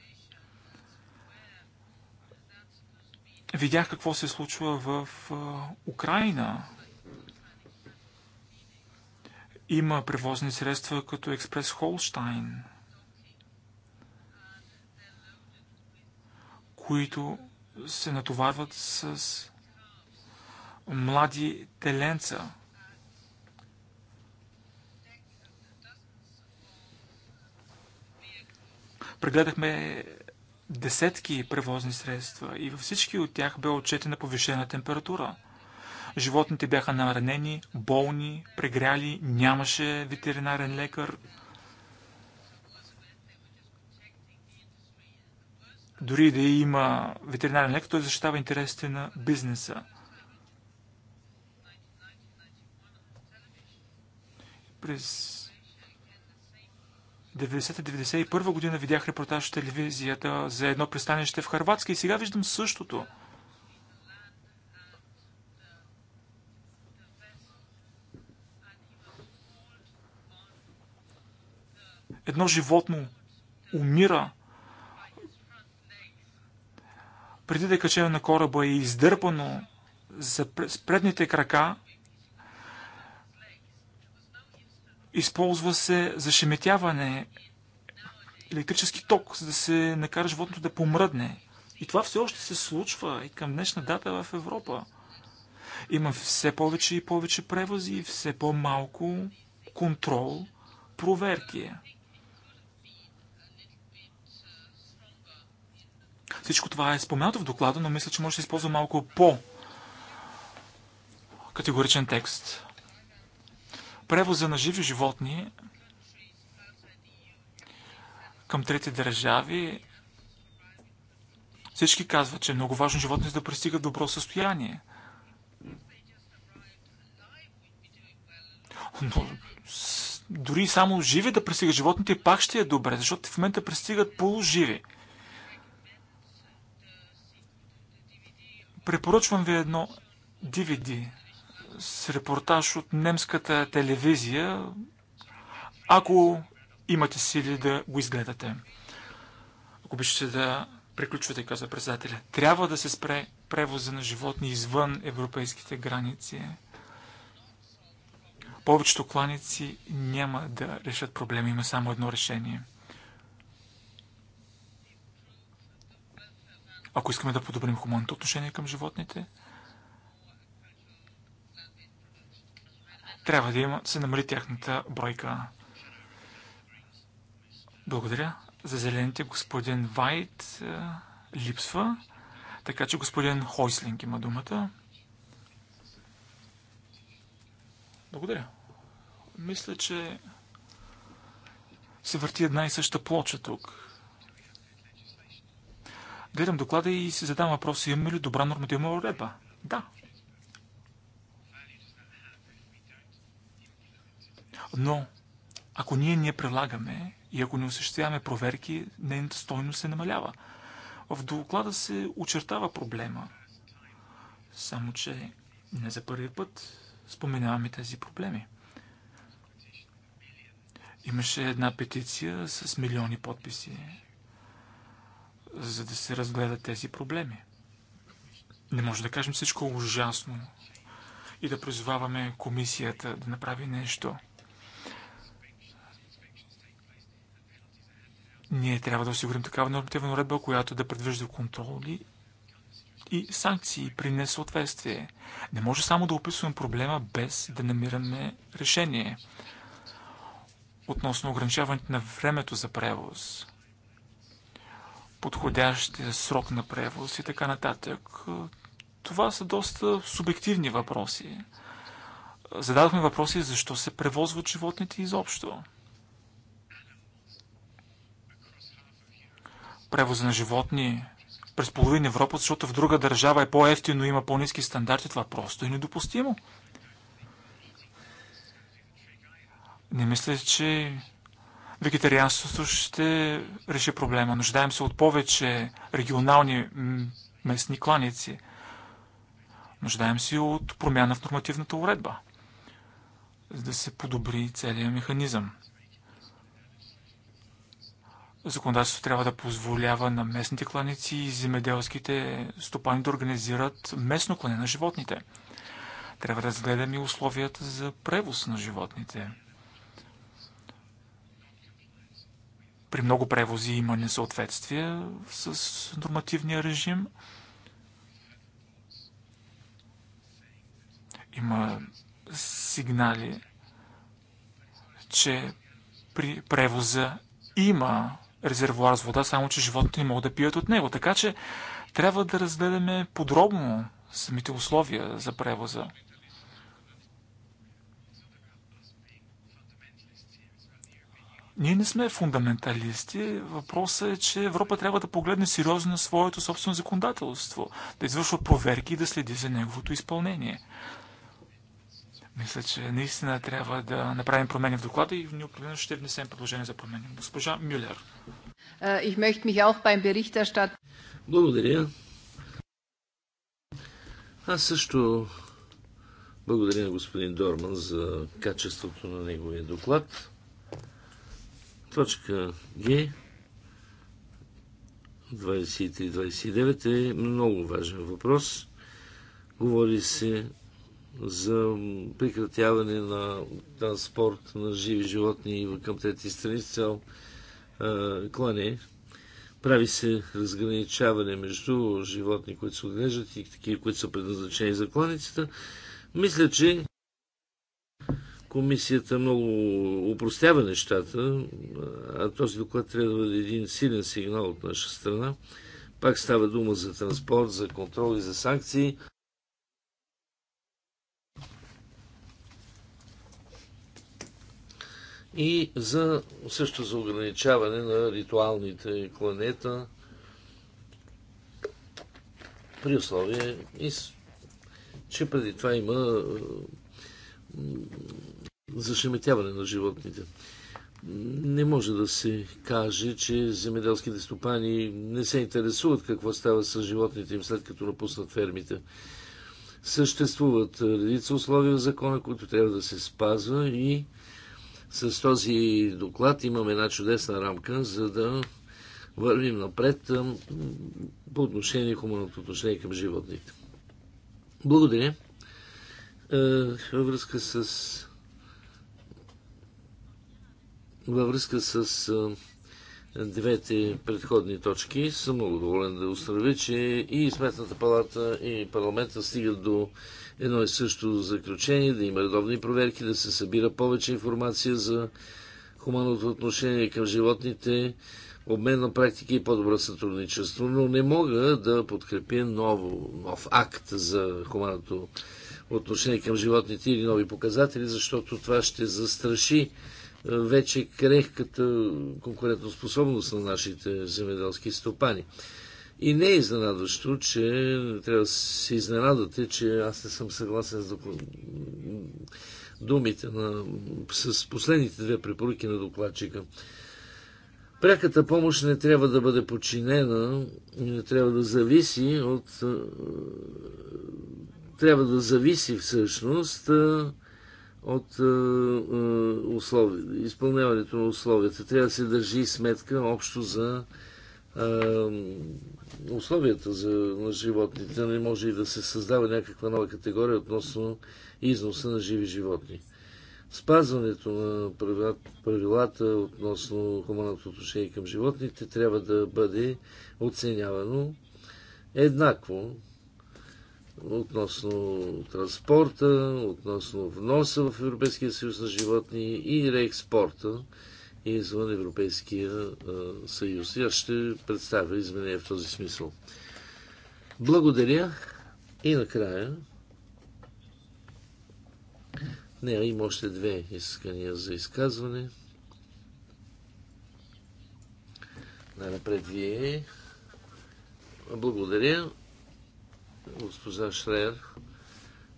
Видях какво се случва в Украина. Има превозни средства като Експрес Холштайн, които се натоварват с млади теленца. Прегледахме десетки превозни средства и във всички от тях бе отчетена повишена температура. Животните бяха наранени, болни, прегряли, нямаше ветеринарен лекар. Дори да има ветеринарен лекар, той защитава интересите на бизнеса. През 90-91 година видях репортаж в телевизията за едно пристанище в Харватска и сега виждам същото. Едно животно умира преди да е качено на кораба и е издърпано за предните крака Използва се зашеметяване, електрически ток, за да се накара животното да помръдне. И това все още се случва и към днешна дата в Европа. Има все повече и повече превози, и все по-малко контрол, проверки. Всичко това е споменато в доклада, но мисля, че може да се използва малко по категоричен текст превоза на живи животни към трети държави. Всички казват, че е много важно животните да пристигат в добро състояние. Но дори само живи да пристигат животните, пак ще е добре, защото в момента пристигат полуживи. Препоръчвам ви едно DVD с репортаж от немската телевизия, ако имате сили да го изгледате. Ако обичате да приключвате, каза председателя. Трябва да се спре превоза на животни извън европейските граници. Повечето кланици няма да решат проблеми, има само едно решение. Ако искаме да подобрим хуманното отношение към животните, трябва да има, се намали тяхната бройка. Благодаря. За зелените господин Вайт е, липсва, така че господин Хойслинг има думата. Благодаря. Мисля, че се върти една и съща плоча тук. Гледам доклада и си задам въпроса, имаме ли добра нормативна уредба? Да, Но ако ние не прилагаме и ако не осъществяваме проверки, нейната стойност се намалява. В доклада се очертава проблема. Само, че не за първи път споменаваме тези проблеми. Имаше една петиция с милиони подписи, за да се разгледат тези проблеми. Не може да кажем всичко ужасно и да призоваваме комисията да направи нещо – Ние трябва да осигурим такава нормативна уредба, която да предвижда контроли и санкции при несъответствие. Не може само да описваме проблема без да намираме решение. Относно ограничаването на времето за превоз, подходящия срок на превоз и така нататък, това са доста субективни въпроси. Зададохме въпроси защо се превозват животните изобщо. превоза на животни през половин Европа, защото в друга държава е по-ефтино и има по-низки стандарти. Това просто е недопустимо. Не мисля, че вегетарианството ще реши проблема. Нуждаем се от повече регионални местни кланици. Нуждаем се от промяна в нормативната уредба, за да се подобри целият механизъм. Законодателството трябва да позволява на местните кланици и земеделските стопани да организират местно клане на животните. Трябва да разгледаме условията за превоз на животните. При много превози има несъответствие с нормативния режим. Има сигнали, че при превоза има резервуар с вода, само че животните не могат да пият от него. Така че трябва да разгледаме подробно самите условия за превоза. Ние не сме фундаменталисти. Въпросът е, че Европа трябва да погледне сериозно на своето собствено законодателство, да извършва проверки и да следи за неговото изпълнение. Мисля, че наистина трябва да направим промени в доклада и ние определено ще внесем предложение за промени. Госпожа Мюлер. Е, благодаря. Аз също благодаря на господин Дорман за качеството на неговия доклад. Точка Г 23-29 е много важен въпрос. Говори се за прекратяване на транспорт на живи животни към трети страни с цел клане. Прави се разграничаване между животни, които се отглеждат и такива, които са предназначени за кланицата. Мисля, че комисията много упростява нещата, а този доклад трябва да бъде един силен сигнал от наша страна. Пак става дума за транспорт, за контрол и за санкции. и за, също за ограничаване на ритуалните кланета при условие, че преди това има зашеметяване на животните. Не може да се каже, че земеделските стопани не се интересуват какво става с животните им след като напуснат фермите. Съществуват редица условия в закона, които трябва да се спазва и с този доклад имаме една чудесна рамка, за да вървим напред по отношение хуманното отношение към животните. Благодаря. Е, във връзка с във връзка с двете предходни точки съм много доволен да установя, че и Сметната палата и парламента стигат до едно и също заключение, да има редовни проверки, да се събира повече информация за хуманното отношение към животните, обмен на практики и по-добро сътрудничество. Но не мога да подкрепя ново, нов акт за хуманното отношение към животните или нови показатели, защото това ще застраши е, вече крехката конкурентоспособност на нашите земеделски стопани. И не е изненадващо, че трябва да се изненадате, че аз не съм съгласен с думите на, с последните две препоръки на докладчика. Пряката помощ не трябва да бъде подчинена, не трябва да зависи от... Е, трябва да зависи всъщност е, от е, условия, изпълняването на условията. Трябва да се държи сметка общо за условията за, на животните. Не може и да се създава някаква нова категория относно износа на живи животни. Спазването на правилата относно хуманното отношение към животните трябва да бъде оценявано еднакво относно транспорта, относно вноса в Европейския съюз на животни и реекспорта и извън Европейския съюз. И аз ще представя изменения в този смисъл. Благодаря и накрая. Не, има още две искания за изказване. Най-напред вие. Благодаря, госпожа Шрер.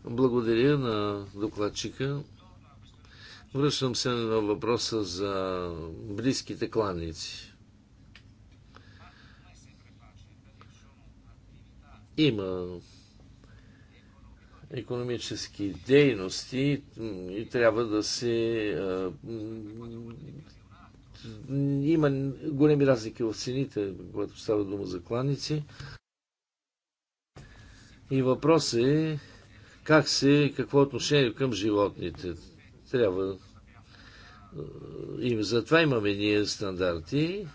Благодаря на докладчика Връщам се на въпроса за близките кланици. Има економически дейности и трябва да се. има големи разлики в цените, когато става дума за кланици. И въпросът е как се, какво е отношение към животните. Трябва. И затова имаме ние стандарти.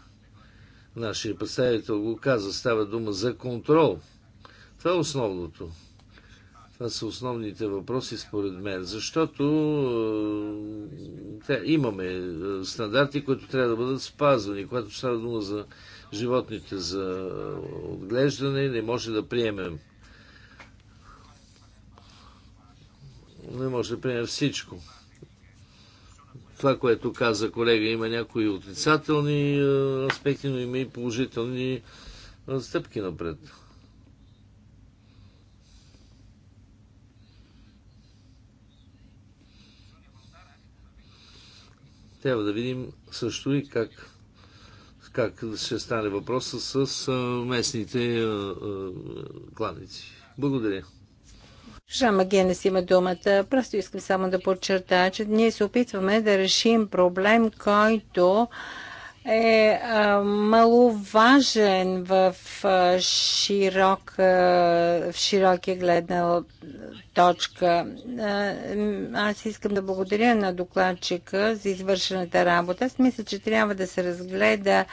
Нашия представител го каза, става дума за контрол. Това е основното. Това са основните въпроси според мен, защото е, тя, имаме е, стандарти, които трябва да бъдат спазвани. Когато става дума за животните за е, отглеждане, не може да приемем. Не може да приемем всичко това, което каза колега, има някои отрицателни е, аспекти, но има и положителни е, стъпки напред. Трябва да видим също и как, как ще стане въпроса с е, местните кланици. Благодаря. Жан Генес има думата. Просто искам само да подчертая, че ние се опитваме да решим проблем, който е маловажен в, широк, в широкия гледна точка. аз искам да благодаря на докладчика за извършената работа. Аз мисля, че трябва да се разгледа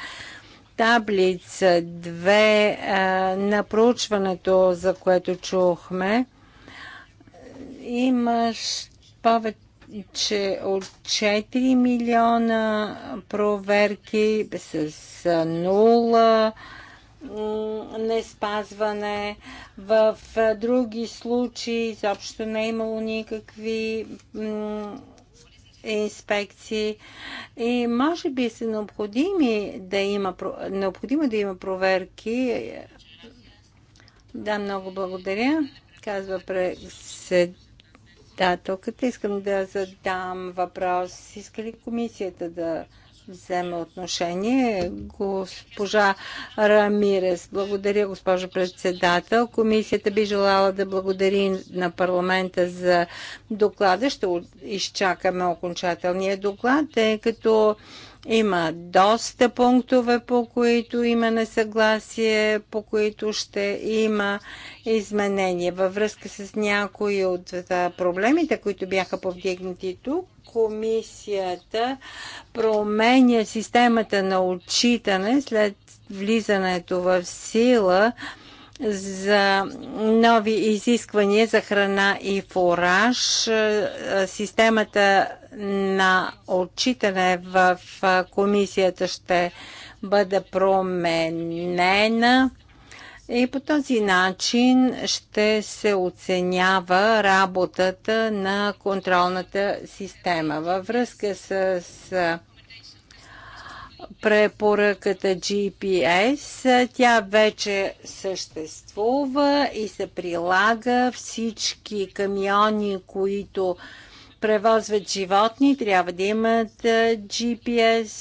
таблица 2 на проучването, за което чухме. Имаш повече от 4 милиона проверки с нула не спазване. В други случаи изобщо не е имало никакви инспекции. И може би са необходими да има, необходимо да има проверки. Да, много благодаря, казва пред да, тук Искам да задам въпрос. Иска ли комисията да вземе отношение. Госпожа Рамирес, благодаря, госпожо председател. Комисията би желала да благодари на парламента за доклада. Ще изчакаме окончателния доклад, тъй като има доста пунктове, по които има несъгласие, по които ще има изменения. Във връзка с някои от проблемите, които бяха повдигнати тук, комисията променя системата на отчитане след влизането в сила за нови изисквания за храна и фураж. Системата на отчитане в комисията ще бъде променена и по този начин ще се оценява работата на контролната система. Във връзка с препоръката GPS, тя вече съществува и се прилага всички камиони, които превозват животни, трябва да имат GPS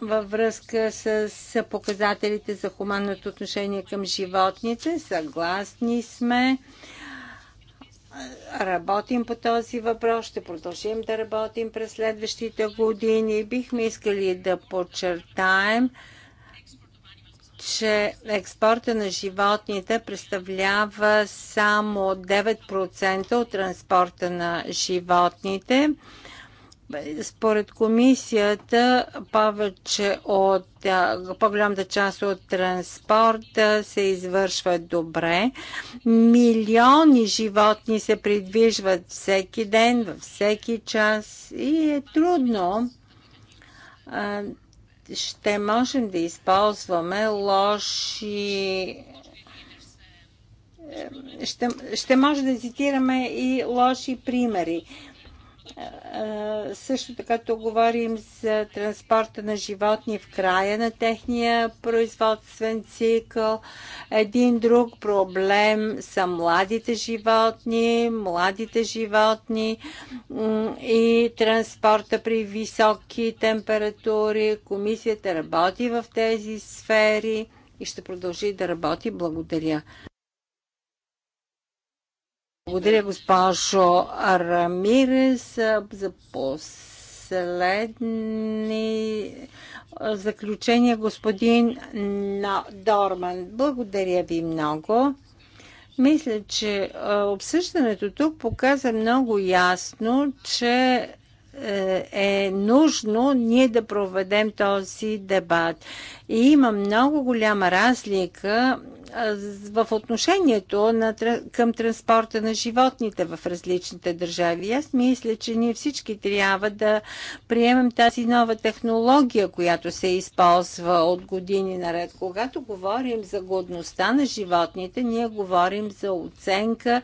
във връзка с показателите за хуманното отношение към животните. Съгласни сме. Работим по този въпрос, ще продължим да работим през следващите години. Бихме искали да подчертаем, че експорта на животните представлява само 9% от транспорта на животните. Според комисията, повече от по-голямата част от транспорта се извършва добре. Милиони животни се придвижват всеки ден, във всеки час и е трудно ще можем да използваме лоши е, ще, ще може да цитираме и лоши примери. Също така то говорим за транспорта на животни в края на техния производствен цикъл. Един друг проблем са младите животни, младите животни и транспорта при високи температури. Комисията работи в тези сфери и ще продължи да работи. Благодаря. Благодаря, госпожо Рамирес, за последни заключения, господин Дорман. Благодаря ви много. Мисля, че обсъждането тук показа много ясно, че е, е нужно ние да проведем този дебат. И има много голяма разлика в отношението на, към транспорта на животните в различните държави. Аз мисля, че ние всички трябва да приемем тази нова технология, която се използва от години наред. Когато говорим за годността на животните, ние говорим за оценка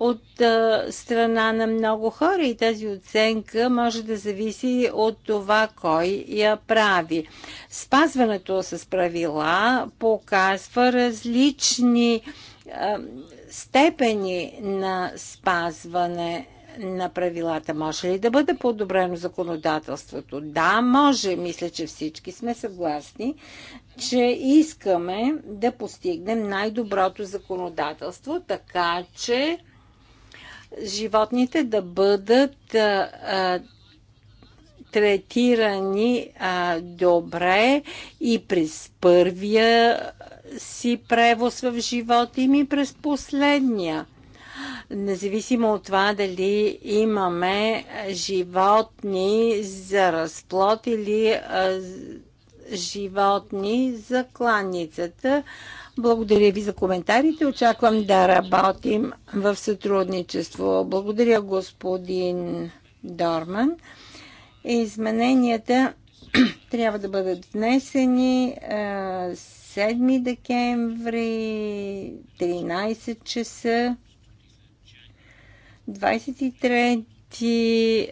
от а, страна на много хора и тази оценка може да зависи от това кой я прави. Спазването с правила показва различни различни а, степени на спазване на правилата. Може ли да бъде подобрено законодателството? Да, може. Мисля, че всички сме съгласни, че искаме да постигнем най-доброто законодателство, така че животните да бъдат а, а, третирани а, добре и през първия си превоз в живота им и през последния. Независимо от това дали имаме животни за разплод или а, животни за кланницата. Благодаря ви за коментарите. Очаквам да работим в сътрудничество. Благодаря господин Дорман. Измененията трябва да бъдат внесени 7 декември, 13 часа. 23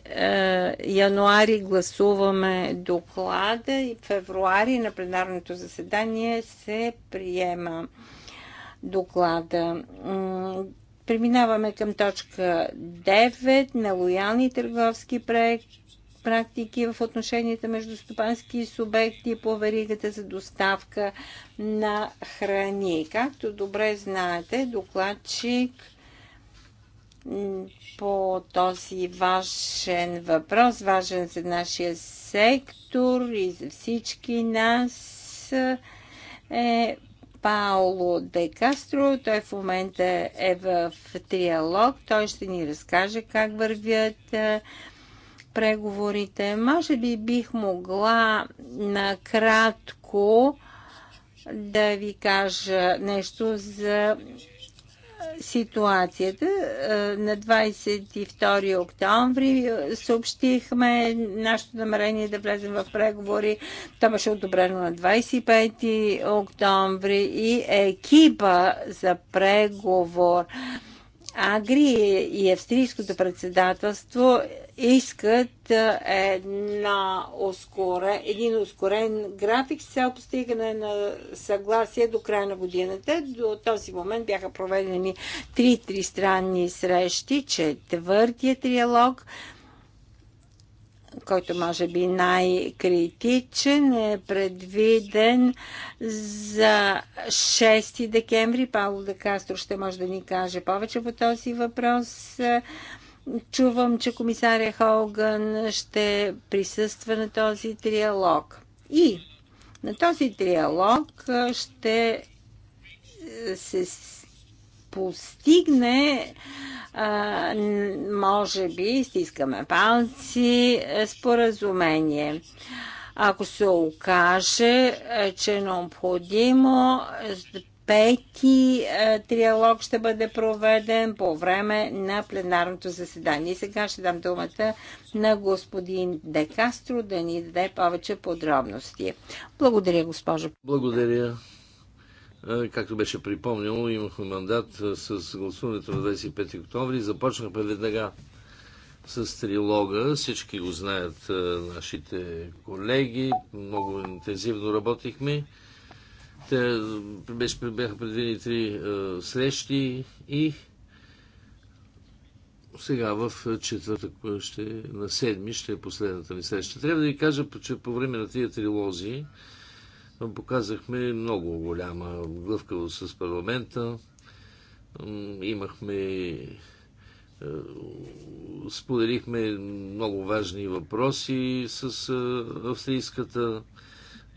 е, януари гласуваме доклада и февруари на пленарното заседание се приема доклада. Преминаваме към точка 9 на лоялни търговски проекти практики в отношенията между стопански субекти по веригата за доставка на храни. Както добре знаете, докладчик по този важен въпрос, важен за нашия сектор и за всички нас е Пауло Де Кастро. Той в момента е в триалог. Той ще ни разкаже как вървят преговорите. Може би бих могла накратко да ви кажа нещо за ситуацията. На 22 октомври съобщихме нашето намерение да влезем в преговори. То беше одобрено на 25 октомври и екипа за преговор Агри и австрийското председателство искат една ускоре, един ускорен график с цел постигане на съгласие до края на годината. До този момент бяха проведени три тристранни срещи, четвъртия триалог който може би най-критичен, е предвиден за 6 декември. Павло Декастро ще може да ни каже повече по този въпрос. Чувам, че комисаря Холган ще присъства на този триалог. И на този триалог ще се постигне, а, може би, стискаме палци, споразумение. Ако се окаже, че е необходимо, пети е, триалог ще бъде проведен по време на пленарното заседание. И сега ще дам думата на господин Декастро да ни даде повече подробности. Благодаря, госпожо. Благодаря. Е, както беше припомнено, имахме мандат е, с гласуването на 25 октомври. Започнахме веднага с трилога. Всички го знаят нашите колеги. Много интензивно работихме. Те беше, бяха предвидени три е, срещи и сега в четвъртък ще, на седми ще е последната ни среща. Трябва да ви кажа, че по време на тия трилози показахме много голяма глъвкавост с парламента. Имахме е, споделихме много важни въпроси с е, австрийската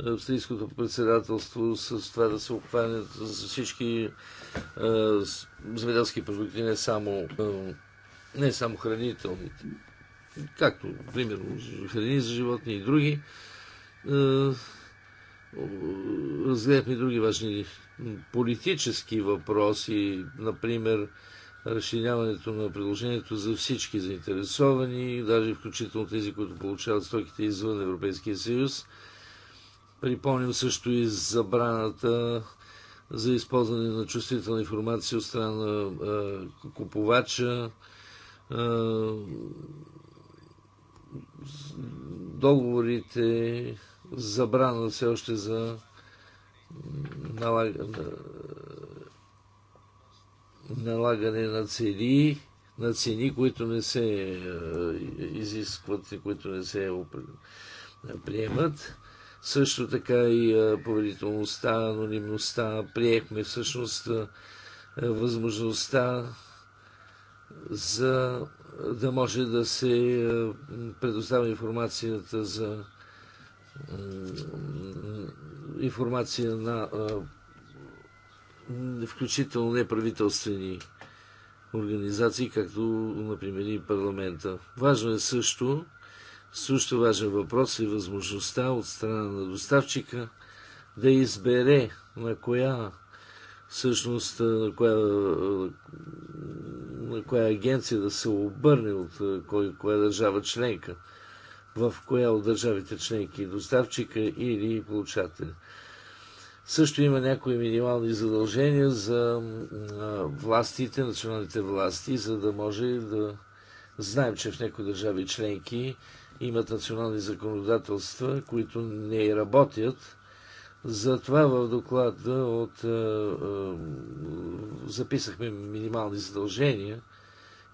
австрийското председателство с това да се обхванят за всички земеделски продукти, не само, не само хранителните. Както, примерно, храни за животни и други. Разгледахме други важни политически въпроси, например, разширяването на предложението за всички заинтересовани, даже включително тези, които получават стоките извън Европейския съюз Припомням също и забраната за използване на чувствителна информация от страна на купувача. договорите, забрана все още за налагане на цели, на цени, които не се изискват и които не се приемат също така и поверителността, анонимността. Приехме всъщност възможността за да може да се предоставя информацията за информация на включително неправителствени организации, както, например, и парламента. Важно е също също важен въпрос е възможността от страна на доставчика да избере на коя всъщност на коя, на коя агенция да се обърне от кой, коя държава членка, в коя от държавите членки е доставчика или получателя. Също има някои минимални задължения за властите, националните власти, за да може да знаем, че в някои държави членки имат национални законодателства, които не работят. Затова в доклада от, а, е, а, е, записахме минимални задължения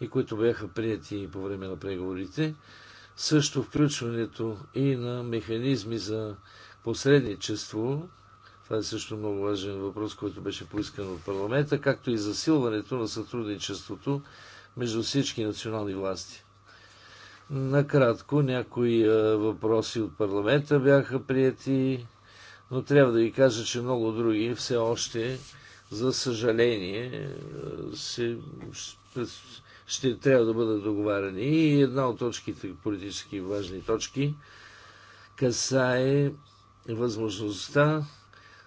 и които бяха прияти по време на преговорите. Също включването и на механизми за посредничество. Това е също много важен въпрос, който беше поискан от парламента, както и засилването на сътрудничеството между всички национални власти. Накратко, някои въпроси от парламента бяха прияти, но трябва да ви кажа, че много други все още, за съжаление, се, ще трябва да бъдат договарени. И една от точките, политически важни точки, касае възможността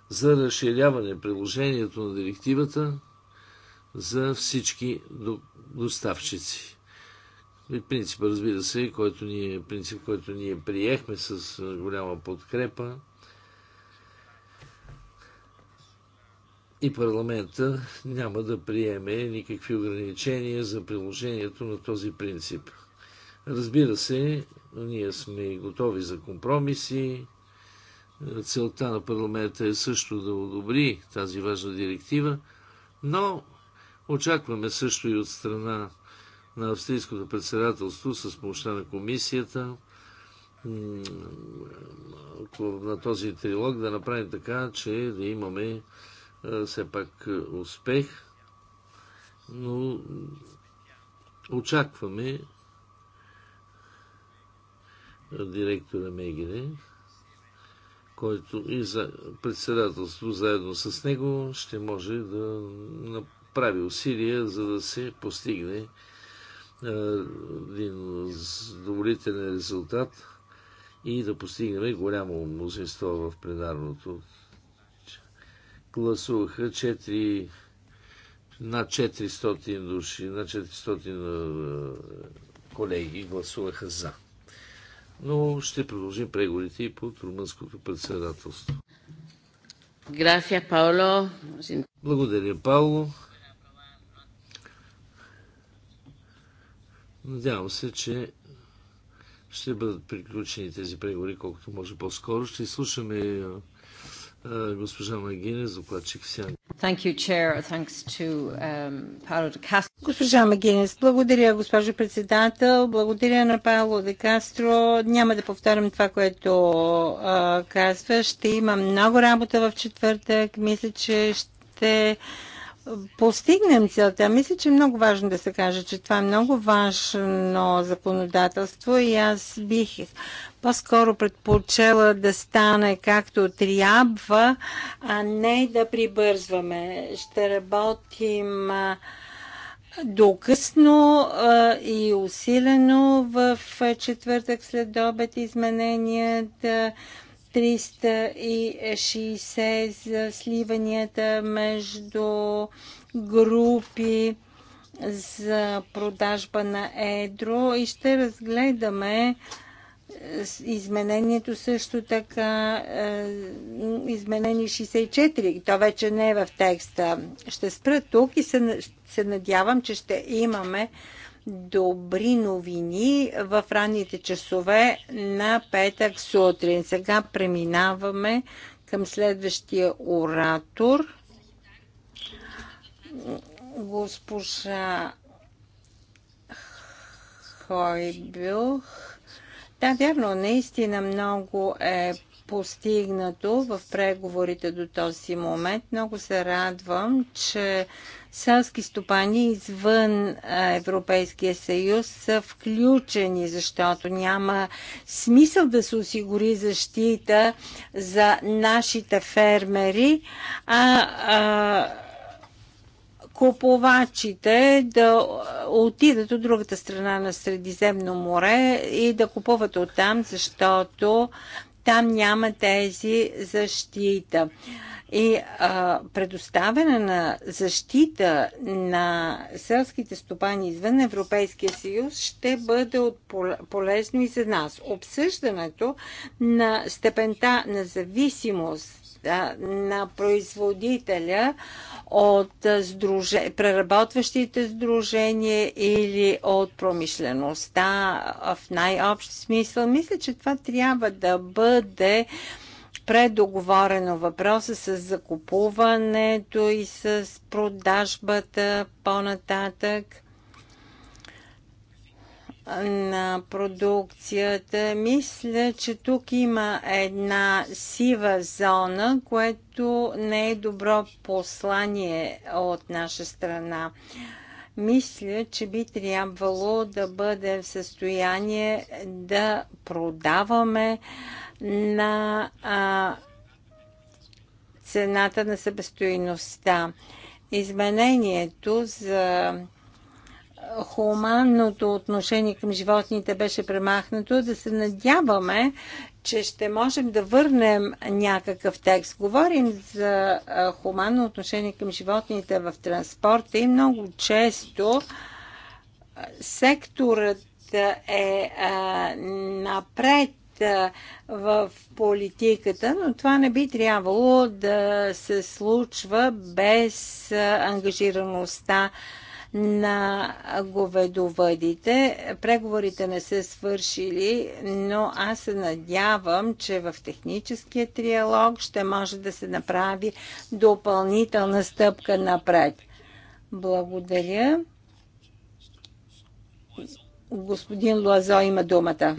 за разширяване приложението на директивата за всички доставчици. Принцип, разбира се, който ние, принцип, който ние приехме с е, голяма подкрепа. И парламента няма да приеме никакви ограничения за приложението на този принцип. Разбира се, ние сме готови за компромиси. Целта на парламента е също да одобри тази важна директива, но очакваме също и от страна на австрийското председателство с помощта на комисията на този трилог да направим така, че да имаме е, все пак е, успех, но очакваме директора Мегене, който и за председателство заедно с него ще може да направи усилия, за да се постигне е, един задоволителен резултат и да постигнем голямо мнозинство в пленарното. Гласуваха 4, над 400 души, над 400 е, колеги гласуваха за. Но ще продължим преговорите и под румънското председателство. Благодаря, Пауло. Надявам се, че ще бъдат приключени тези преговори колкото може по-скоро. Ще изслушаме госпожа Магинес, докладчик в Сянка. Um, госпожа Магинес, благодаря, госпожо председател. Благодаря на Пауло де Кастро. Няма да повтарям това, което казва. Ще има много работа в четвъртък. Мисля, че ще постигнем целта. Мисля, че е много важно да се каже, че това е много важно законодателство и аз бих по-скоро предпочела да стане както трябва, а не да прибързваме. Ще работим докъсно и усилено в четвъртък след обед измененията. Да 360 за сливанията между групи за продажба на едро и ще разгледаме изменението също така е, изменение 64. То вече не е в текста. Ще спра тук и се, се надявам, че ще имаме добри новини в ранните часове на петък сутрин. Сега преминаваме към следващия оратор. Госпожа Хойбюх. Да, вярно, наистина много е постигнато в преговорите до този момент. Много се радвам, че селски стопани извън Европейския съюз са включени, защото няма смисъл да се осигури защита за нашите фермери, а, а купувачите да отидат от другата страна на Средиземно море и да купуват оттам, защото там няма тези защита и а, предоставяне на защита на селските стопани извън Европейския съюз ще бъде от полезно и за нас. Обсъждането на степента на зависимост а, на производителя от сдруже, преработващите сдружения или от промишлеността в най-общ смисъл. Мисля, че това трябва да бъде предоговорено въпроса с закупуването и с продажбата по-нататък на продукцията. Мисля, че тук има една сива зона, което не е добро послание от наша страна. Мисля, че би трябвало да бъдем в състояние да продаваме на а, цената на себестоиността. Изменението за хуманното отношение към животните беше премахнато, да се надяваме, че ще можем да върнем някакъв текст. Говорим за хуманно отношение към животните в транспорта и много често секторът е напред е, в политиката, но това не би трябвало да се случва без е, ангажираността на говедовъдите. Преговорите не са свършили, но аз се надявам, че в техническия триалог ще може да се направи допълнителна стъпка напред. Благодаря. Господин Луазо има думата.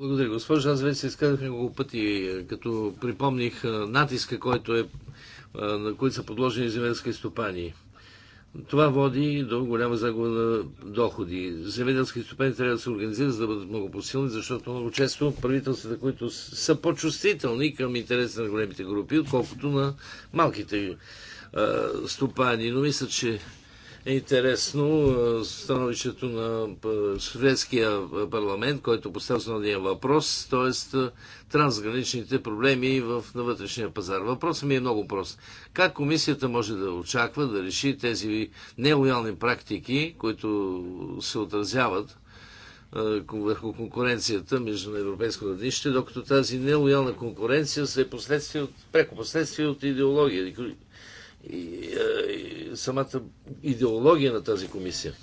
Благодаря, госпожо. Аз вече се изказах няколко пъти, е, като припомних е, натиска, който е, е, на които са подложени земеделски стопани. Това води до голяма загуба на доходи. Земеделски стопани трябва да се организират, за да бъдат много посилни, защото много често правителствата, които са по-чувствителни към интереса на големите групи, отколкото на малките стопани. Но мисля, че е интересно становището на шведския парламент, който поставя основния въпрос, т.е. трансграничните проблеми в, на вътрешния пазар. Въпросът ми е много прост. Как комисията може да очаква да реши тези нелоялни практики, които се отразяват върху конкуренцията между европейско равнище, докато тази нелоялна конкуренция се е последствие от, преко последствие от идеология, е, и, самата идеология на тази комисия.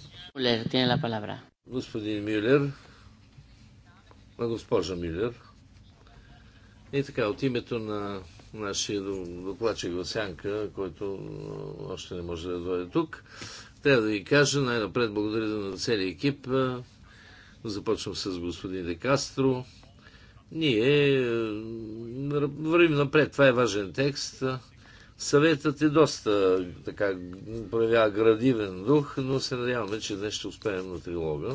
Е господин Мюлер, на госпожа Мюлер. И така, от името на нашия докладчик в Сянка, който е, още не може да дойде тук, трябва да ви кажа най-напред благодаря на целия екип. Започвам с господин Декастро. Ние вървим напред. Това е важен текст. Съветът е доста така, проявява градивен дух, но се надяваме, че днес ще успеем на трилога,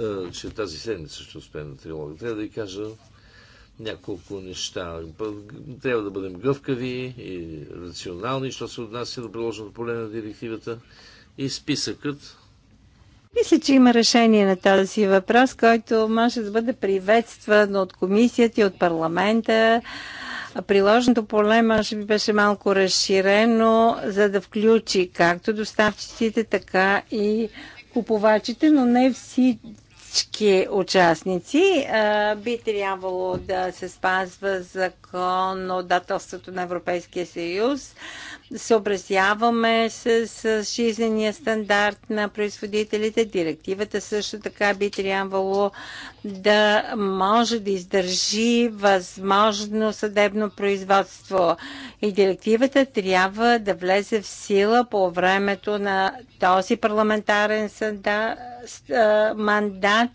е, че тази седмица ще успеем на трилога. Трябва да ви кажа няколко неща. Трябва да бъдем гъвкави и рационални, що се отнася до приложеното поле на директивата и списъкът. Мисля, че има решение на този въпрос, който може да бъде приветстван от комисията и от парламента приложното поле може би беше малко разширено, за да включи както доставчиците, така и купувачите, но не всички участници. Би трябвало да се спазва законодателството на Европейския съюз съобразяваме с, с жизнения стандарт на производителите. Директивата също така би трябвало да може да издържи възможно съдебно производство. И директивата трябва да влезе в сила по времето на този парламентарен съда, мандат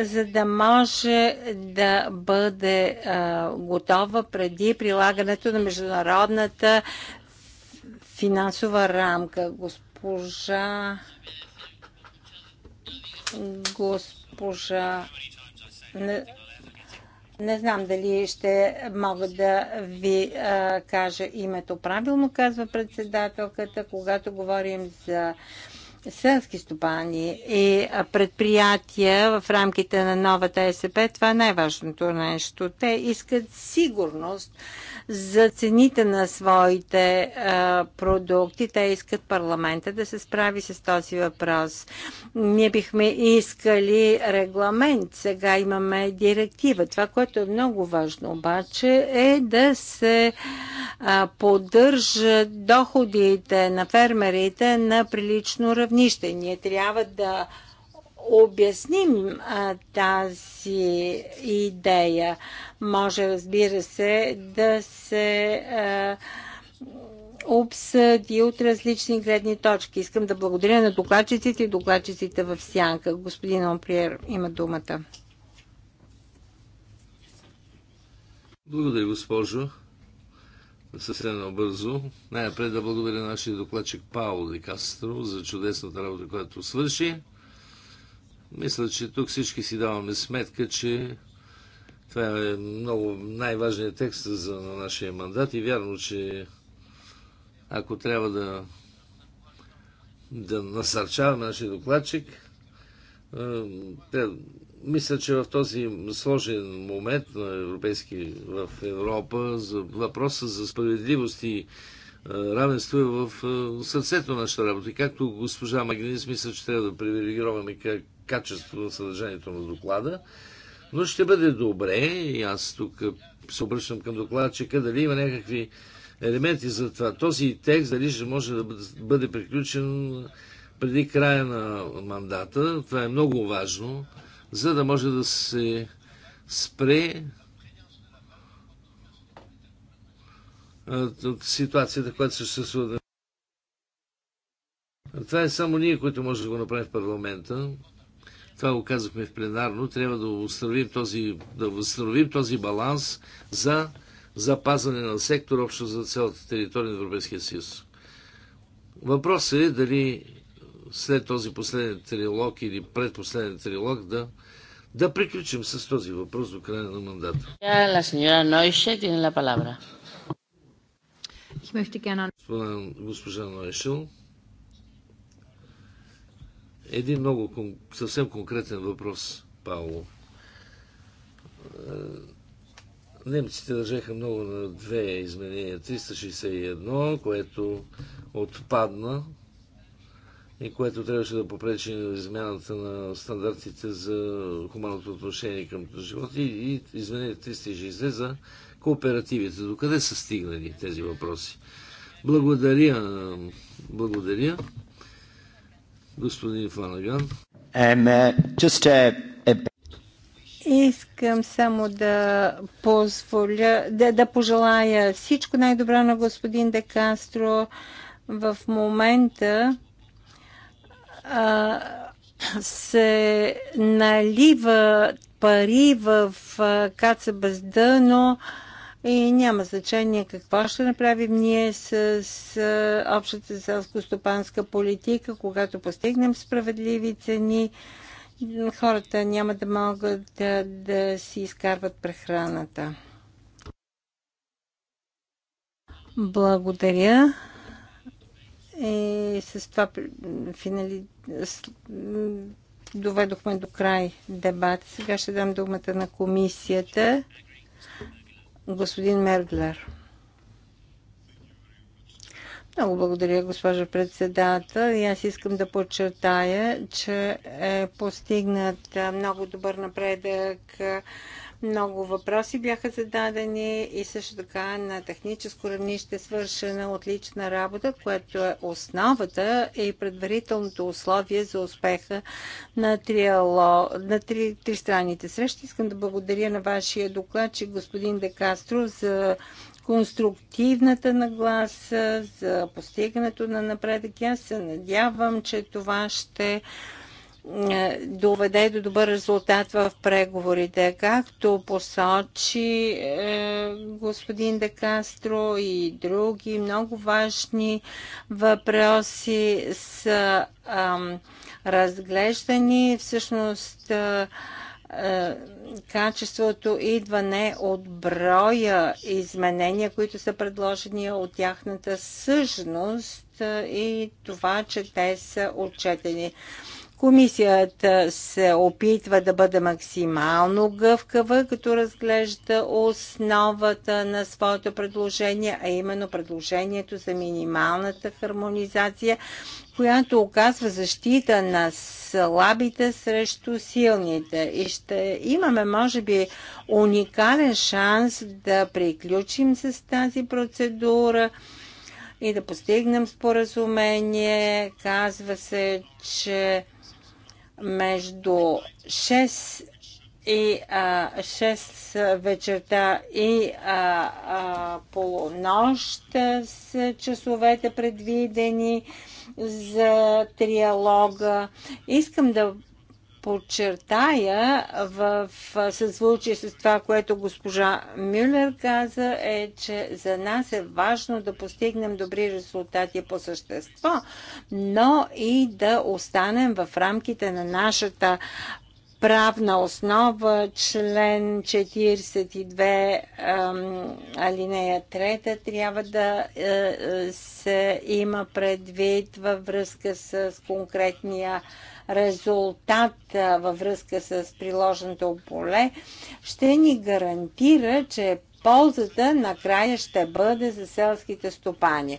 за да може да бъде а, готова преди прилагането на международната финансова рамка. Госпожа госпожа не, не знам дали ще мога да ви а, кажа името правилно, казва председателката, когато говорим за селски стопани и предприятия в рамките на новата СП, това е най-важното нещо. Те искат сигурност за цените на своите а, продукти. Те искат парламента да се справи с този въпрос. Ние бихме искали регламент. Сега имаме директива. Това, което е много важно обаче е да се а, поддържат доходите на фермерите на прилично равнище. Ние трябва да обясним а, тази идея. Може, разбира се, да се а, обсъди от различни гледни точки. Искам да благодаря на докладчиците и докладчиците в Сянка. Господин Омприер има думата. Благодаря, госпожо. Съвсем набързо. Най-напред да благодаря нашия докладчик Пауло Декастро за чудесната работа, която свърши. Мисля, че тук всички си даваме сметка, че това е много най-важният текст за на нашия мандат и вярно, че ако трябва да, да насърчаваме нашия докладчик, е, мисля, че в този сложен момент на европейски в Европа за въпроса за справедливост и е, равенство е в е, сърцето на нашата работа. И както госпожа Магнис, мисля, че трябва да привилегироваме как качество на съдържанието на доклада, но ще бъде добре, и аз тук се обръщам към докладчика, дали има някакви елементи за това. Този текст дали ще може да бъде приключен преди края на мандата. Това е много важно, за да може да се спре от ситуацията, която съществува. Това е само ние, които може да го направим в парламента това го казахме в пленарно, трябва да възстановим този, да възстановим този баланс за запазване на сектор общо за цялата територия на Европейския съюз. Въпросът е дали след този последен трилог или предпоследен трилог да, да приключим с този въпрос до края на мандата. La е, Госпожа Нойшел. Един много съвсем конкретен въпрос, Пауло. Е, немците държаха много на две изменения. 361, което отпадна и което трябваше да попречи на измяната на стандартите за хуманното отношение към живота и, и изменение 360 за кооперативите. До къде са стигнали тези въпроси? Благодаря. Благодаря. Господин Фанаган. Е, е, е, Искам само да позволя, да, да пожелая всичко най-добро на господин Де Кастро. В момента а, се налива пари в каца бездъно. А, и няма значение какво ще направим ние с, с общата селско-стопанска политика, когато постигнем справедливи цени, хората няма да могат да, да си изкарват прехраната. Благодаря. И с това финали... доведохме до край дебат. Сега ще дам думата на комисията господин Мердлер. Много благодаря, госпожо председател. И аз искам да подчертая, че е постигнат много добър напредък много въпроси бяха зададени и също така на техническо равнище свършена отлична работа, което е основата и предварителното условие за успеха на, триало, на три, страните срещи. Искам да благодаря на вашия докладчик господин Декастро за конструктивната нагласа, за постигането на напредък. Аз се надявам, че това ще е, доведе до добър резултат в преговорите. Както посочи е, господин Декастро и други много важни въпроси са е, разглеждани. Всъщност е, е, качеството идва не от броя изменения, които са предложени от тяхната същност е, и това, че те са отчетени. Комисията се опитва да бъде максимално гъвкава, като разглежда основата на своето предложение, а именно предложението за минималната хармонизация, която оказва защита на слабите срещу силните. И ще имаме, може би, уникален шанс да приключим с тази процедура и да постигнем споразумение. Казва се, че между 6 и а, 6 вечерта и а, а, полунощ с часовете предвидени за триалога. Искам да подчертая в съзвучие с това, което госпожа Мюллер каза, е, че за нас е важно да постигнем добри резултати по същество, но и да останем в рамките на нашата правна основа, член 42, алинея 3, трябва да е, е, се има предвид във връзка с конкретния резултат е, във връзка с приложеното поле, ще ни гарантира, че ползата накрая ще бъде за селските стопани.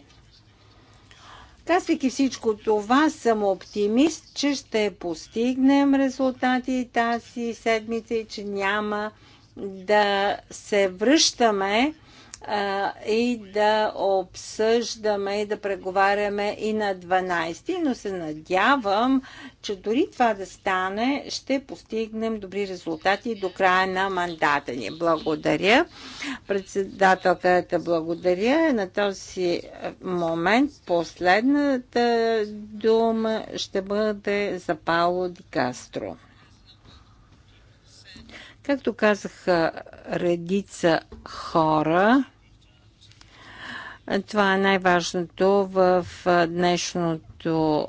Казвайки всичко това, съм оптимист, че ще постигнем резултати тази седмица и че няма да се връщаме а, и да обсъждаме и да преговаряме и на 12, но се надявам, че дори това да стане, ще постигнем добри резултати до края на мандата ни. Благодаря. Председателката благодаря. Е, на този е, момент последната дума ще бъде за Пауло Ди Кастро. Както казаха редица хора, това е най-важното в днешното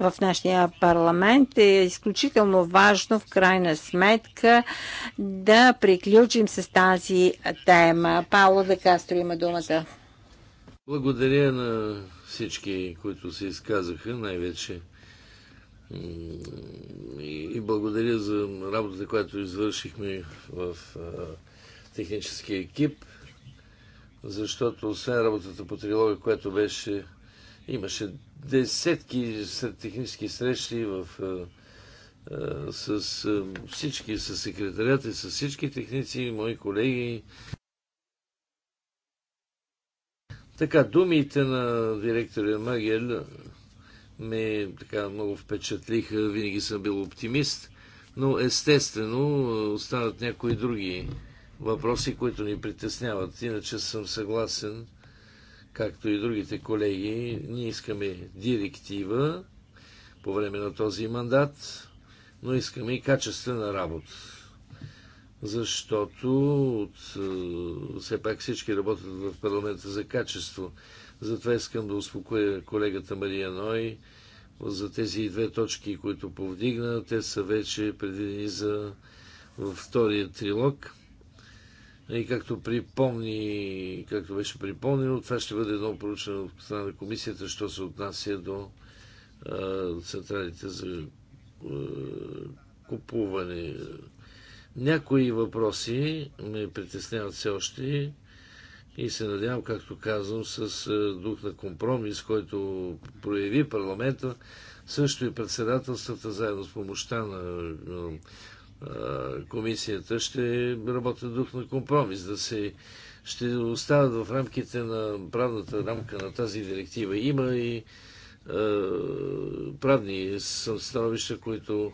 в нашия парламент е изключително важно в крайна сметка да приключим с тази тема. Пауло де Кастро има думата. Благодаря на всички, които се изказаха, най-вече и благодаря за работата, която извършихме в техническия екип защото освен работата по трилога, която беше, имаше десетки технически срещи в, е, е, с, с е, всички, с секретарията и с всички техници, мои колеги. Така, думите на директора Магел ме така много впечатлиха. Винаги съм бил оптимист, но естествено останат някои други въпроси, които ни притесняват. Иначе съм съгласен, както и другите колеги, ние искаме директива по време на този мандат, но искаме и качествена работа. Защото от, е, все пак всички работят в парламента за качество. Затова искам да успокоя колегата Мария Ной за тези две точки, които повдигна. Те са вече предвидени за във втория трилог. И както припомни, както беше припомнено, това ще бъде едно проучване от страна на комисията, що се отнася до а, централите за а, купуване. Някои въпроси ме притесняват все още и се надявам, както казвам, с дух на компромис, който прояви парламента, също и председателствата, заедно с помощта на комисията ще работи дух на компромис, да се ще остават в рамките на правната рамка на тази директива. Има и е, правни становища, които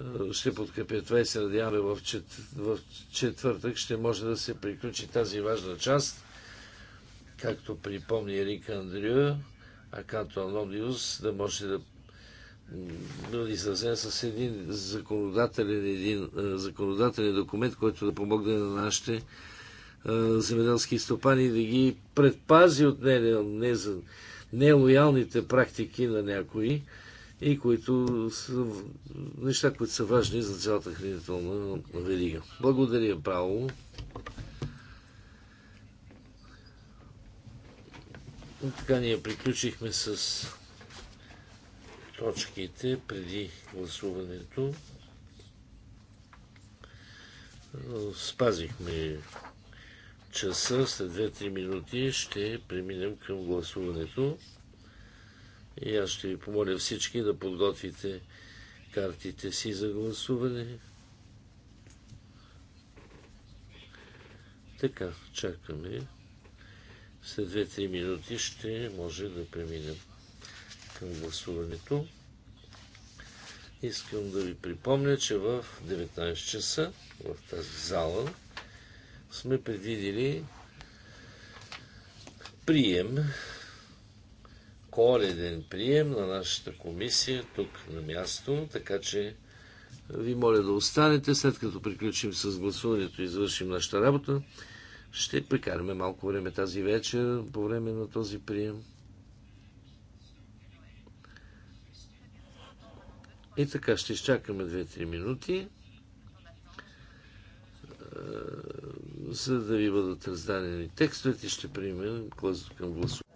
е, ще подкрепят това и се надяваме в, чет, в четвъртък ще може да се приключи тази важна част, както припомни Ерик Андрю, а като Анониус да може да съвсем с един законодателен, един законодателен документ, който да помогне на нашите земеделски стопани да ги предпази от нелоялните не, не практики на някои и които са неща, които са важни за цялата хранителна верига. Благодаря, право. Така ние приключихме с точките преди гласуването. Спазихме часа, след 2-3 минути ще преминем към гласуването. И аз ще ви помоля всички да подготвите картите си за гласуване. Така, чакаме. След 2-3 минути ще може да преминем към гласуването. Искам да ви припомня, че в 19 часа в тази зала сме предвидели прием, коледен прием на нашата комисия тук на място, така че ви моля да останете, след като приключим с гласуването и извършим нашата работа. Ще прекараме малко време тази вечер по време на този прием. И така, ще изчакаме 2-3 минути, е, за да ви бъдат раздадени текстовете, ще приемем към гласуване.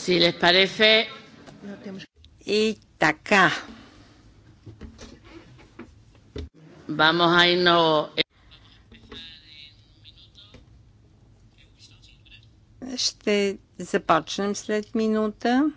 Si les parece... И така. Vamos a irnos... Ще започнем след минута.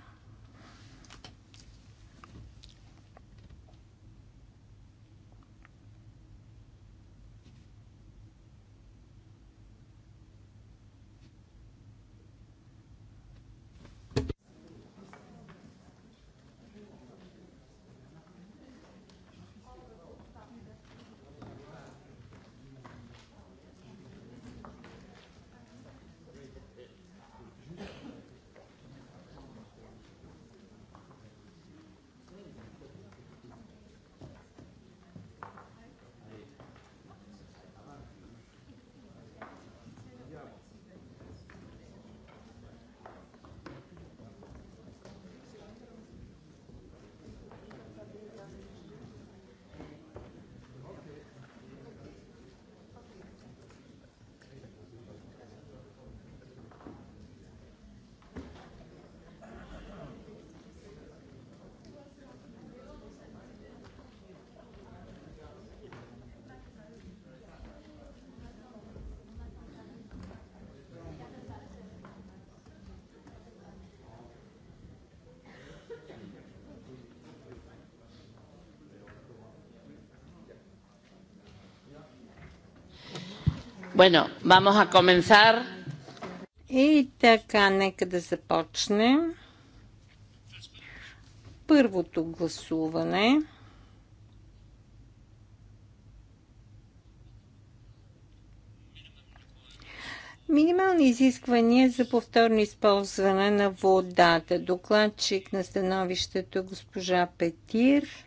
Bueno, vamos a comenzar. И така, нека да започнем. Първото гласуване. Минимални изисквания за повторно използване на водата. Докладчик на становището госпожа Петир.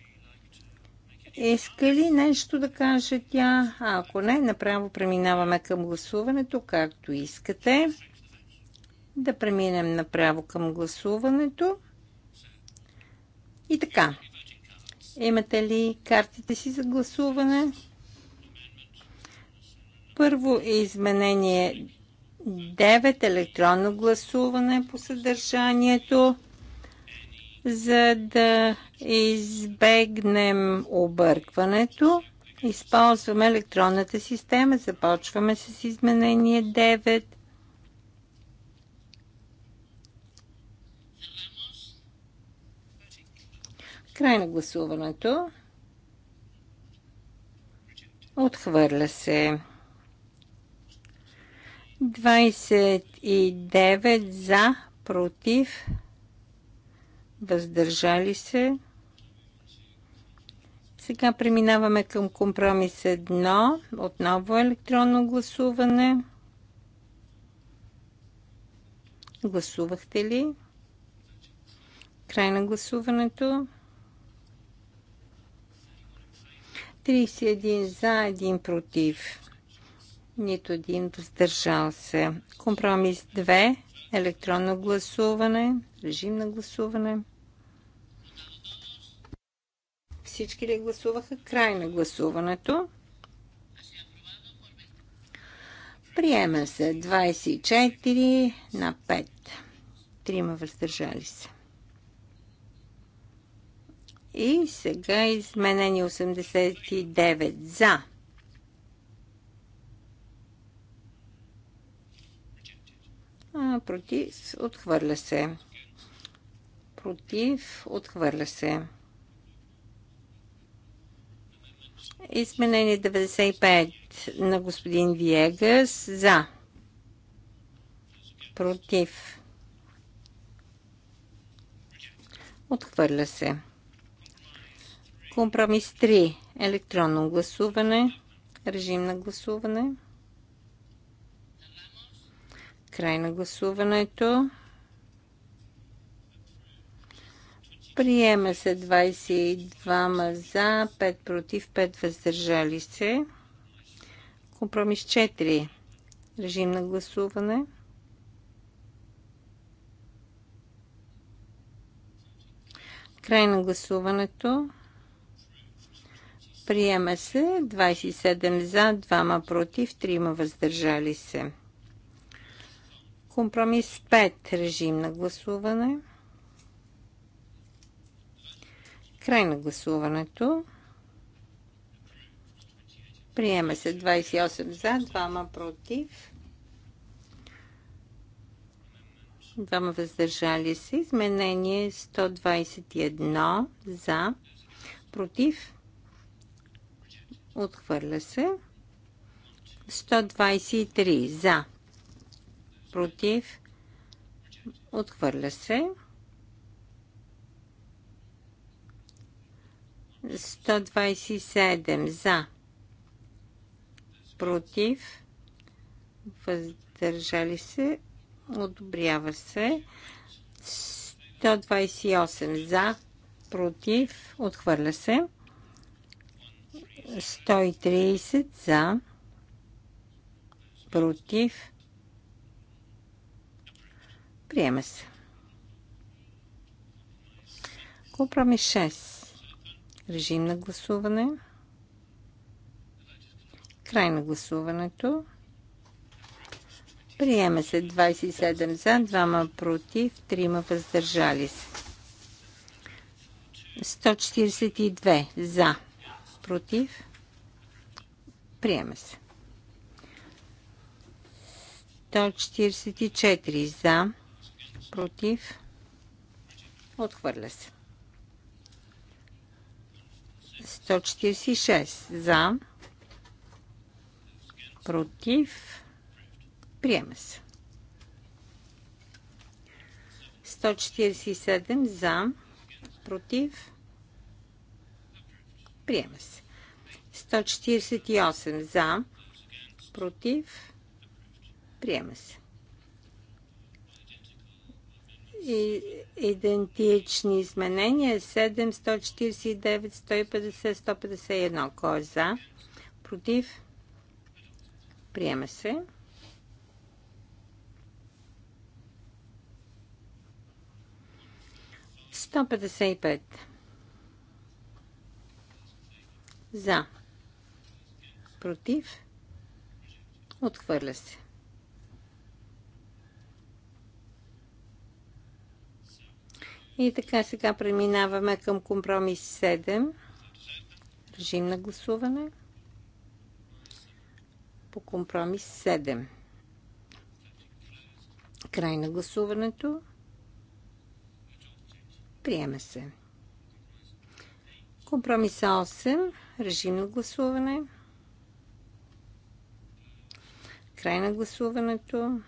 Иска ли нещо да каже тя? А, ако не, направо преминаваме към гласуването, както искате. Да преминем направо към гласуването. И така. Имате ли картите си за гласуване? Първо е изменение 9 електронно гласуване по съдържанието. За да избегнем объркването, използваме електронната система. Започваме с изменение 9. Край на гласуването. Отхвърля се. 29 за, против, въздържали се. Сега преминаваме към компромис 1, отново електронно гласуване. Гласувахте ли? Край на гласуването. 31 за, 1 против. Нито един въздържал се. Компромис 2. Електронно гласуване. Режим на гласуване. Всички ли гласуваха? Край на гласуването. Приема се 24 на 5. Трима въздържали се. И сега изменени 89 за против, отхвърля се. Против, отхвърля се. Изменение 95 на господин Виегас за. Против. Отхвърля се. Компромис 3. Електронно гласуване. Режим на гласуване. Край на гласуването. Приема се 22 за, 5 против, 5 въздържали се. Компромис 4. Режим на гласуване. Край на гласуването. Приема се 27 за, 2 против, 3 въздържали се. Компромис 5. Режим на гласуване. Край на гласуването. Приема се 28 за, 2 против. Двама въздържали се. Изменение 121 за, против. Отхвърля се. 123 за против, отхвърля се. 127 за, против, въздържали се, одобрява се. 128 за, против, отхвърля се. 130 за, против, Приема се. Компромис 6. Режим на гласуване. Край на гласуването. Приема се 27 за, 2 против, 3 въздържали се. 142 за, против. Приема се. 144 за, против, отхвърля се. 146 за, против, приема се. 147 за, против, приема се. 148 за, против, приема се идентични изменения 7, 149, 150, 151. Кой е за? Против? Приема се. Сто петдесет и пет. За. Против. Отхвърля се. И така сега преминаваме към компромис 7. Режим на гласуване. По компромис 7. Край на гласуването. Приема се. Компромис 8. Режим на гласуване. Край на гласуването.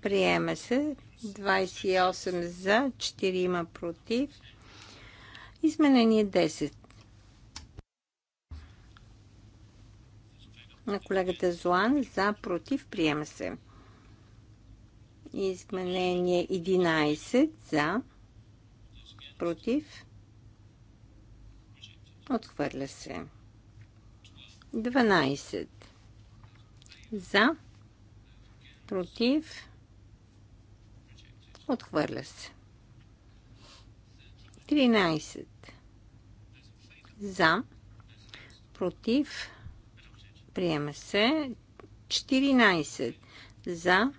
Приема се 28 за, 4 има против. Изменение 10. На колегата Зоан за, против, приема се. Изменение 11 за, против, отхвърля се. 12 за, против, Отхвърля се. 13. За. Против. Приема се. 14. За.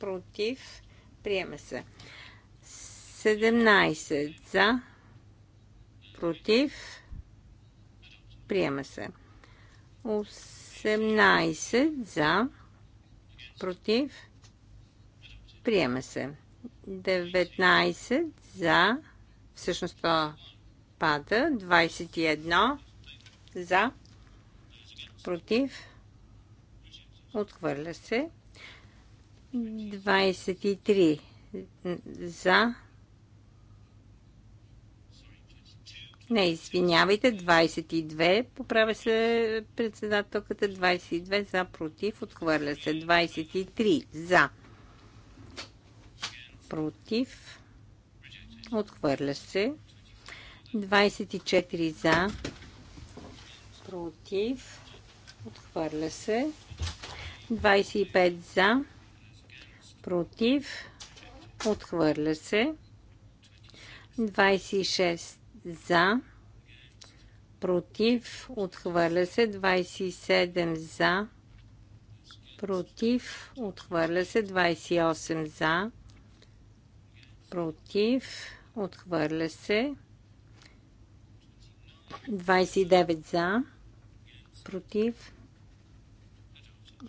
Против. Приема се. 17. За. Против. Приема се. 18. За. Против. Приема се. 19 за, всъщност то пада, 21 за, против, отхвърля се, 23 за, не, извинявайте, 22, поправя се председателката, 22 за, против, отхвърля се, 23 за, против, отхвърля се. 24 за, против, отхвърля се. 25 за, против, отхвърля се. 26 за, против, отхвърля се. 27 за, против, отхвърля се. 28 за, против, отхвърля се. 29 за, против,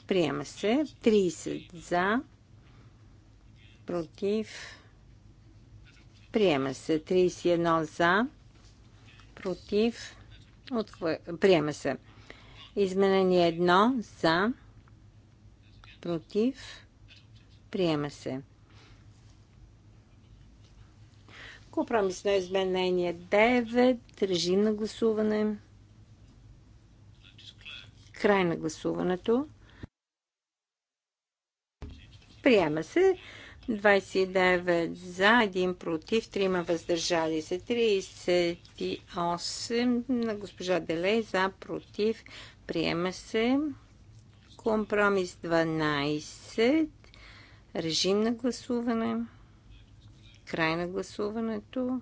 приема се. 30 за, против, приема се. 31 за, против, отхвър... приема се. Изменение 1 за, против, приема се. Компромисно изменение 9. Режим на гласуване. Край на гласуването. Приема се. 29 за, 1 против, 3 въздържали се. 38 на госпожа Делей за, против. Приема се. Компромис 12. Режим на гласуване. Край на гласуването.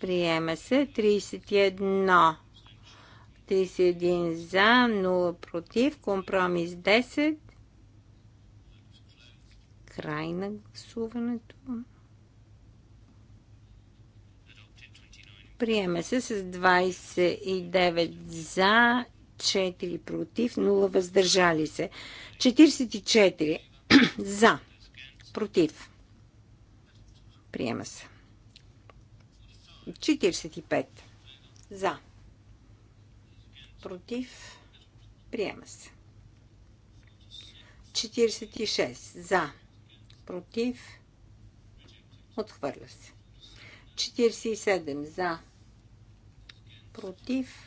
Приема се 31. 31 за, 0 против, компромис 10. Край на гласуването. Приема се с 29 за, 4 против, 0 въздържали се. 44 за. Против. Приема се. 45. За. Против. Приема се. 46. За. Против. Отхвърля се. 47. За. Против.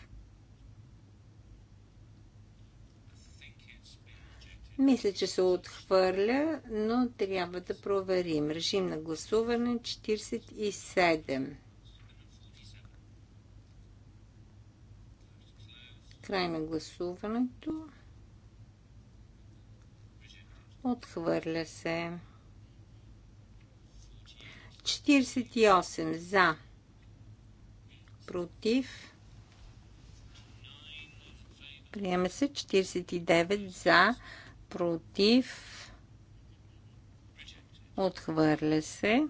Мисля, че се отхвърля, но трябва да проверим. Режим на гласуване 47. Край на гласуването. Отхвърля се. 48 за. Против. Приема се 49 за против, отхвърля се.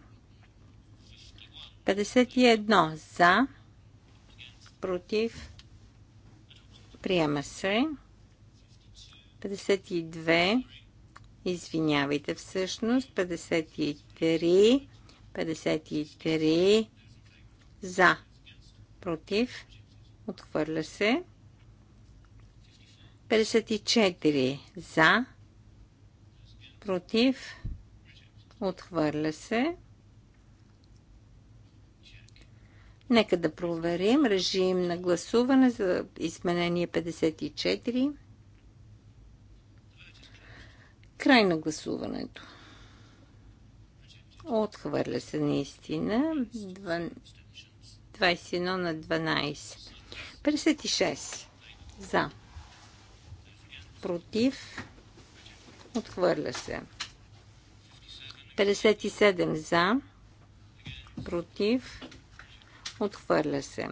51 за, против, приема се. 52, извинявайте всъщност, 53, 53 за, против, отхвърля се. 54 за, против, отхвърля се. Нека да проверим режим на гласуване за изменение 54. Край на гласуването. Отхвърля се наистина. 21 на 12. 56. За против, отхвърля се. 57 за, против, отхвърля се.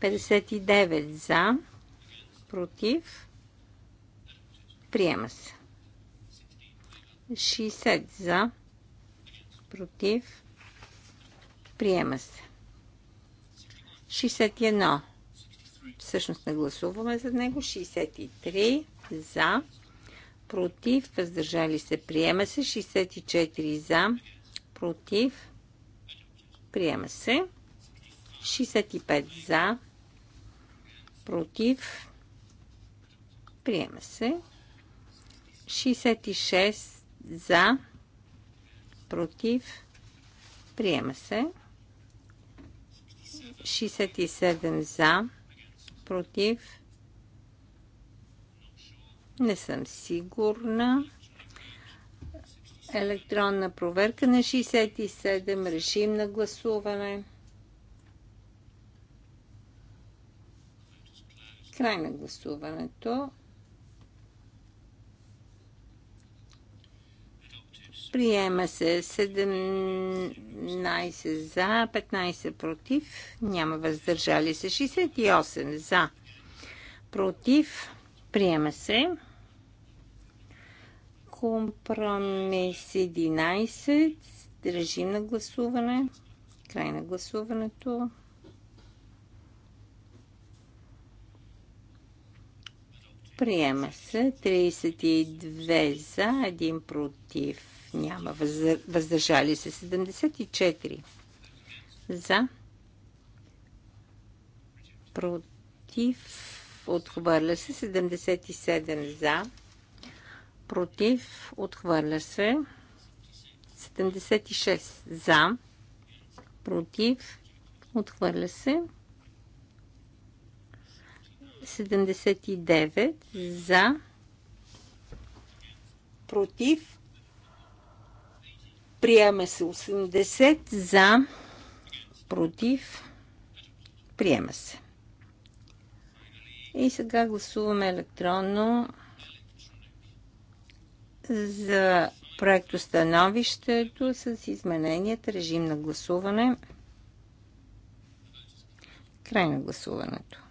59 за, против, приема се. 60 за, против, приема се. 61 Всъщност не гласуваме за него. 63 за, против, въздържали се, приема се. 64 за, против, приема се. 65 за, против, приема се. 66 за, против, приема се. 67 за, против. Не съм сигурна. Електронна проверка на 67. решим на гласуване. Край на гласуването. Приема се 17 за, 15 против, няма въздържали се. 68 за, против, приема се. Компромис 11, режим на гласуване, край на гласуването. Приема се 32 за, 1 против няма. Въздържали се 74. За. Против. Отхвърля се 77. За. Против. Отхвърля се 76. За. Против. Отхвърля се 79. За. Против Приема се 80 за, против, приема се. И сега гласуваме електронно за проектостановището с измененията режим на гласуване. Край на гласуването.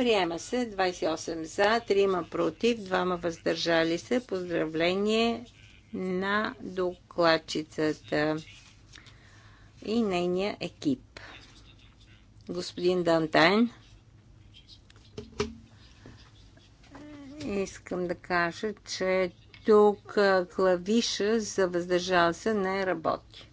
Приема се 28 за, 3 против, 2 въздържали се. Поздравление на докладчицата и нейния екип. Господин Дантайн, искам да кажа, че тук клавиша за въздържал се не работи.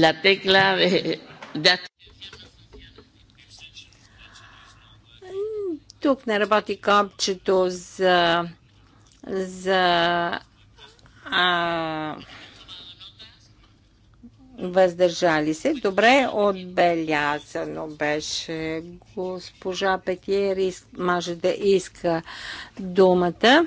la tecla de, de тук не работи копчето за, за а, въздържали се. Добре отбелязано беше госпожа Петиер, може да иска думата.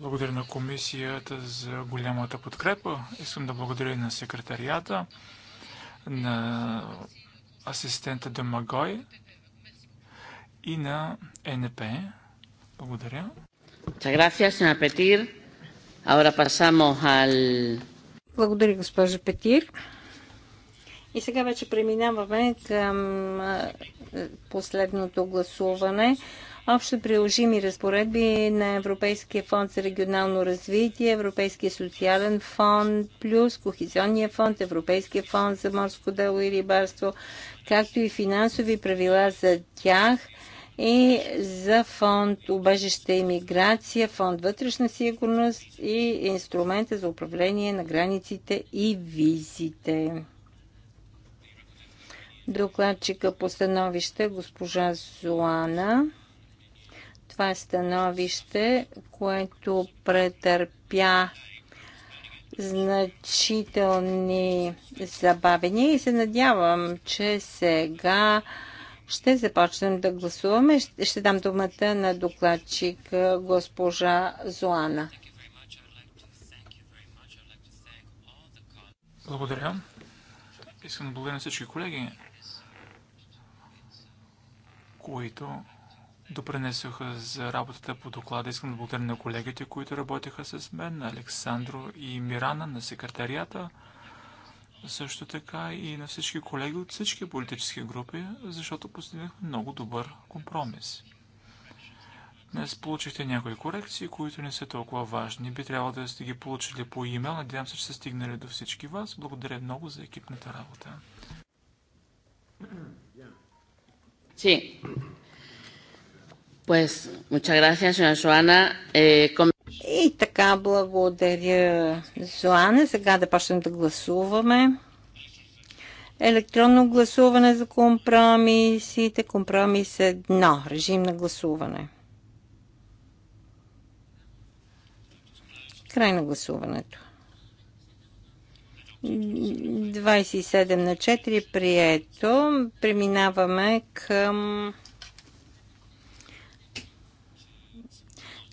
Благодаря на комисията за голямата подкрепа. Искам да благодаря на секретарията, на асистента Дамагой и на НП. Благодаря. Благодаря, госпожа Петир. И сега вече преминаваме към последното гласуване общо приложими разпоредби на Европейския фонд за регионално развитие, Европейския социален фонд, плюс Кохизионния фонд, Европейския фонд за морско дело и рибарство, както и финансови правила за тях и за фонд Обежище и миграция, фонд Вътрешна сигурност и инструмента за управление на границите и визите. Докладчика по становище госпожа Зоана. Това е становище, което претърпя значителни забавения и се надявам, че сега ще започнем да гласуваме. Ще, ще дам думата на докладчик госпожа Зоана. Благодаря. Искам да благодаря на всички колеги, които допренесоха за работата по доклада. Искам да благодаря на колегите, които работеха с мен, на Александро и Мирана, на секретарията, също така и на всички колеги от всички политически групи, защото постигнахме много добър компромис. Днес получихте някои корекции, които не са толкова важни. Би трябвало да сте ги получили по имейл. Надявам се, че са стигнали до всички вас. Благодаря много за екипната работа. Sí. Pues, muchas gracias, señora Joana. Eh, com... И така, благодаря, Зоане. Сега да почнем да гласуваме. Електронно гласуване за компромисите. Компромис едно. Режим на гласуване. Край на гласуването. 27 на 4 прието. Преминаваме към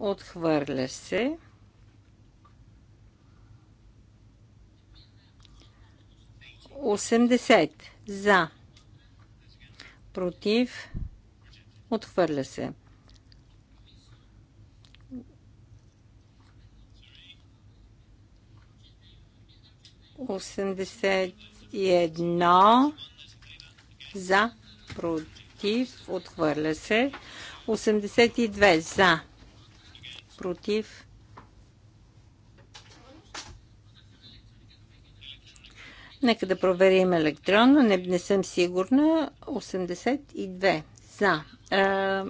Отхвърля се. Осемдесет. За. Против. Отхвърля се. Осемдесет и едно. За. Против. Отхвърля се. 82 за против. Нека да проверим електронно. Не, не съм сигурна. 82 за. А,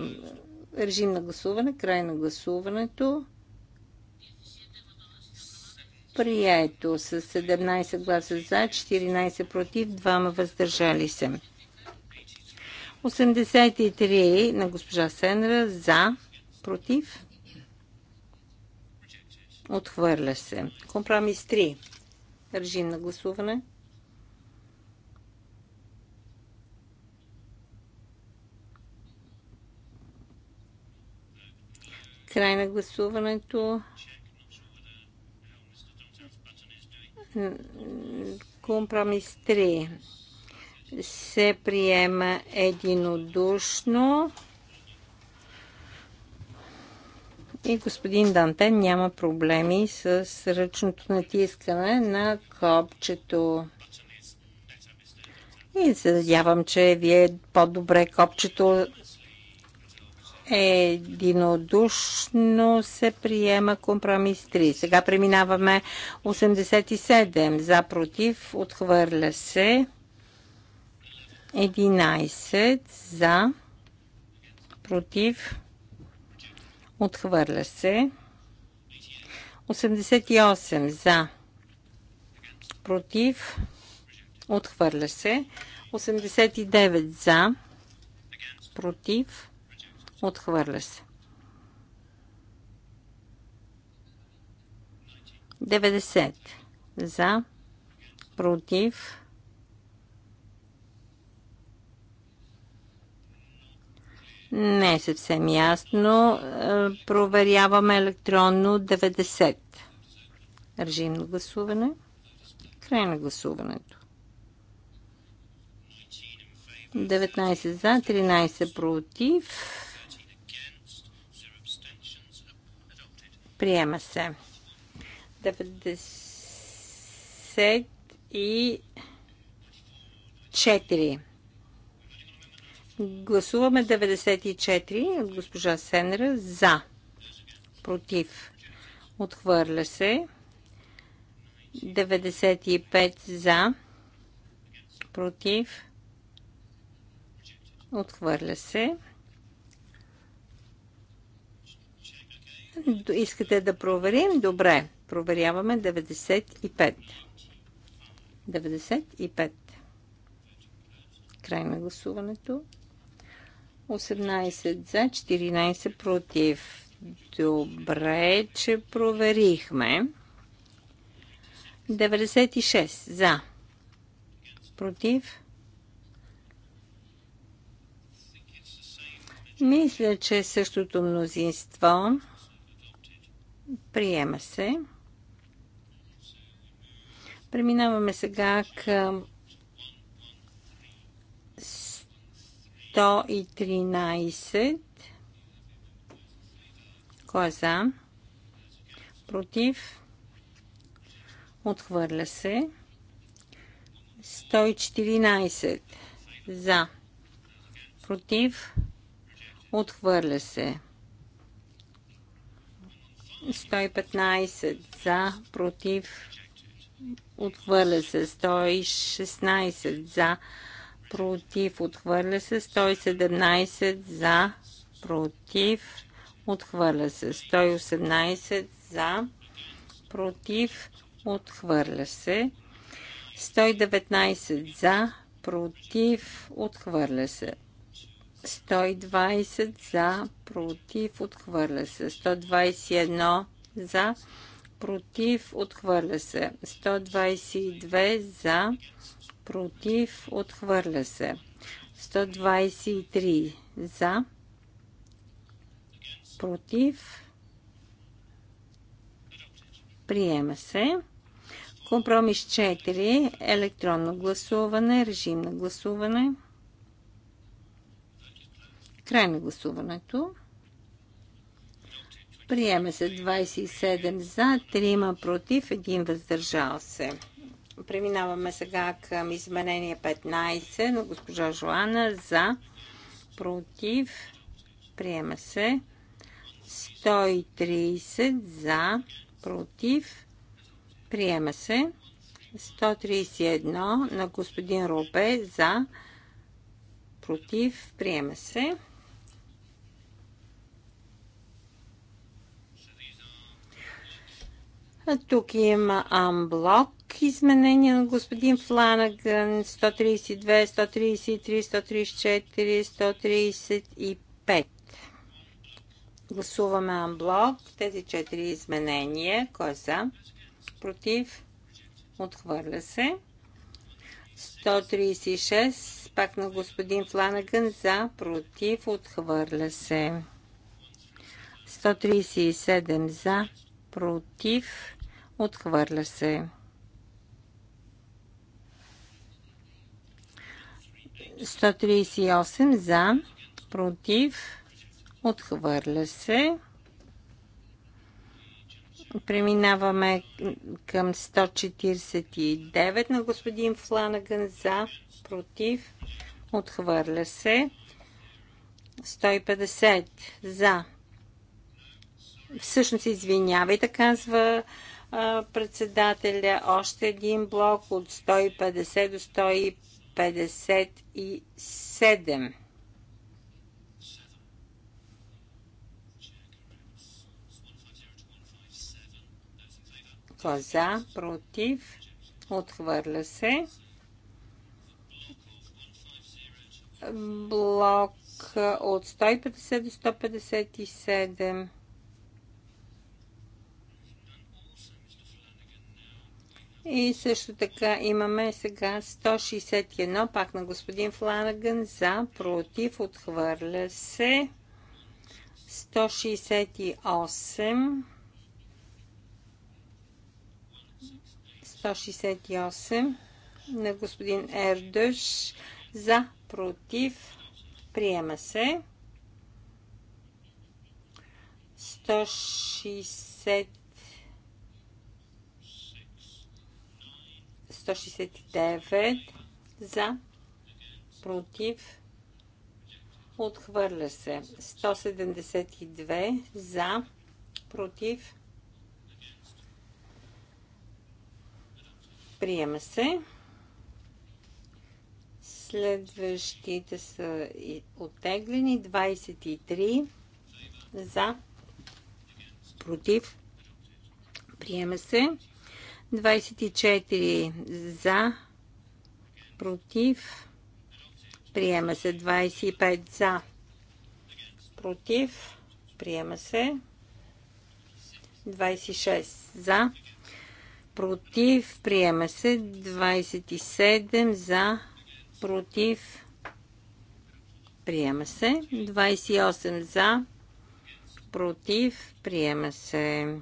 режим на гласуване, край на гласуването. Прието с 17 гласа за, 14 против, 2 въздържали се. 83 на госпожа Сенра за, против. Отхвърля се. Компромис 3. Режим на гласуване. Край на гласуването. Компромис 3 се приема единодушно. И господин Дантен няма проблеми с ръчното натискане на копчето. И се надявам, че вие по-добре копчето единодушно се приема компромис 3. Сега преминаваме 87 за против, отхвърля се 11 за против Отхвърля се. 88 за. Против. Отхвърля се. 89 за. Против. Отхвърля се. 90 за. Против. Не е съвсем ясно. Е, проверяваме електронно 90. Режим на гласуване. Край на гласуването. 19 за, 13 против. Приема се. 94. Гласуваме 94 от госпожа Сенера за. Против. Отхвърля се. 95 за. Против. Отхвърля се. Искате да проверим? Добре. Проверяваме 95. 95. Край на гласуването. 18 за, 14 против. Добре, че проверихме. 96 за. Против. Мисля, че същото мнозинство приема се. Преминаваме сега към 113. Кой е за? Против? Отхвърля се. 114. За. Против? Отхвърля се. 115 за, против, отхвърля се. 116 за, против, отхвърля се. 117 за, против, отхвърля се. 118 за, против, отхвърля се. 119 за, против, отхвърля се. 120 за, против, отхвърля се. 121 за, против, отхвърля се. 122 за, против, отхвърля се. 123 за, против, приема се. Компромис 4, електронно гласуване, режим на гласуване. Край на гласуването. Приема се 27 за, 3 против, 1 въздържал се. Преминаваме сега към изменение 15 на госпожа Жоана за против. Приема се. 130 за против. Приема се. 131 на господин Робе за против. Приема се. тук има амблок изменения на господин Фланаган 132, 133, 134, 135. Гласуваме анблок. Тези четири изменения. Кой са? Е за? Против? Отхвърля се. 136. Пак на господин Фланаган. За? Против? Отхвърля се. 137 за, против, отхвърля се. 138 за, против, отхвърля се. Преминаваме към 149 на господин Фланаган за, против, отхвърля се. 150 за. Всъщност, извинявайте, казва председателя, още един блок от 150 до 57. Глаза е против. Отхвърля се. Блок от 150 до 157. И също така имаме сега 161, пак на господин Фланаган, за, против, отхвърля се. 168. 168 на господин Ердъш за против приема се 168. 169 за, против, отхвърля се. 172 за, против, приема се. Следващите са оттеглени. 23 за, против, приема се. 24 за, против, приема се 25 за, против, приема се 26 за, против, приема се 27 за, против, приема се 28 за, против, приема се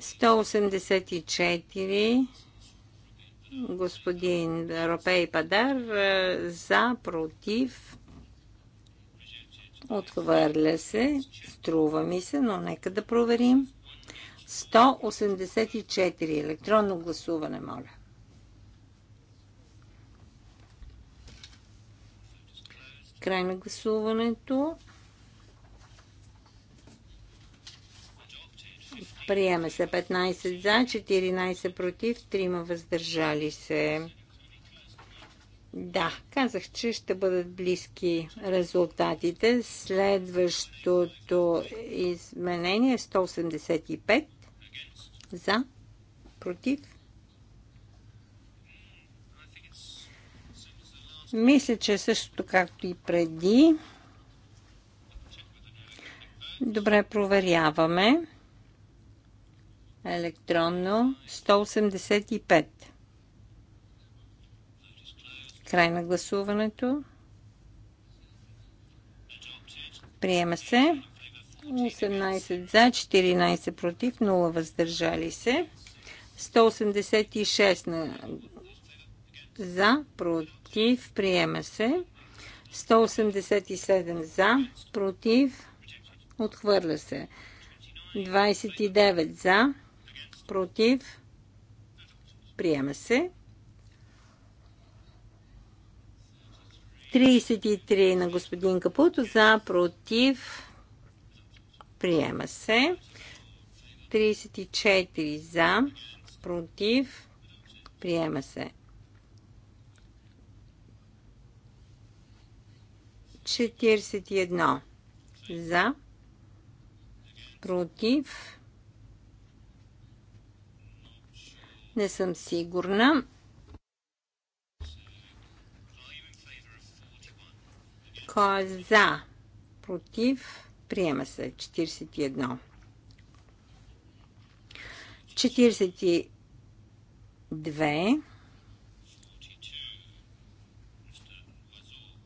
184 господин Ропей Падар е, за, против, отхвърля се, струва ми се, но нека да проверим. 184 електронно гласуване, моля. Край на гласуването. Приема се 15 за, 14 против, 3 въздържали се. Да, казах, че ще бъдат близки резултатите. Следващото изменение 185 е за, против. Мисля, че е същото както и преди. Добре, проверяваме електронно 185. Край на гласуването. Приема се. 18 за, 14 против, 0 въздържали се. 186 на... за, против, приема се. 187 за, против, отхвърля се. 29 за, против, приема се. 33 на господин Капуто за, против, приема се. 34 за, против, приема се. 41 за, против, Не съм сигурна. Кой е за? Против? Приема се. 41. 42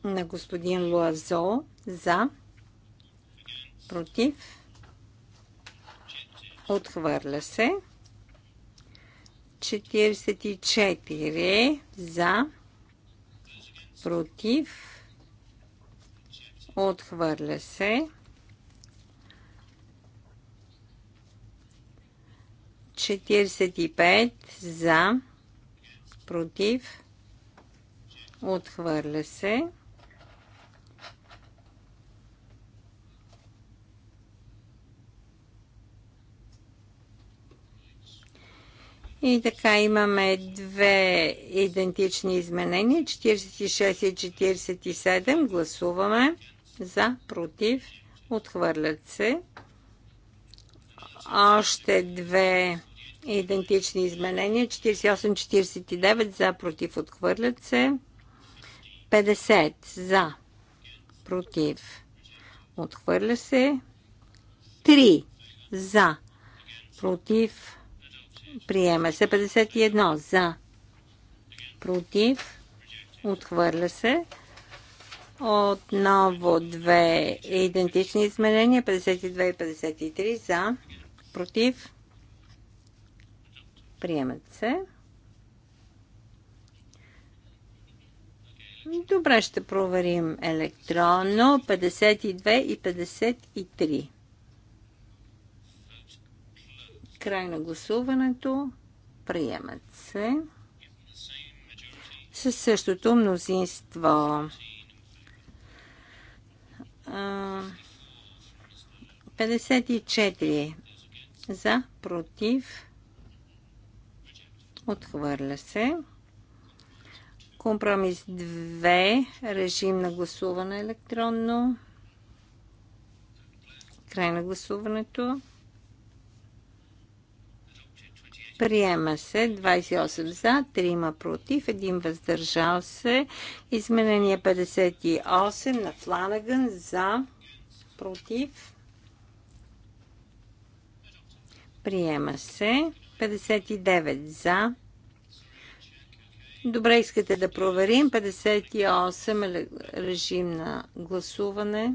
на господин Луазо за против отхвърля се. 44 за, против, отхвърля се. 45 за, против, отхвърля се. И така имаме две идентични изменения, 46 и 47. Гласуваме за, против, отхвърлят се. Още две идентични изменения, 48-49 за, против, отхвърлят се. 50 за, против, отхвърля се. 3 за, против, Приема се 51 за. Против. Отхвърля се. Отново две идентични изменения. 52 и 53 за. Против. Приемат се. Добре, ще проверим електронно. 52 и 53. Край на гласуването. Приемат се. Със същото мнозинство. 54 за, против, отхвърля се. Компромис 2, режим на гласуване електронно. Край на гласуването. Приема се 28 за, 3 против, 1 въздържал се. Изменение 58 на Фланаган за, против. Приема се 59 за. Добре, искате да проверим. 58 е режим на гласуване.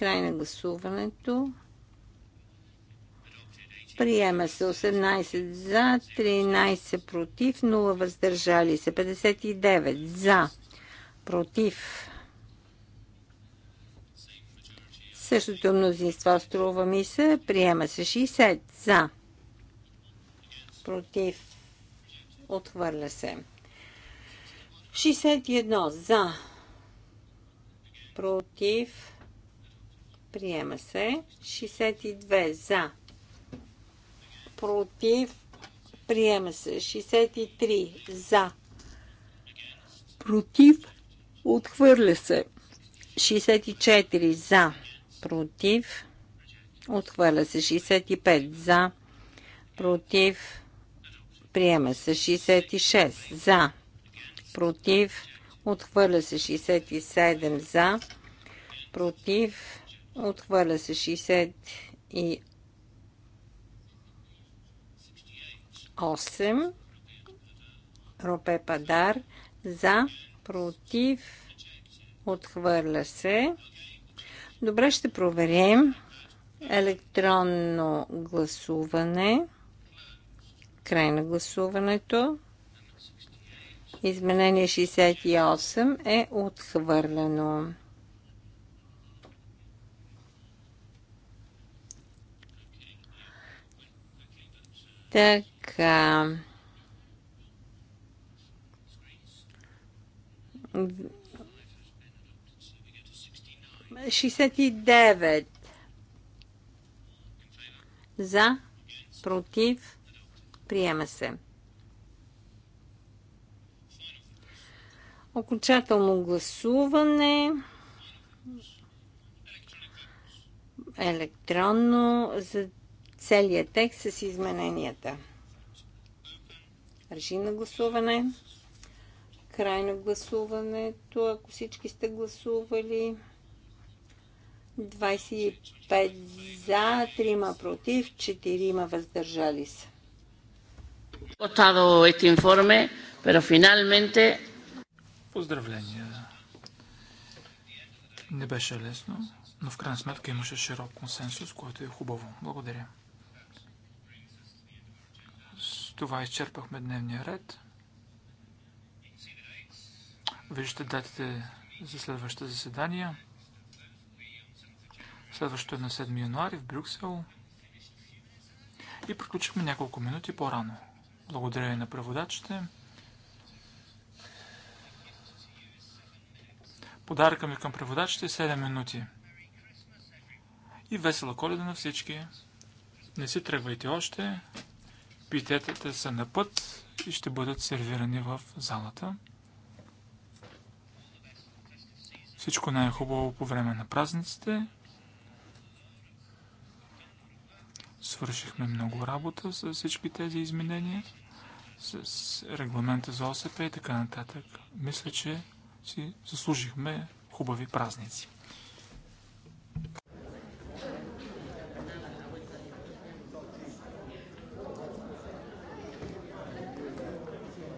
Край на гласуването. Приема се 18 за, 13 против, 0 въздържали се. 59 за, против. Същото мнозинство струва ми се. Приема се 60 за, против. Отхвърля се. 61 за, против. Приема се. 62 за. Против. Приема се. 63 за. Против. Отхвърля се. 64 за. Против. Отхвърля се. 65 за. Против. Приема се. 66 за. Против. Отхвърля се. 67 за. Против. Отхвърля се 60 и 8. Ропе Падар за, против, отхвърля се. Добре, ще проверим електронно гласуване. Край на гласуването. Изменение 68 е отхвърлено. Така. Шестдесет и За, против, приема се. Окончателно гласуване. Електронно, за целият текст с измененията. Режим на гласуване. Край на гласуването, ако всички сте гласували. 25 за, 3 против, 4 въздържали се. Costado este информе. но финалменте... Поздравления. Не беше лесно, но в крайна сметка имаше широк консенсус, което е хубаво. Благодаря това изчерпахме дневния ред. Виждате датите за следващите заседания. Следващото е на 7 януари в Брюксел. И приключихме няколко минути по-рано. Благодаря и на преводачите. Подаръка ми към преводачите 7 е минути. И весела коледа на всички. Не си тръгвайте още. Питетата са на път и ще бъдат сервирани в залата. Всичко най-хубаво по време на празниците. Свършихме много работа с всички тези изменения, с регламента за ОСП и така нататък. Мисля, че си заслужихме хубави празници.